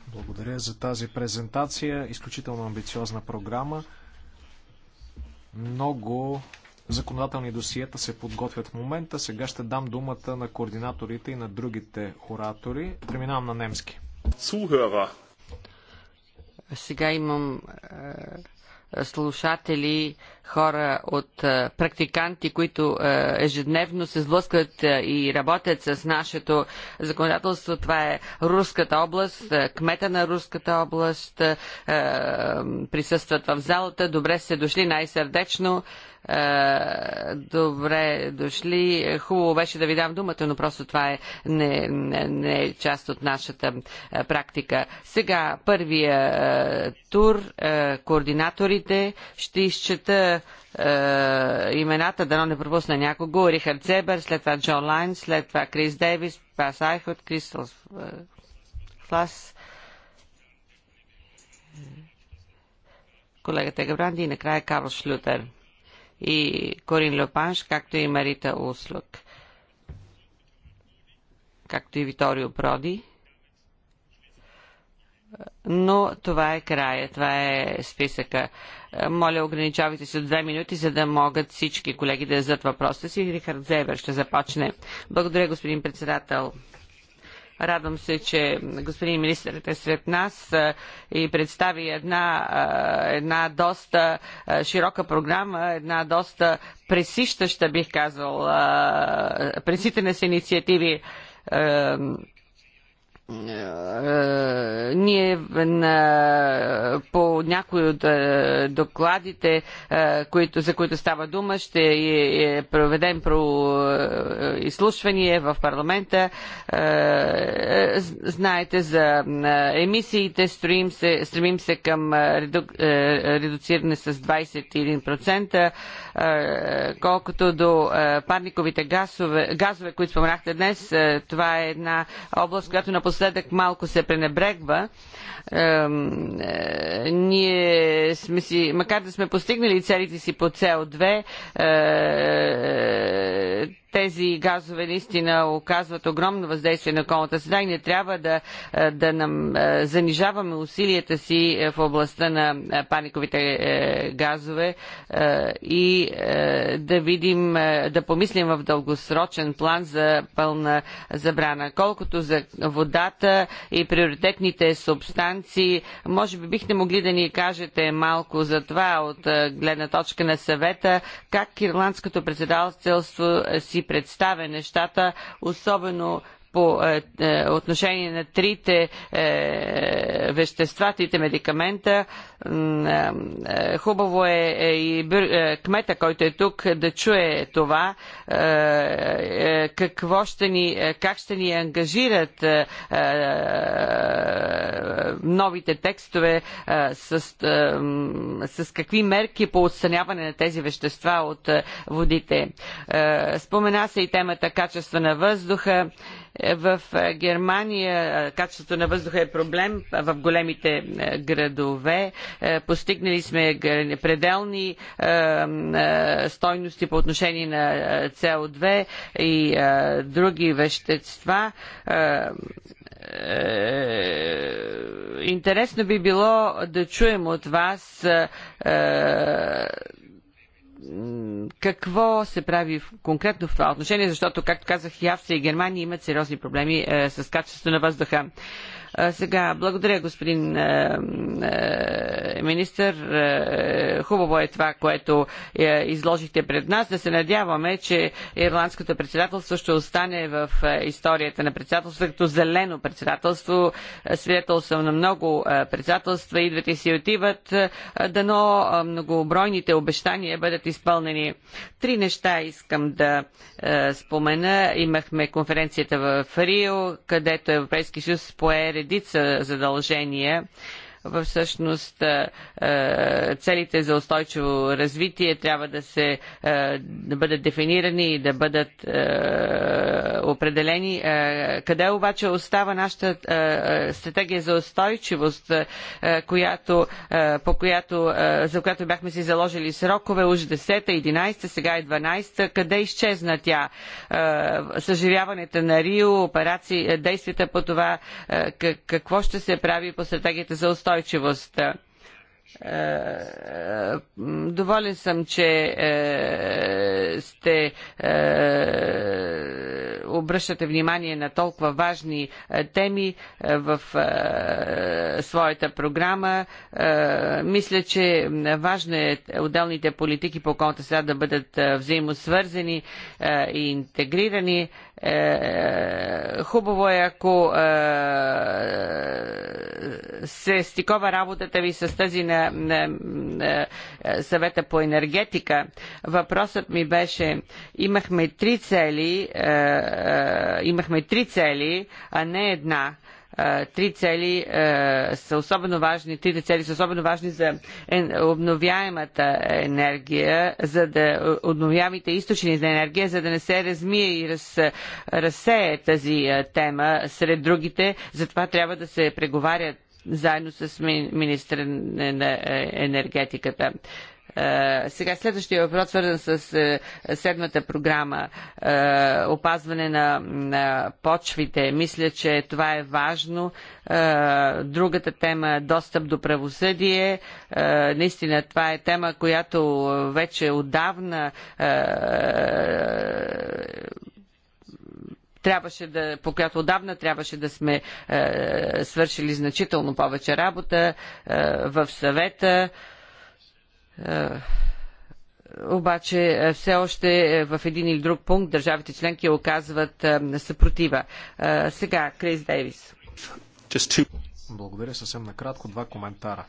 Speaker 4: Благодаря за тази презентация. Изключително амбициозна програма. Много законодателни досиета се подготвят в момента. Сега ще дам думата на координаторите и на другите оратори. Преминавам на немски.
Speaker 1: Zuhörer.
Speaker 4: Сега имам
Speaker 3: е, слушатели, хора от е, практиканти, които е, ежедневно се сблъскват е, и работят с нашето законодателство. Това е Руската област, кмета на Руската област присъстват в залата. Добре сте дошли най-сърдечно. Добре дошли. Хубаво беше да ви дам думата, но просто това е не, не, не е част от нашата практика. Сега първия тур, координаторите, ще изчета е, имената, дано не пропусна някого, Рихард Зебер, след това Джон Лайн, след това Крис Дейвис, Пас Айхот, Кристал е, Флас, колегата Габранди и накрая Карл Шлютер и Корин Лопанш, както и Марита Услуг, както и Виторио Проди. Но това е края, това е списъка. Е, моля, ограничавайте се до две минути, за да могат всички колеги да зададат въпросите си. Рихард Зебер ще започне. Благодаря, господин председател. Радвам се, че господин министърът е сред нас е, и представи една, е, една доста широка програма, една доста пресищаща, бих казал, преситене с инициативи е, ние на, по някои от е, докладите, е, които, за които става дума, ще проведем про изслушвания в парламента. Знаете за емисиите, стремим се, стремим се към е, редуциране с 21%. Е, колкото до е, парниковите газове, газове които споменахте днес, е, това е една област, която напоследък малко се пренебрегва. Ние сме си, макар да сме постигнали целите си по цел 2, тези газове наистина оказват огромно въздействие на околната среда и не трябва да, да нам, занижаваме усилията си в областта на паниковите газове и и е, да видим, е, да помислим в дългосрочен план за пълна забрана. Колкото за водата и приоритетните субстанции, може би бихте могли да ни кажете малко за това от е, гледна точка на съвета, как ирландското председателство си представя нещата, особено по е, е, отношение на трите е, вещества, трите медикамента. Хубаво е и кмета, който е тук, да чуе това, какво ще ни, как ще ни ангажират новите текстове, с, с какви мерки по отстраняване на тези вещества от водите. Спомена се и темата качество на въздуха. В е, Германия е, качеството на въздуха е проблем в големите е, градове. Постигнали сме пределни стойности по отношение на CO2 и други вещества интересно би било да чуем от вас какво се прави конкретно в това отношение, защото, както казах, и Австрия и Германия имат сериозни проблеми е, с качеството на въздуха. Сега, благодаря, господин министър. Хубаво е това, което е, изложихте пред нас. Да се надяваме, че ирландското председателство ще остане в историята на председателство като зелено председателство. Свидетел съм на много председателства, идват и си отиват. Дано многобройните обещания бъдат изпълнени. Три неща искам да спомена. Имахме конференцията в Рио, където Европейски съюз поере редица задължения всъщност целите за устойчиво развитие трябва да се да бъдат дефинирани и да бъдат определени. Къде обаче остава нашата стратегия за устойчивост, която, по която, за която бяхме си заложили срокове, уж 10-та, 11-та, сега е 12-та, къде изчезна тя? Съживяването на Рио, операции, действията по това, какво ще се прави по стратегията за устойчивост? устойчивост. Е, е, доволен съм, че е, сте обръщате внимание на толкова важни теми в своята програма. Мисля, че важно е отделните политики по околната среда да бъдат взаимосвързани и интегрирани е, хубаво е, ако е, се стикова работата ви с тази на, на, на е, съвета по енергетика. Въпросът ми беше, имахме три цели, е, е, имахме три цели, а не една три цели са особено важни, трите цели са особено важни за обновяемата енергия, за да обновяемите източни за енергия, за да не се размие и раз, разсее тази тема сред другите. Затова трябва да се преговарят заедно с министра на е, енергетиката. Е, сега следващия въпрос, свързан с е, седмата програма, е, опазване на, на почвите. Мисля, че това е важно. Другата тема е достъп до правосъдие. Наистина, това е тема, която вече отдавна трябваше да, по която отдавна трябваше да сме е, свършили значително повече работа е, в съвета. Е, е, обаче е, все още е, в един или друг пункт държавите членки оказват съпротива. Сега, Крис Дейвис.
Speaker 4: Благодаря съвсем накратко. Два коментара.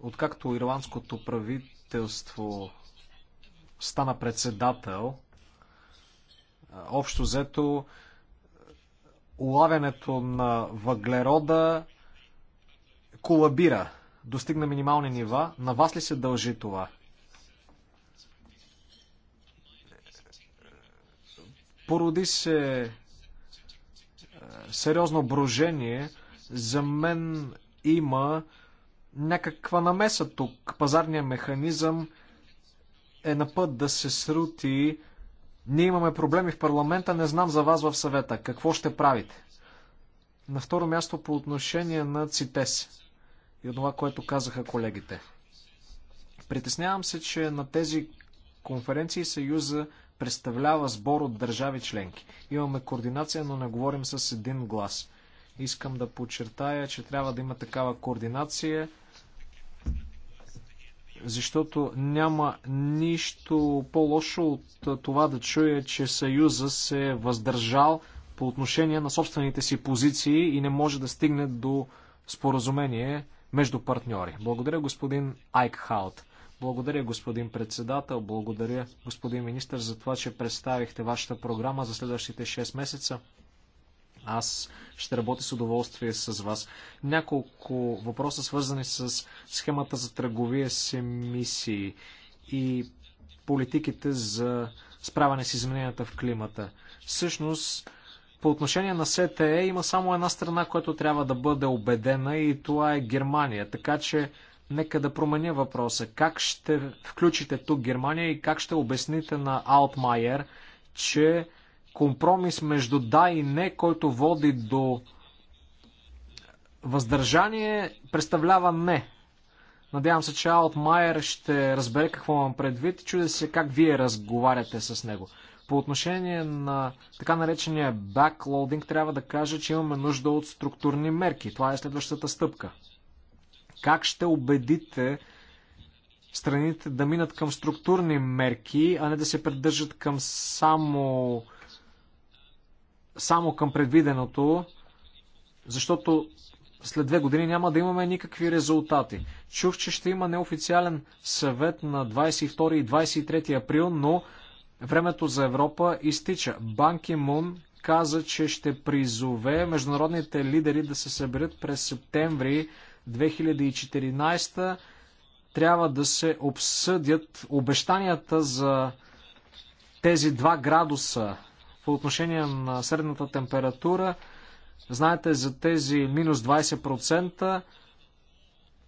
Speaker 4: Откакто ирландското правителство стана председател, общо взето улавянето на въглерода колабира достигна минимални нива. На вас ли се дължи това? Породи се е, сериозно брожение. За мен има някаква намеса тук. Пазарният механизъм е на път да се срути. Ние имаме проблеми в парламента, не знам за вас в съвета. Какво ще правите? На второ място по отношение на ЦИТЕС и от това, което казаха колегите. Притеснявам се, че на тези конференции Съюза представлява сбор от държави членки. Имаме координация, но не говорим с един глас. Искам да подчертая, че трябва да има такава координация, защото няма нищо по-лошо от това да чуя, че Съюза се е въздържал по отношение на собствените си позиции и не може да стигне до споразумение между партньори. Благодаря господин Айкхаут. Благодаря, господин председател. Благодаря, господин министр, за това, че представихте вашата програма за следващите 6 месеца. Аз ще работя с удоволствие с вас. Няколко въпроса, свързани с схемата за търговия с емисии и политиките за справяне с измененията в климата. Всъщност, по отношение на СТЕ има само една страна, която трябва да бъде убедена и това е Германия. Така че нека да променя въпроса. Как ще включите тук Германия и как ще обясните на Алтмайер, че компромис между да и не, който води до въздържание, представлява не. Надявам се, че Алтмайер ще разбере какво имам предвид и чуде се как вие разговаряте с него. По отношение на така наречения backloading, трябва да кажа, че имаме нужда от структурни мерки. Това е следващата стъпка. Как ще убедите страните да минат към структурни мерки, а не да се придържат към само, само към предвиденото, защото след две години няма да имаме никакви резултати. Чух, че ще има неофициален съвет на 22 и 23 април, но Времето за Европа изтича. Банки Мун каза, че ще призове международните лидери да се съберат през септември 2014. Трябва да се обсъдят обещанията за тези 2 градуса по отношение на средната температура. Знаете за тези минус 20%.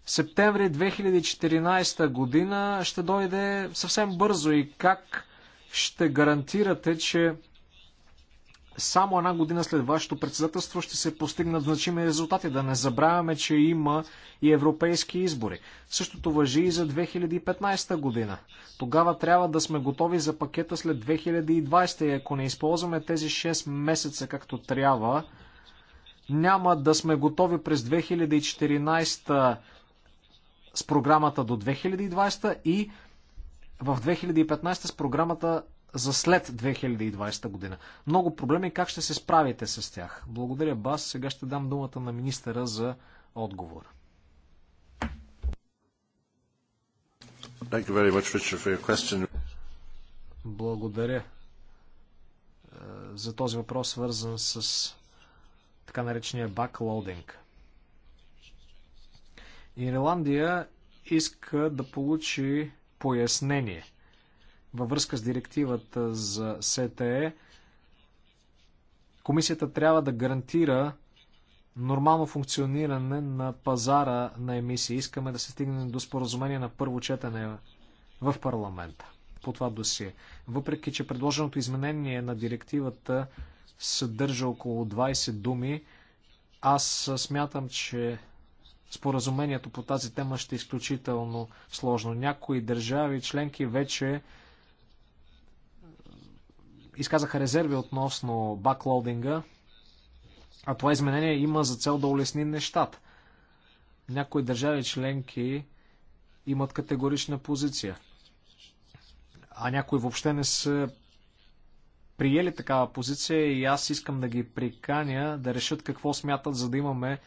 Speaker 4: Септември 2014 година ще дойде съвсем бързо и как ще гарантирате, че само една година след вашето председателство ще се постигнат значими резултати. Да не забравяме, че има и европейски избори. Същото въжи и за 2015 година. Тогава трябва да сме готови за пакета след 2020 и ако не използваме тези 6 месеца както трябва, няма да сме готови през 2014 с програмата до 2020 и в 2015 с програмата за след 2020 година. Много проблеми, как ще се справите с тях? Благодаря, Бас. Сега ще дам думата на министъра за отговор. Благодаря е, за този въпрос, свързан с така наречения баклоудинг. Ирландия иска да получи пояснение във връзка с директивата за СТЕ. Комисията трябва да гарантира нормално функциониране на пазара на емисии. Искаме да се стигне до споразумение на първо четене в парламента по това досие. Въпреки, че предложеното изменение на директивата съдържа около 20 думи, аз смятам, че споразумението по тази тема ще е изключително сложно. Някои държави членки вече е, изказаха резерви относно баклодинга, а това изменение има за цел да улесни нещата. Някои държави членки имат категорична позиция, а някои въобще не са приели такава позиция и аз искам да ги приканя да решат какво смятат, за да имаме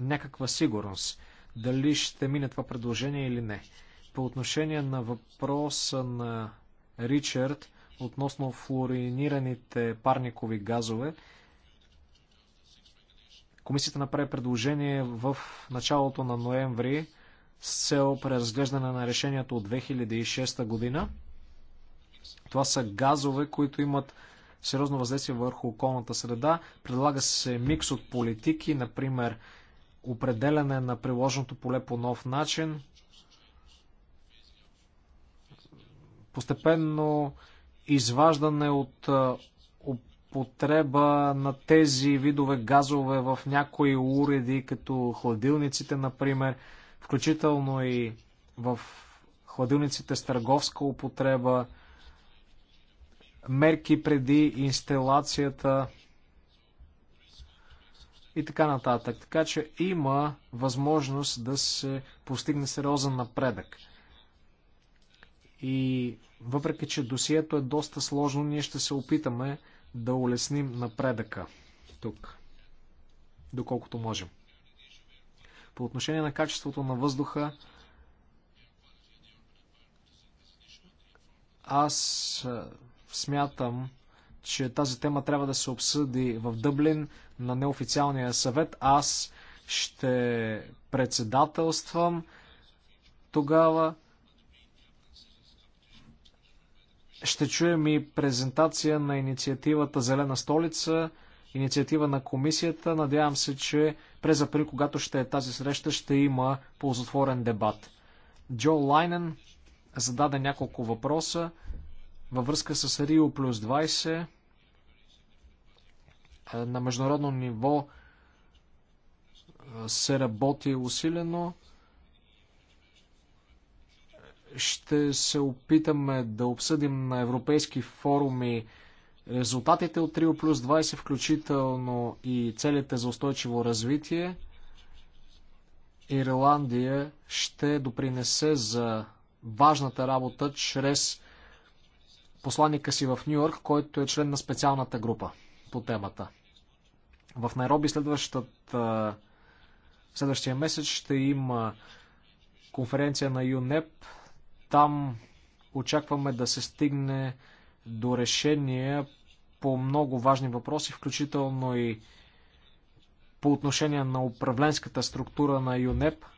Speaker 4: някаква сигурност дали ще мине това предложение или не. По отношение на въпроса на Ричард относно флуоринираните парникови газове, комисията направи предложение в началото на ноември с цел преразглеждане на решението от 2006 година. Това са газове, които имат сериозно въздействие върху околната среда. Предлага се микс от политики, например определяне на приложното поле по нов начин. Постепенно изваждане от употреба на тези видове газове в някои уреди, като хладилниците, например, включително и в хладилниците с търговска употреба, мерки преди инсталацията, и така нататък. Така че има възможност да се постигне сериозен напредък. И въпреки, че досието е доста сложно, ние ще се опитаме да улесним напредъка тук, доколкото можем. По отношение на качеството на въздуха, аз смятам, че тази тема трябва да се обсъди в Дъблин на неофициалния съвет. Аз ще председателствам тогава. Ще чуем и презентация на инициативата Зелена столица, инициатива на комисията. Надявам се, че през април, когато ще е тази среща, ще има ползотворен дебат. Джо Лайнен зададе няколко въпроса във връзка с Рио плюс 20. Е, на международно ниво е, се работи усилено. Ще се опитаме да обсъдим на европейски форуми резултатите от 3 плюс 20, включително и целите за устойчиво развитие. Ирландия ще допринесе за важната работа чрез посланника си в Нью Йорк, който е член на специалната група по темата. В Найроби следващата, следващия месец ще има конференция на ЮНЕП. Там очакваме да се стигне до решение по много важни въпроси, включително и по отношение на управленската структура на ЮНЕП –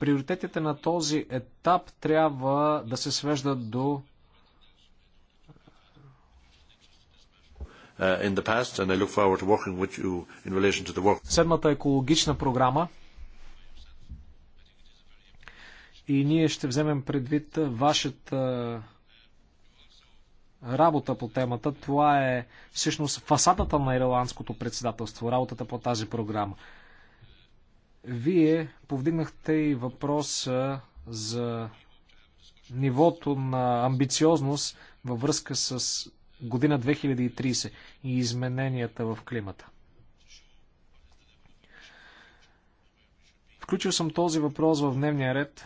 Speaker 4: Приоритетите на този етап трябва да се свеждат до
Speaker 2: uh,
Speaker 4: Седмата екологична програма и ние ще вземем предвид вашата работа по темата. Това е всъщност фасадата на ирландското председателство, работата по тази програма. Вие повдигнахте и въпроса за нивото на амбициозност във връзка с година 2030 и измененията в климата. Включил съм този въпрос в дневния ред.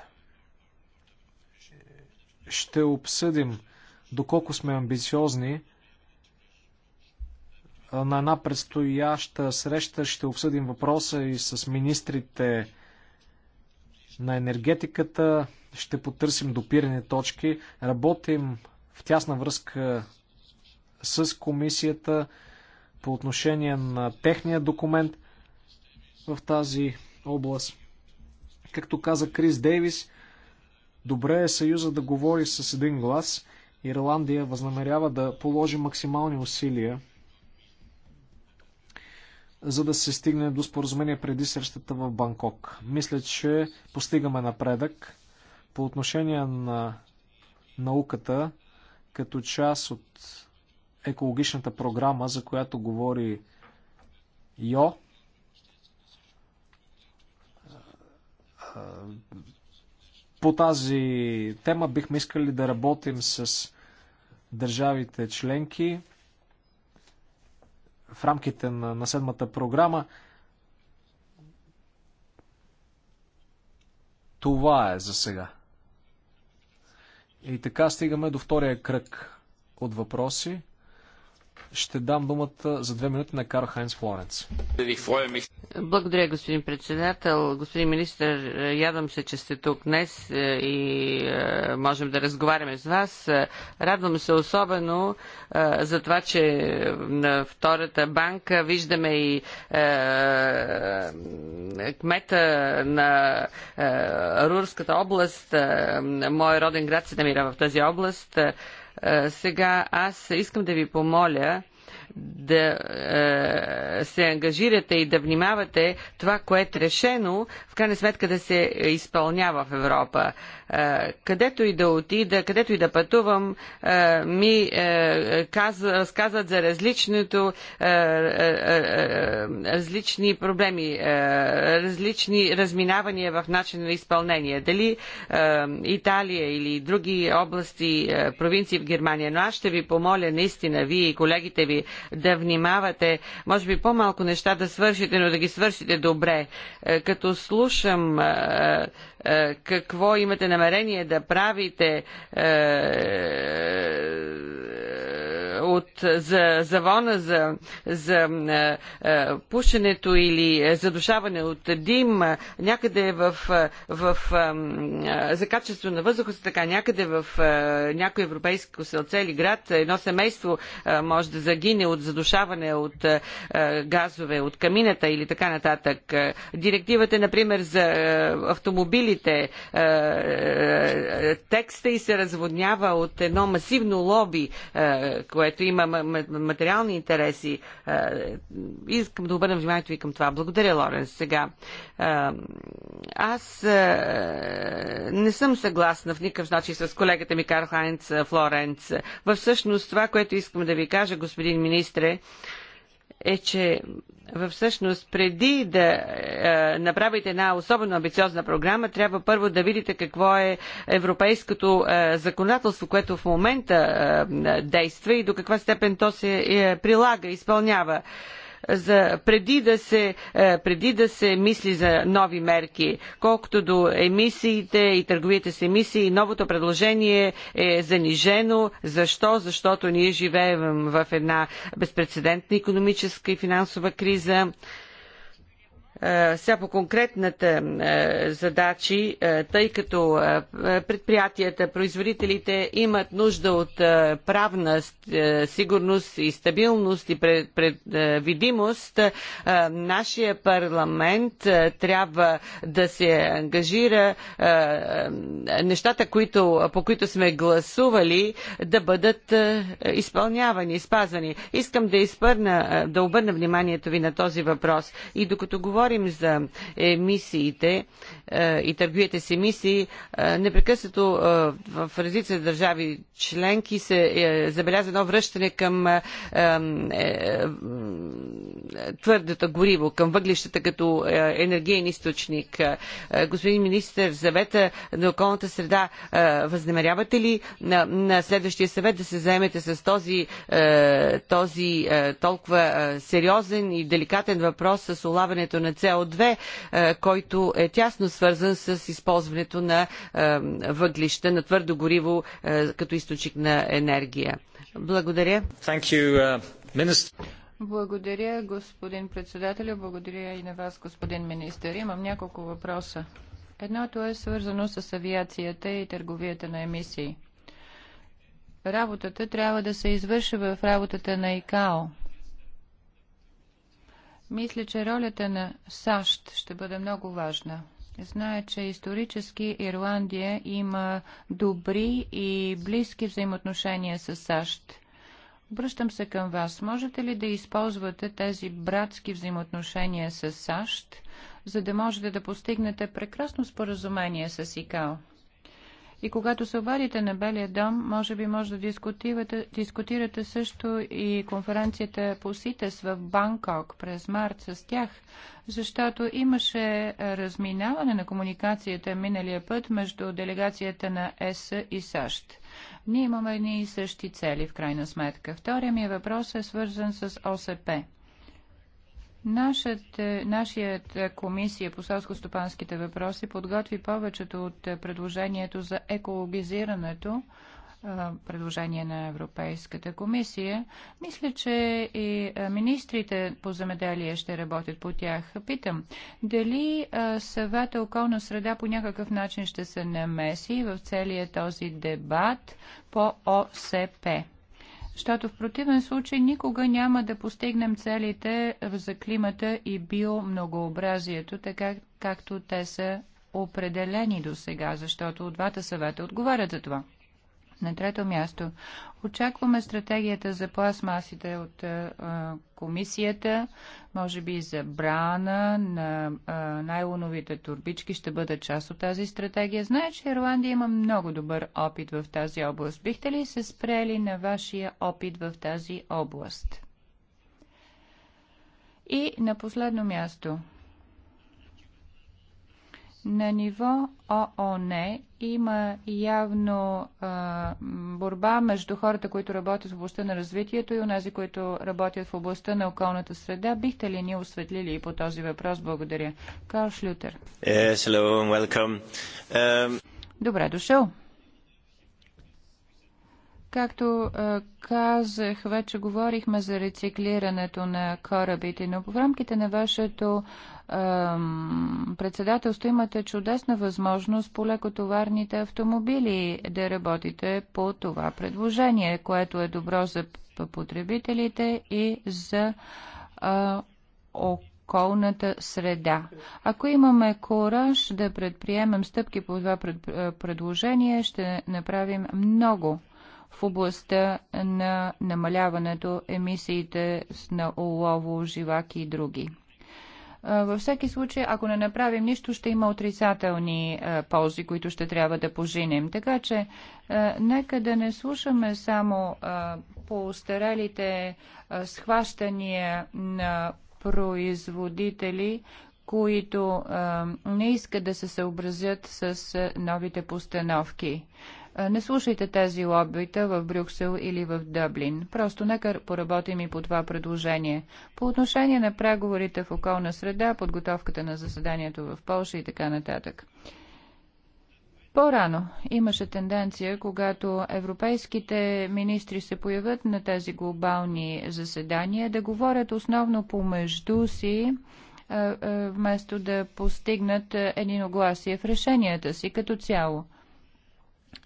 Speaker 4: Ще обсъдим доколко сме амбициозни на една предстояща среща ще обсъдим въпроса и с министрите на енергетиката. Ще потърсим допирани точки. Работим в тясна връзка с комисията по отношение на техния документ в тази област. Както каза Крис Дейвис, добре е Съюза да говори с един глас. Ирландия възнамерява да положи максимални усилия за да се стигне до споразумение преди срещата в Банкок. Мисля, че постигаме напредък по отношение на науката като част от екологичната програма, за която говори ЙО. По тази тема бихме искали да работим с държавите членки в рамките на, на седмата програма. Това е за сега. И така стигаме до втория кръг от въпроси. Ще дам думата за две минути на Карл Хайнс Флоренц.
Speaker 3: Благодаря, господин председател. Господин министр, ядам се, че сте тук днес е, и е, можем да разговаряме с вас. Е, радвам се особено за това, че на втората банка виждаме и кмета на Рурската област. Мой роден град се намира в тази област. Е, сега аз искам да ви помоля да е, се ангажирате и да внимавате това, което е решено, в крайна сметка да се изпълнява в Европа. Е, където и да отида, където и да пътувам, е, ми е, каз, разказват за различното, е, е, е, е различни проблеми, е, различни разминавания в начин на изпълнение. Дали е, Италия или други области, е, провинции в Германия. Но аз ще ви помоля наистина, вие и колегите ви, да внимавате, може би по-малко неща да свършите, но да ги свършите добре. Е, като слушам е, е, какво имате намерение да правите, от, за завона за, за е, е, пушенето или е, задушаване от дим някъде в, в е, за качество на въздуха така някъде в е, някой европейско селце или град едно семейство може да загине от задушаване от газове от камината или така нататък. Директивата, например, за автомобилите текста и се разводнява от едно масивно лоби, което има материални интереси. Е, искам да обърна вниманието ви към това. Благодаря, Лоренс. Сега, е, аз е, не съм съгласна в никакъв начин с колегата ми Карл Хайнц Флоренц. Всъщност това, което искам да ви кажа, господин министре, е, че всъщност преди да е, направите една особено амбициозна програма, трябва първо да видите какво е европейското е, законодателство, което в момента е, действа и до каква степен то се е, прилага, изпълнява за, преди, да се, е, преди да се мисли за нови мерки. Колкото до емисиите и търговията с емисии, новото предложение е занижено. Защо? Защото ние живеем в една безпредседентна економическа и финансова криза. Е, сега по конкретната е, задачи, е, тъй като предприятията, производителите имат нужда от правна сигурност и стабилност и предвидимост, нашия парламент трябва да се ангажира нещата, които, по които сме гласували, да бъдат изпълнявани, спазвани. Искам да, изпърна, да обърна вниманието ви на този въпрос. И докато говорим говорим за емисиите е, и търгуете с емисии, е, непрекъснато е, в различни държави членки се забелязва едно връщане към твърдата гориво, към въглищата като енергиен източник. Господин министр, завета на околната среда, възнамерявате ли на, следващия съвет да се заемете с този, този толкова сериозен и деликатен въпрос с улаването на CO2, е, който е тясно свързан с използването на е, въглища, на твърдо гориво е, като източник на енергия. Благодаря. Uh,
Speaker 2: Благодаря, господин председател, Благодаря и на вас, господин министър. Имам няколко въпроса. Едното е свързано с авиацията и търговията на емисии. Работата трябва да се извърши в работата на ИКАО. Мисля, че ролята на САЩ ще бъде много важна. Знае, че исторически Ирландия има добри и близки взаимоотношения с САЩ. Обръщам се към вас. Можете ли да използвате тези братски взаимоотношения с САЩ, за да можете да постигнете прекрасно споразумение с ИКАО? И когато се обадите на Белия дом, може би може да дискутирате, дискутирате също и конференцията по СИТЕС в Банкок през март с тях, защото имаше е, разминаване на комуникацията миналия път между делегацията на ЕС и САЩ. Ние имаме едни и същи цели, в крайна сметка. Втория ми въпрос е свързан с ОСП. Нашият, нашият комисия по селско-стопанските въпроси подготви повечето от предложението за екологизирането, предложение на Европейската комисия. Мисля, че и министрите по земеделие ще работят по тях. Питам, дали съвета околна среда по някакъв начин ще се намеси в целия този дебат по ОСП? защото в противен случай никога няма да постигнем целите за климата и биомногообразието, така както те са определени до сега, защото двата съвета отговарят за това. На трето място, очакваме стратегията за пластмасите от а, комисията. Може би забрана на а, найлоновите турбички ще бъде част от тази стратегия. Знае, че Ирландия има много добър опит в тази област. Бихте ли се спрели на вашия опит в тази област? И на последно място – на ниво ООН има явно а, борба между хората, които работят в областта на развитието и онези, които работят в областта на околната среда. Бихте ли ни осветлили и по този въпрос? Благодаря. Карл Шлютер. Yes, hello, welcome. Um... Добре дошъл. Както казах, вече говорихме за рециклирането на корабите, но в рамките на вашето председателство имате чудесна възможност по лекотоварните автомобили да работите по това предложение, което е добро за потребителите и за а, околната среда. Ако имаме кораж да предприемем стъпки по това предложение, ще направим много в областта на намаляването емисиите на олово, живаки и други. Във всеки случай, ако не направим нищо, ще има отрицателни ползи, които ще трябва да пожинем. Така че, нека да не слушаме само по старелите схващания на производители, които не искат да се съобразят с новите постановки. Не слушайте тези лоббита в Брюксел или в Дъблин. Просто нека поработим и по това предложение. По отношение на преговорите в околна среда, подготовката на заседанието в Польша и така нататък. По-рано имаше тенденция, когато европейските министри се появят на тези глобални заседания, да говорят основно помежду си, вместо да постигнат единогласие в решенията си като цяло.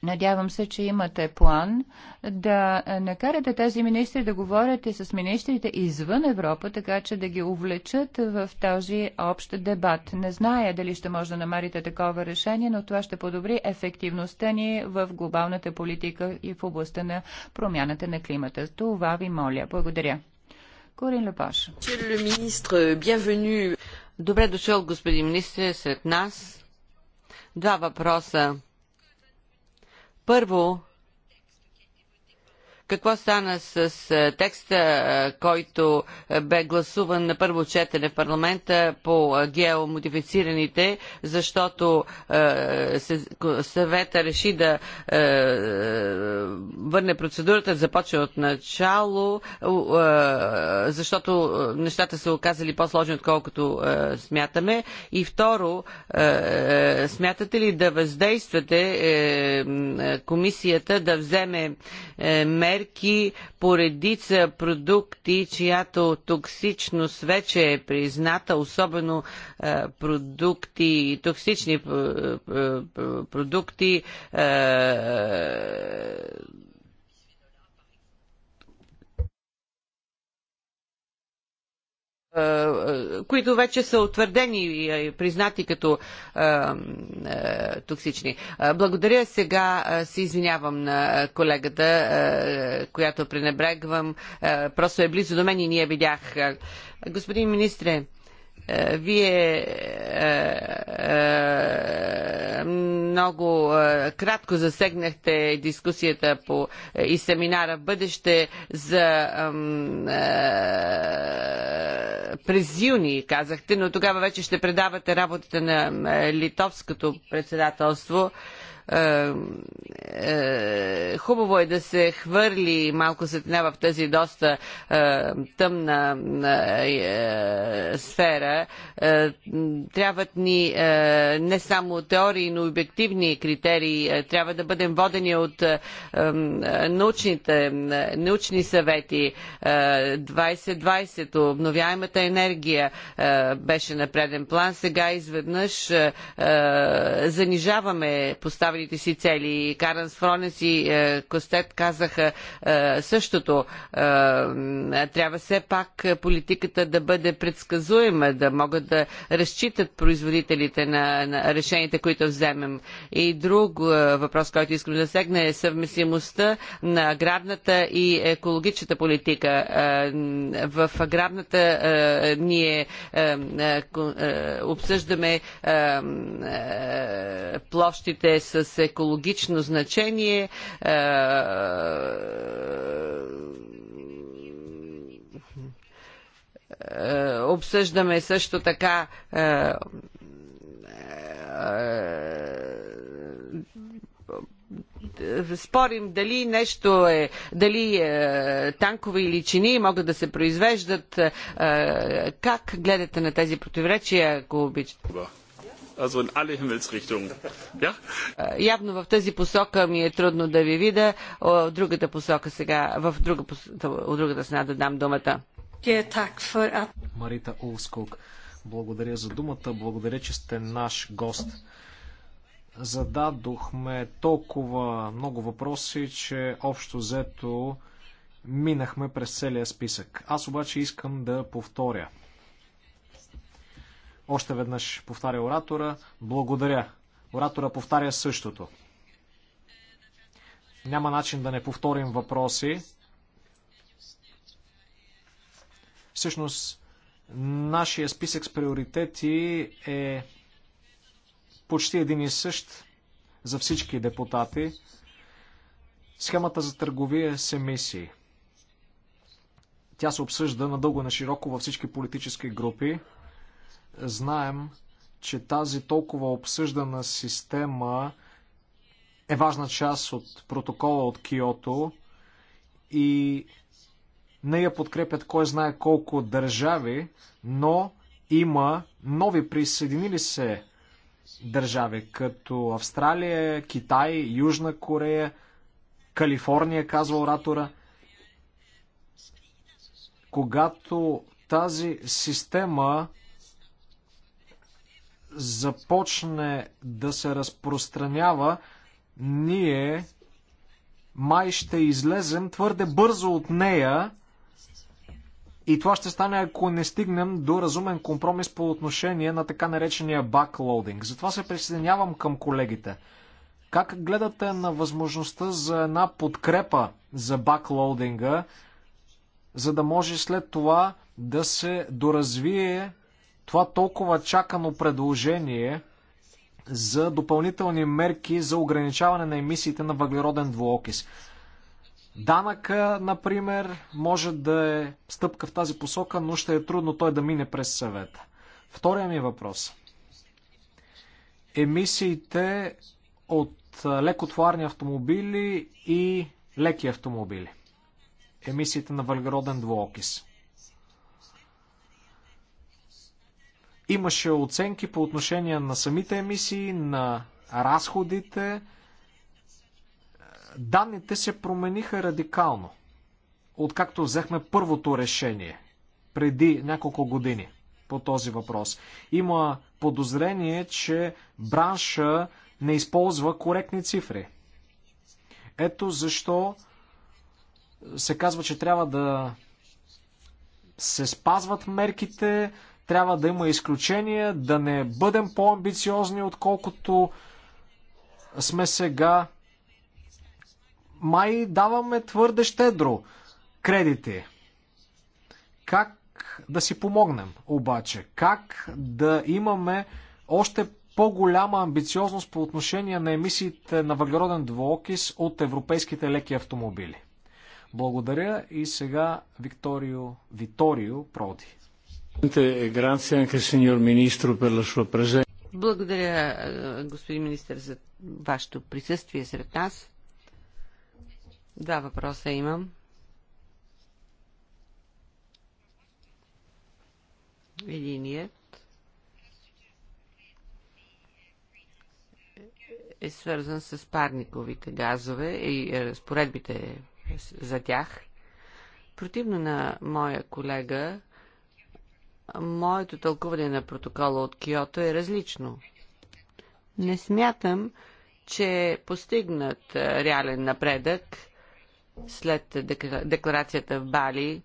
Speaker 2: Надявам се, че имате план да накарате тези министри да говорят и с министрите извън Европа, така че да ги увлечат в този общ дебат. Не зная дали ще може да намерите такова решение, но това ще подобри ефективността ни в глобалната политика и в областта на промяната на климата. Това ви моля. Благодаря. Корин Лепаш.
Speaker 3: Добре дошъл, господин министр, сред нас. Два въпроса първо, какво стана с е, текста, е, който е, бе гласуван на първо четене в парламента по геомодифицираните, защото съвета реши да върне процедурата, започва започне от начало, защото нещата са оказали по-сложни, отколкото смятаме. И второ, смятате ли да въздействате комисията да вземе мерки, мерки по редица продукти, чиято токсичност вече е призната, особено е, продукти, токсични е, е, продукти, които вече са утвърдени и признати като токсични. Благодаря сега, се извинявам на колегата, която пренебрегвам. Просто е близо до мен и ние видях. Господин министре, вие е, е, много е, кратко засегнахте дискусията по, и семинара в бъдеще за през юни, казахте, но тогава вече ще предавате работата на литовското председателство. Е, е, хубаво е да се хвърли малко светлина в тази доста е, тъмна сфера. Трябват ни не само теории, но и обективни критерии. Трябва да бъдем водени от научните, научни съвети. 2020 обновяемата енергия беше на преден план. Сега изведнъж занижаваме поставените поставените си цели. Каран Сфронес и е, Костет казаха е, същото. Е, трябва все пак политиката да бъде предсказуема, да могат да разчитат производителите на, на решенията, които вземем. И друг въпрос, който искам да сегна е съвместимостта на аграрната и екологичната политика. В аграрната ние обсъждаме площите с с екологично значение. Е, е обсъждаме също така е, е, спорим дали нещо е, дали е, танкови или чини могат да се произвеждат. Е, е, как гледате на тези противоречия, ако обичате? Е, явно в тази посока ми е трудно да ви видя. От другата посока сега, в друга, от другата страна да дам думата. Е,
Speaker 4: Марита Улскок, благодаря за думата, благодаря, че сте наш гост. Зададохме толкова много въпроси, че общо взето минахме през целия списък. Аз обаче искам да повторя още веднъж повтаря оратора. Благодаря. Оратора повтаря същото. Няма начин да не повторим въпроси. Всъщност, нашия списък с приоритети е почти един и същ за всички депутати. Схемата за търговия с емисии. Тя се обсъжда надълго и на широко във всички политически групи знаем, че тази толкова обсъждана система е важна част от протокола от Киото и не я подкрепят кой знае колко държави, но има нови присъединили се държави, като Австралия, Китай, Южна Корея, Калифорния, казва оратора. Когато тази система започне да се разпространява, ние май ще излезем твърде бързо от нея и това ще стане, ако не стигнем до разумен компромис по отношение на така наречения баклоудинг. Затова се присъединявам към колегите. Как гледате на възможността за една подкрепа за баклоудинга, за да може след това да се доразвие това толкова чакано предложение за допълнителни мерки за ограничаване на емисиите на въглероден двуокис. Данъка, например, може да е стъпка в тази посока, но ще е трудно той да мине през съвета. Втория ми въпрос. Емисиите от лекотварни автомобили и леки автомобили. Емисиите на въглероден двуокис. Имаше оценки по отношение на самите емисии, на разходите. Данните се промениха радикално, откакто взехме първото решение преди няколко години по този въпрос. Има подозрение, че бранша не използва коректни цифри. Ето защо се казва, че трябва да се спазват мерките, трябва да има изключения, да не бъдем по-амбициозни, отколкото сме сега. Май даваме твърде щедро кредити. Как да си помогнем обаче? Как да имаме още по-голяма амбициозност по отношение на емисиите на въглероден двуокис от европейските леки автомобили? Благодаря и сега Викторио, Виторио Проди. E
Speaker 3: Благодаря, е, господин министр, за вашето присъствие сред нас. Два въпроса имам. Единият е свързан с парниковите газове и разпоредбите за тях. Противно на моя колега, моето тълкуване на протокола от Киото е различно. Не смятам, че е постигнат е, реален напредък след декларацията в Бали,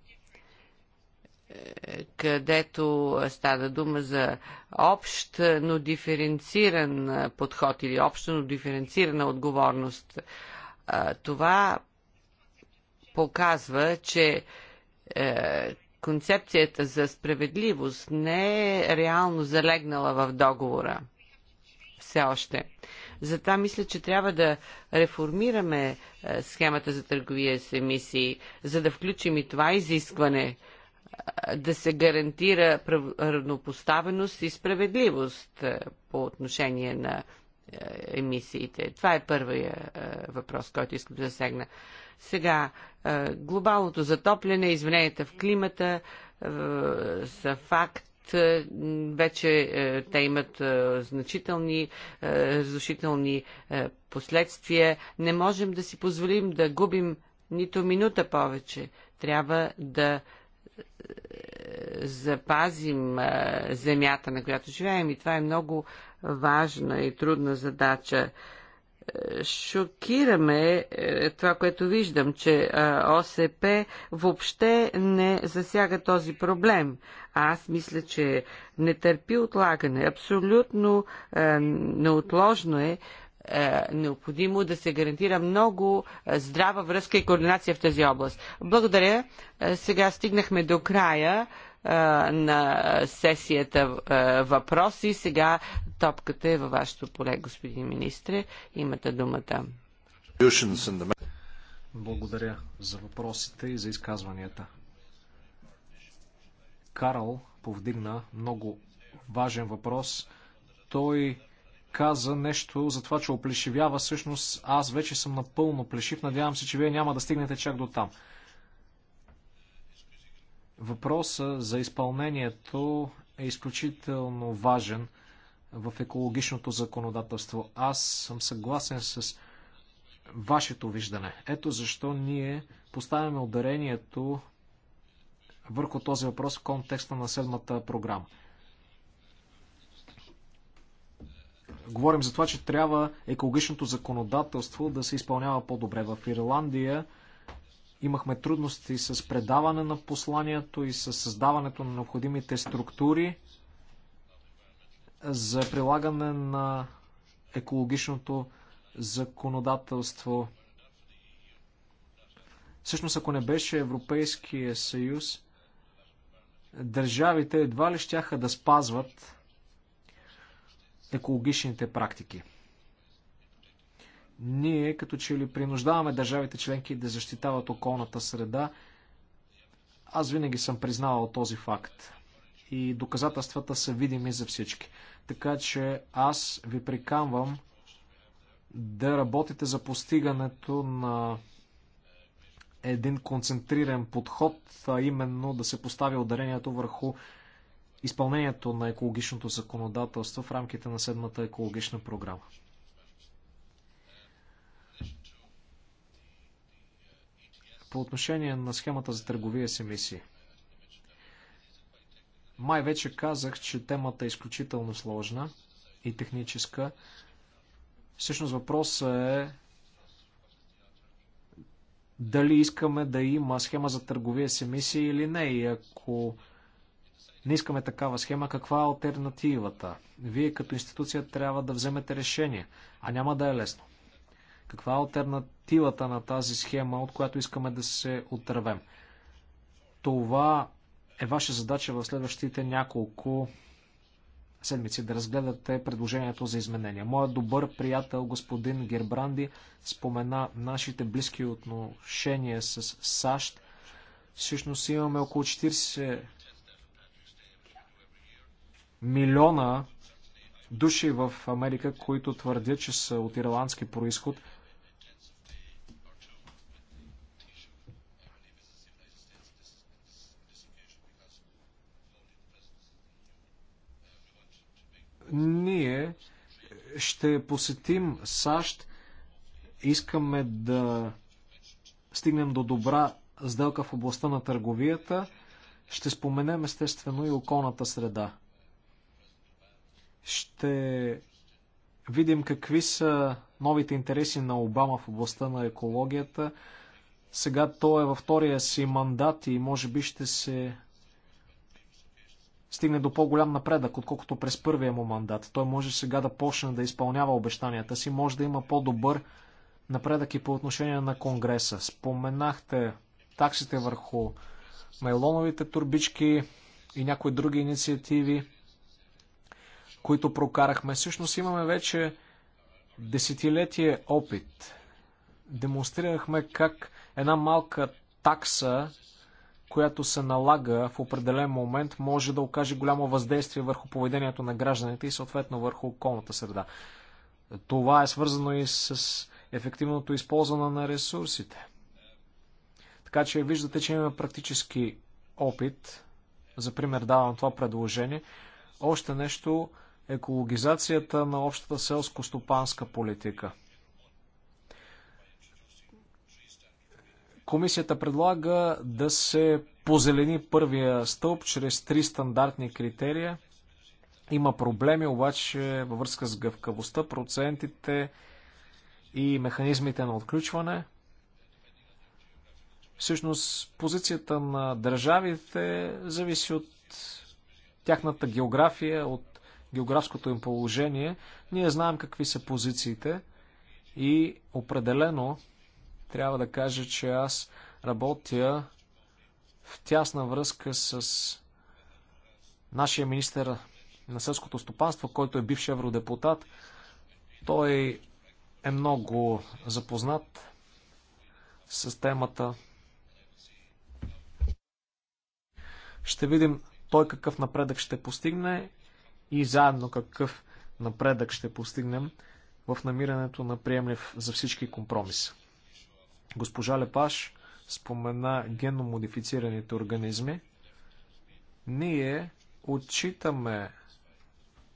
Speaker 3: е, където стада дума за общ, е, но диференциран подход или обща, но диференцирана отговорност. Това показва, че концепцията за справедливост не е реално залегнала в договора все още. Затова мисля, че трябва да реформираме е, схемата за търговия с емисии, за да включим и това изискване е, да се гарантира равнопоставеност и справедливост е, по отношение на е, емисиите. Това е първия е, въпрос, който искам да засегна. Сега, е, глобалното затопляне, измененията в климата са факт вече те имат значителни разрушителни последствия. Не можем да си позволим да губим нито минута повече. Трябва да запазим земята, на която живеем и това е много важна и трудна задача. Е, шокираме е, това, което виждам, че е, ОСП въобще не засяга този проблем. Аз мисля, че не търпи отлагане. Абсолютно неотложно е необходимо да се гарантира много здрава връзка и координация в тази област. Благодаря. Сега стигнахме до края на сесията въпроси. Сега топката е във вашето поле, господин министре. Имате думата.
Speaker 4: Благодаря за въпросите и за изказванията. Карл повдигна много важен въпрос. Той каза нещо за това, че оплешивява. Всъщност аз вече съм напълно плешив. Надявам се, че вие няма да стигнете чак до там. Въпроса за изпълнението е изключително важен в екологичното законодателство. Аз съм съгласен с вашето виждане. Ето защо ние поставяме ударението върху този въпрос в контекста на седмата програма. Говорим за това, че трябва екологичното законодателство да се изпълнява по-добре. В Ирландия Имахме трудности с предаване на посланието и с създаването на необходимите структури за прилагане на екологичното законодателство. Всъщност, ако не беше Европейския съюз, държавите едва ли щяха да спазват екологичните практики. Ние като че ли принуждаваме държавите членки да защитават околната среда. Аз винаги съм признавал този факт. И доказателствата са видими за всички. Така че аз ви приканвам да работите за постигането на един концентриран подход, а именно да се постави ударението върху изпълнението на екологичното законодателство в рамките на седмата екологична програма. по отношение на схемата за търговия с емисии. Май вече казах, че темата е изключително сложна и техническа. Всъщност въпросът е дали искаме да има схема за търговия с емисии или не. И ако не искаме такава схема, каква е альтернативата? Вие като институция трябва да вземете решение, а няма да е лесно. Каква е альтернативата на тази схема, от която искаме да се отървем? Това е ваша задача в следващите няколко седмици да разгледате предложението за изменения. Моят добър приятел господин Гербранди спомена нашите близки отношения с САЩ. Всъщност имаме около 40 милиона души в Америка, които твърдят, че са от ирландски происход – Ние ще посетим САЩ. Искаме да стигнем до добра сделка в областта на търговията. Ще споменем естествено и околната среда. Ще видим какви са новите интереси на Обама в областта на екологията. Сега той е във втория си мандат и може би ще се стигне до по-голям напредък, отколкото през първия му мандат. Той може сега да почне да изпълнява обещанията си, може да има по-добър напредък и по отношение на Конгреса. Споменахте таксите върху майлоновите турбички и някои други инициативи, които прокарахме. Всъщност имаме вече десетилетие опит. Демонстрирахме как една малка такса която се налага в определен момент, може да окаже голямо въздействие върху поведението на гражданите и съответно върху околната среда. Това е свързано и с ефективното използване на ресурсите. Така че виждате, че имаме практически опит. За пример давам това предложение. Още нещо екологизацията на общата селско-стопанска политика – Комисията предлага да се позелени първия стълб чрез три стандартни критерия. Има проблеми обаче във връзка с гъвкавостта, процентите и механизмите на отключване. Всъщност позицията на държавите зависи от тяхната география, от географското им положение. Ние знаем какви са позициите и определено трябва да кажа, че аз работя в тясна връзка с нашия министър на сълското стопанство, който е бивш евродепутат. Той е много запознат с темата. Ще видим той какъв напредък ще постигне и заедно какъв напредък ще постигнем в намирането на приемлив за всички компромиса. Госпожа Лепаш спомена генномодифицираните организми. Ние отчитаме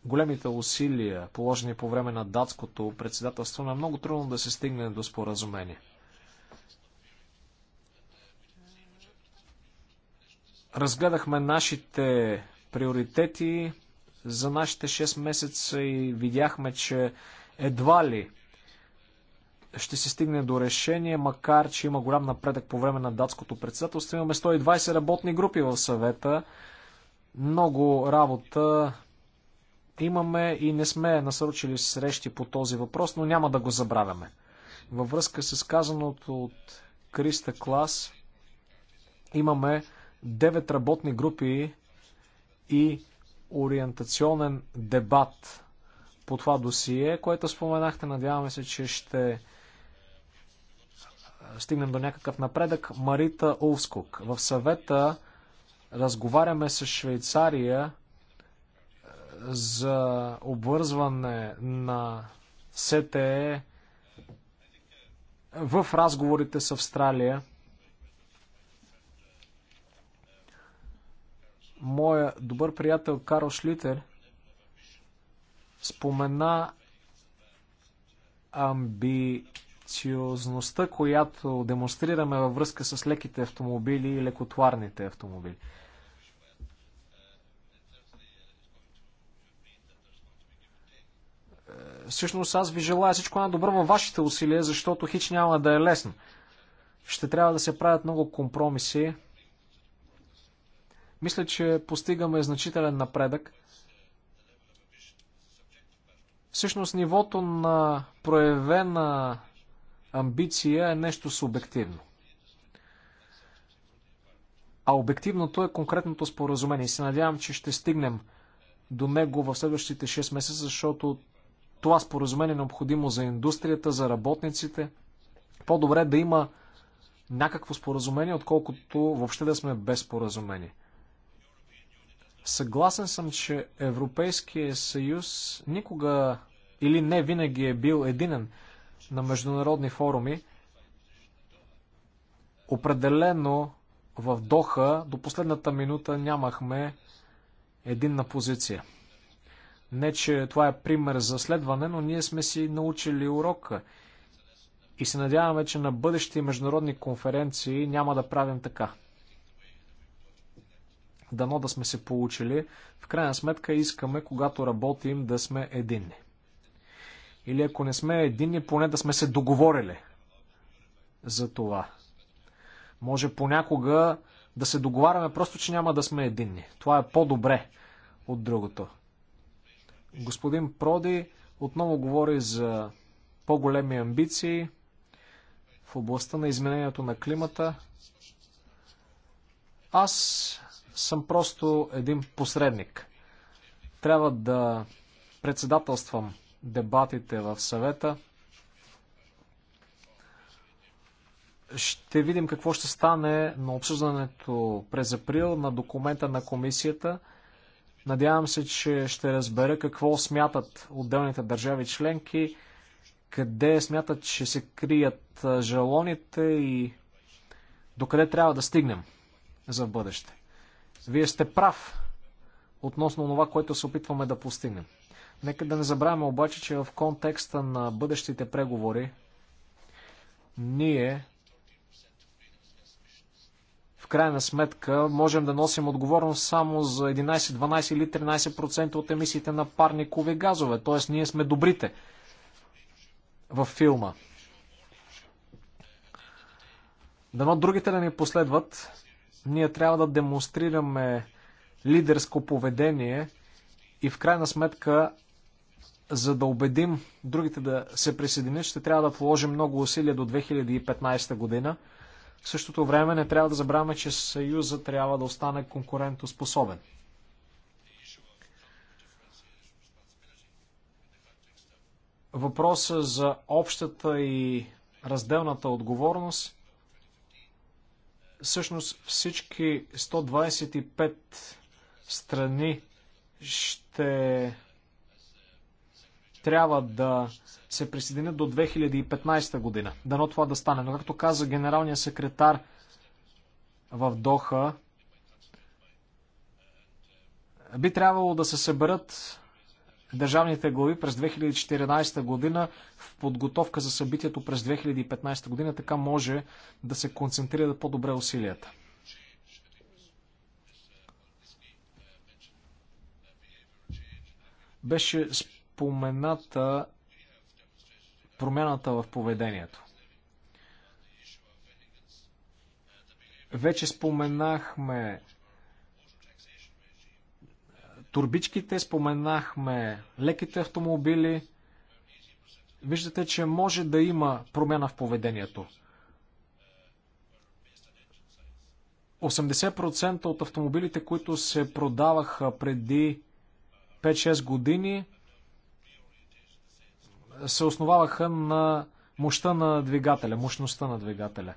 Speaker 4: големите усилия, положени по време на датското председателство, но е много трудно да се стигне до споразумение. Разгледахме нашите приоритети за нашите 6 месеца и видяхме, че едва ли ще се стигне до решение, макар че има голям напредък по време на датското председателство. Имаме 120 работни групи в съвета. Много работа имаме и не сме насрочили срещи по този въпрос, но няма да го забравяме. Във връзка с казаното от Криста Клас, имаме 9 работни групи и ориентационен дебат по това досие, което споменахте. Надяваме се, че ще стигнем до някакъв напредък. Марита Улскок. В съвета разговаряме с Швейцария е, за обвързване на СТЕ в разговорите с Австралия. Моя добър приятел Карл Шлитер спомена амби амбициозността, която демонстрираме във връзка с леките автомобили и лекотварните автомобили. Е, всъщност аз ви желая всичко най-добро във вашите усилия, защото хич няма да е лесно. Ще трябва да се правят много компромиси. Мисля, че постигаме значителен напредък. Всъщност нивото на проявена амбиция е нещо субективно. А обективното е конкретното споразумение. И се надявам, че ще стигнем до него в следващите 6 месеца, защото това споразумение е необходимо за индустрията, за работниците. По-добре да има някакво споразумение, отколкото въобще да сме без споразумение. Съгласен съм, че Европейския съюз никога или не винаги е бил единен на международни форуми. Определено в Доха до последната минута нямахме единна позиция. Не, че това е пример за следване, но ние сме си научили урока и се надяваме, че на бъдещи международни конференции няма да правим така. Дано да сме се получили. В крайна сметка искаме, когато работим, да сме единни. Или ако не сме единни, поне да сме се договорили за това. Може понякога да се договаряме просто, че няма да сме единни. Това е по-добре от другото. Господин Проди отново говори за по-големи амбиции в областта на изменението на климата. Аз съм просто един посредник. Трябва да председателствам дебатите в съвета. Ще видим какво ще стане на обсъждането през април на документа на комисията. Надявам се, че ще разбера какво смятат отделните държави членки, къде смятат, че се крият жалоните и докъде трябва да стигнем за бъдеще. Вие сте прав относно това, което се опитваме да постигнем. Нека да не забравяме обаче, че в контекста на бъдещите преговори ние в крайна сметка можем да носим отговорност само за 11, 12 или 13% от емисиите на парникови газове. Т.е. ние сме добрите в филма. Дано другите да ни последват, ние трябва да демонстрираме лидерско поведение и в крайна сметка за да убедим другите да се присъединят, ще трябва да положим много усилия до 2015 година. В същото време не трябва да забравяме, че Съюза трябва да остане конкурентоспособен. Въпросът за общата и разделната отговорност. Всъщност всички 125 страни ще трябва да се присъединят до 2015 година. Дано това да стане. Но както каза генералният секретар в Доха, би трябвало да се съберат държавните глави през 2014 година в подготовка за събитието през 2015 година. Така може да се концентрират по-добре усилията. Беше спомената промяната в поведението. Вече споменахме турбичките, споменахме леките автомобили. Виждате, че може да има промяна в поведението. 80% от автомобилите, които се продаваха преди 5-6 години, се основаваха на мощта на двигателя, мощността на двигателя.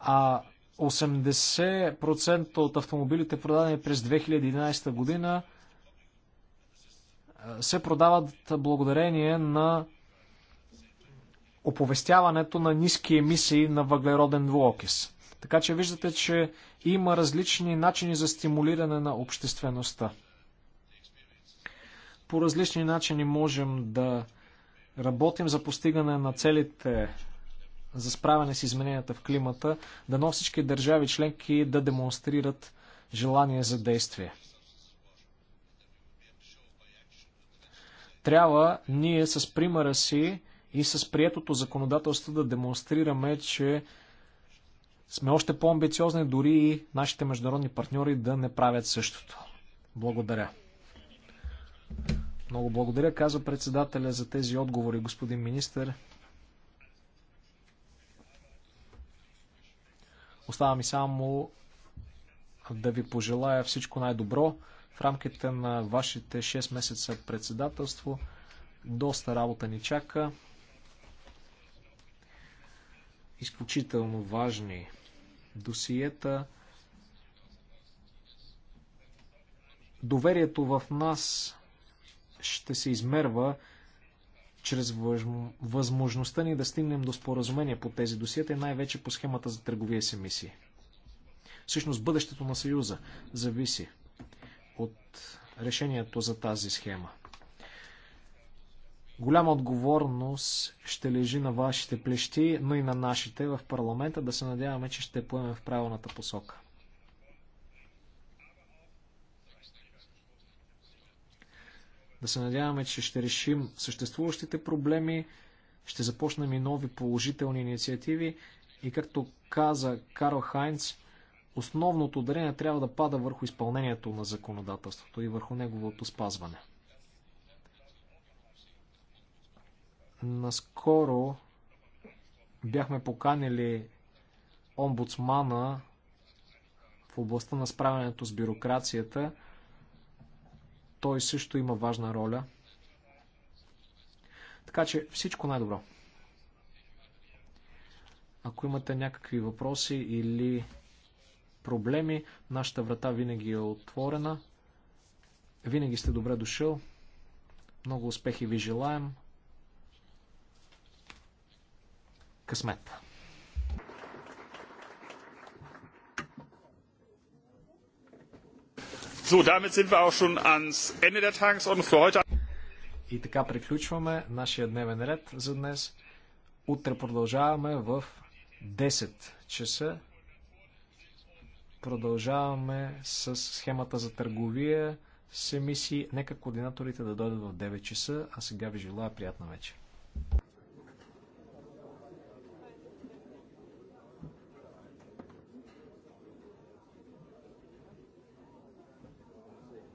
Speaker 4: А 80% от автомобилите, продадени през 2011 година, е, се продават благодарение на оповестяването на ниски емисии на въглероден двуокис. Така че виждате, че има различни начини за стимулиране на обществеността. По различни начини можем да Работим за постигане на целите за справяне с измененията в климата, дано всички държави членки да демонстрират желание за действие. Трябва ние с примера си и с приетото законодателство да демонстрираме, че сме още по-амбициозни, дори и нашите международни партньори да не правят същото. Благодаря. Много благодаря, каза председателя за тези отговори, господин министър. Остава ми само да ви пожелая всичко най-добро в рамките на вашите 6 месеца председателство. Доста работа ни чака. Изключително важни досиета. Доверието в нас ще се измерва чрез възможността ни да стигнем до споразумение по тези досиета и най-вече по схемата за търговия с емисии. Всъщност бъдещето на Съюза зависи от решението за тази схема. Голяма отговорност ще лежи на вашите плещи, но и на нашите в парламента да се надяваме, че ще поемем в правилната посока. Да се надяваме, че ще решим съществуващите проблеми, ще започнем и нови положителни инициативи и както каза Карл Хайнц, основното ударение трябва да пада върху изпълнението на законодателството и върху неговото спазване. Наскоро бяхме поканили омбудсмана в областта на справянето с бюрокрацията – той също има важна роля. Така че всичко най-добро. Ако имате някакви въпроси или проблеми, нашата врата винаги е отворена. Винаги сте добре дошъл. Много успехи ви желаем. Късмет!
Speaker 1: So, damit sind wir auch schon ans Ende der Tagesordnung
Speaker 4: für heute. И така приключваме нашия дневен ред за днес. Утре продължаваме в 10 часа. Продължаваме с схемата за търговия с емисии. Нека координаторите да дойдат в 9 часа, а сега ви желая приятна вечер.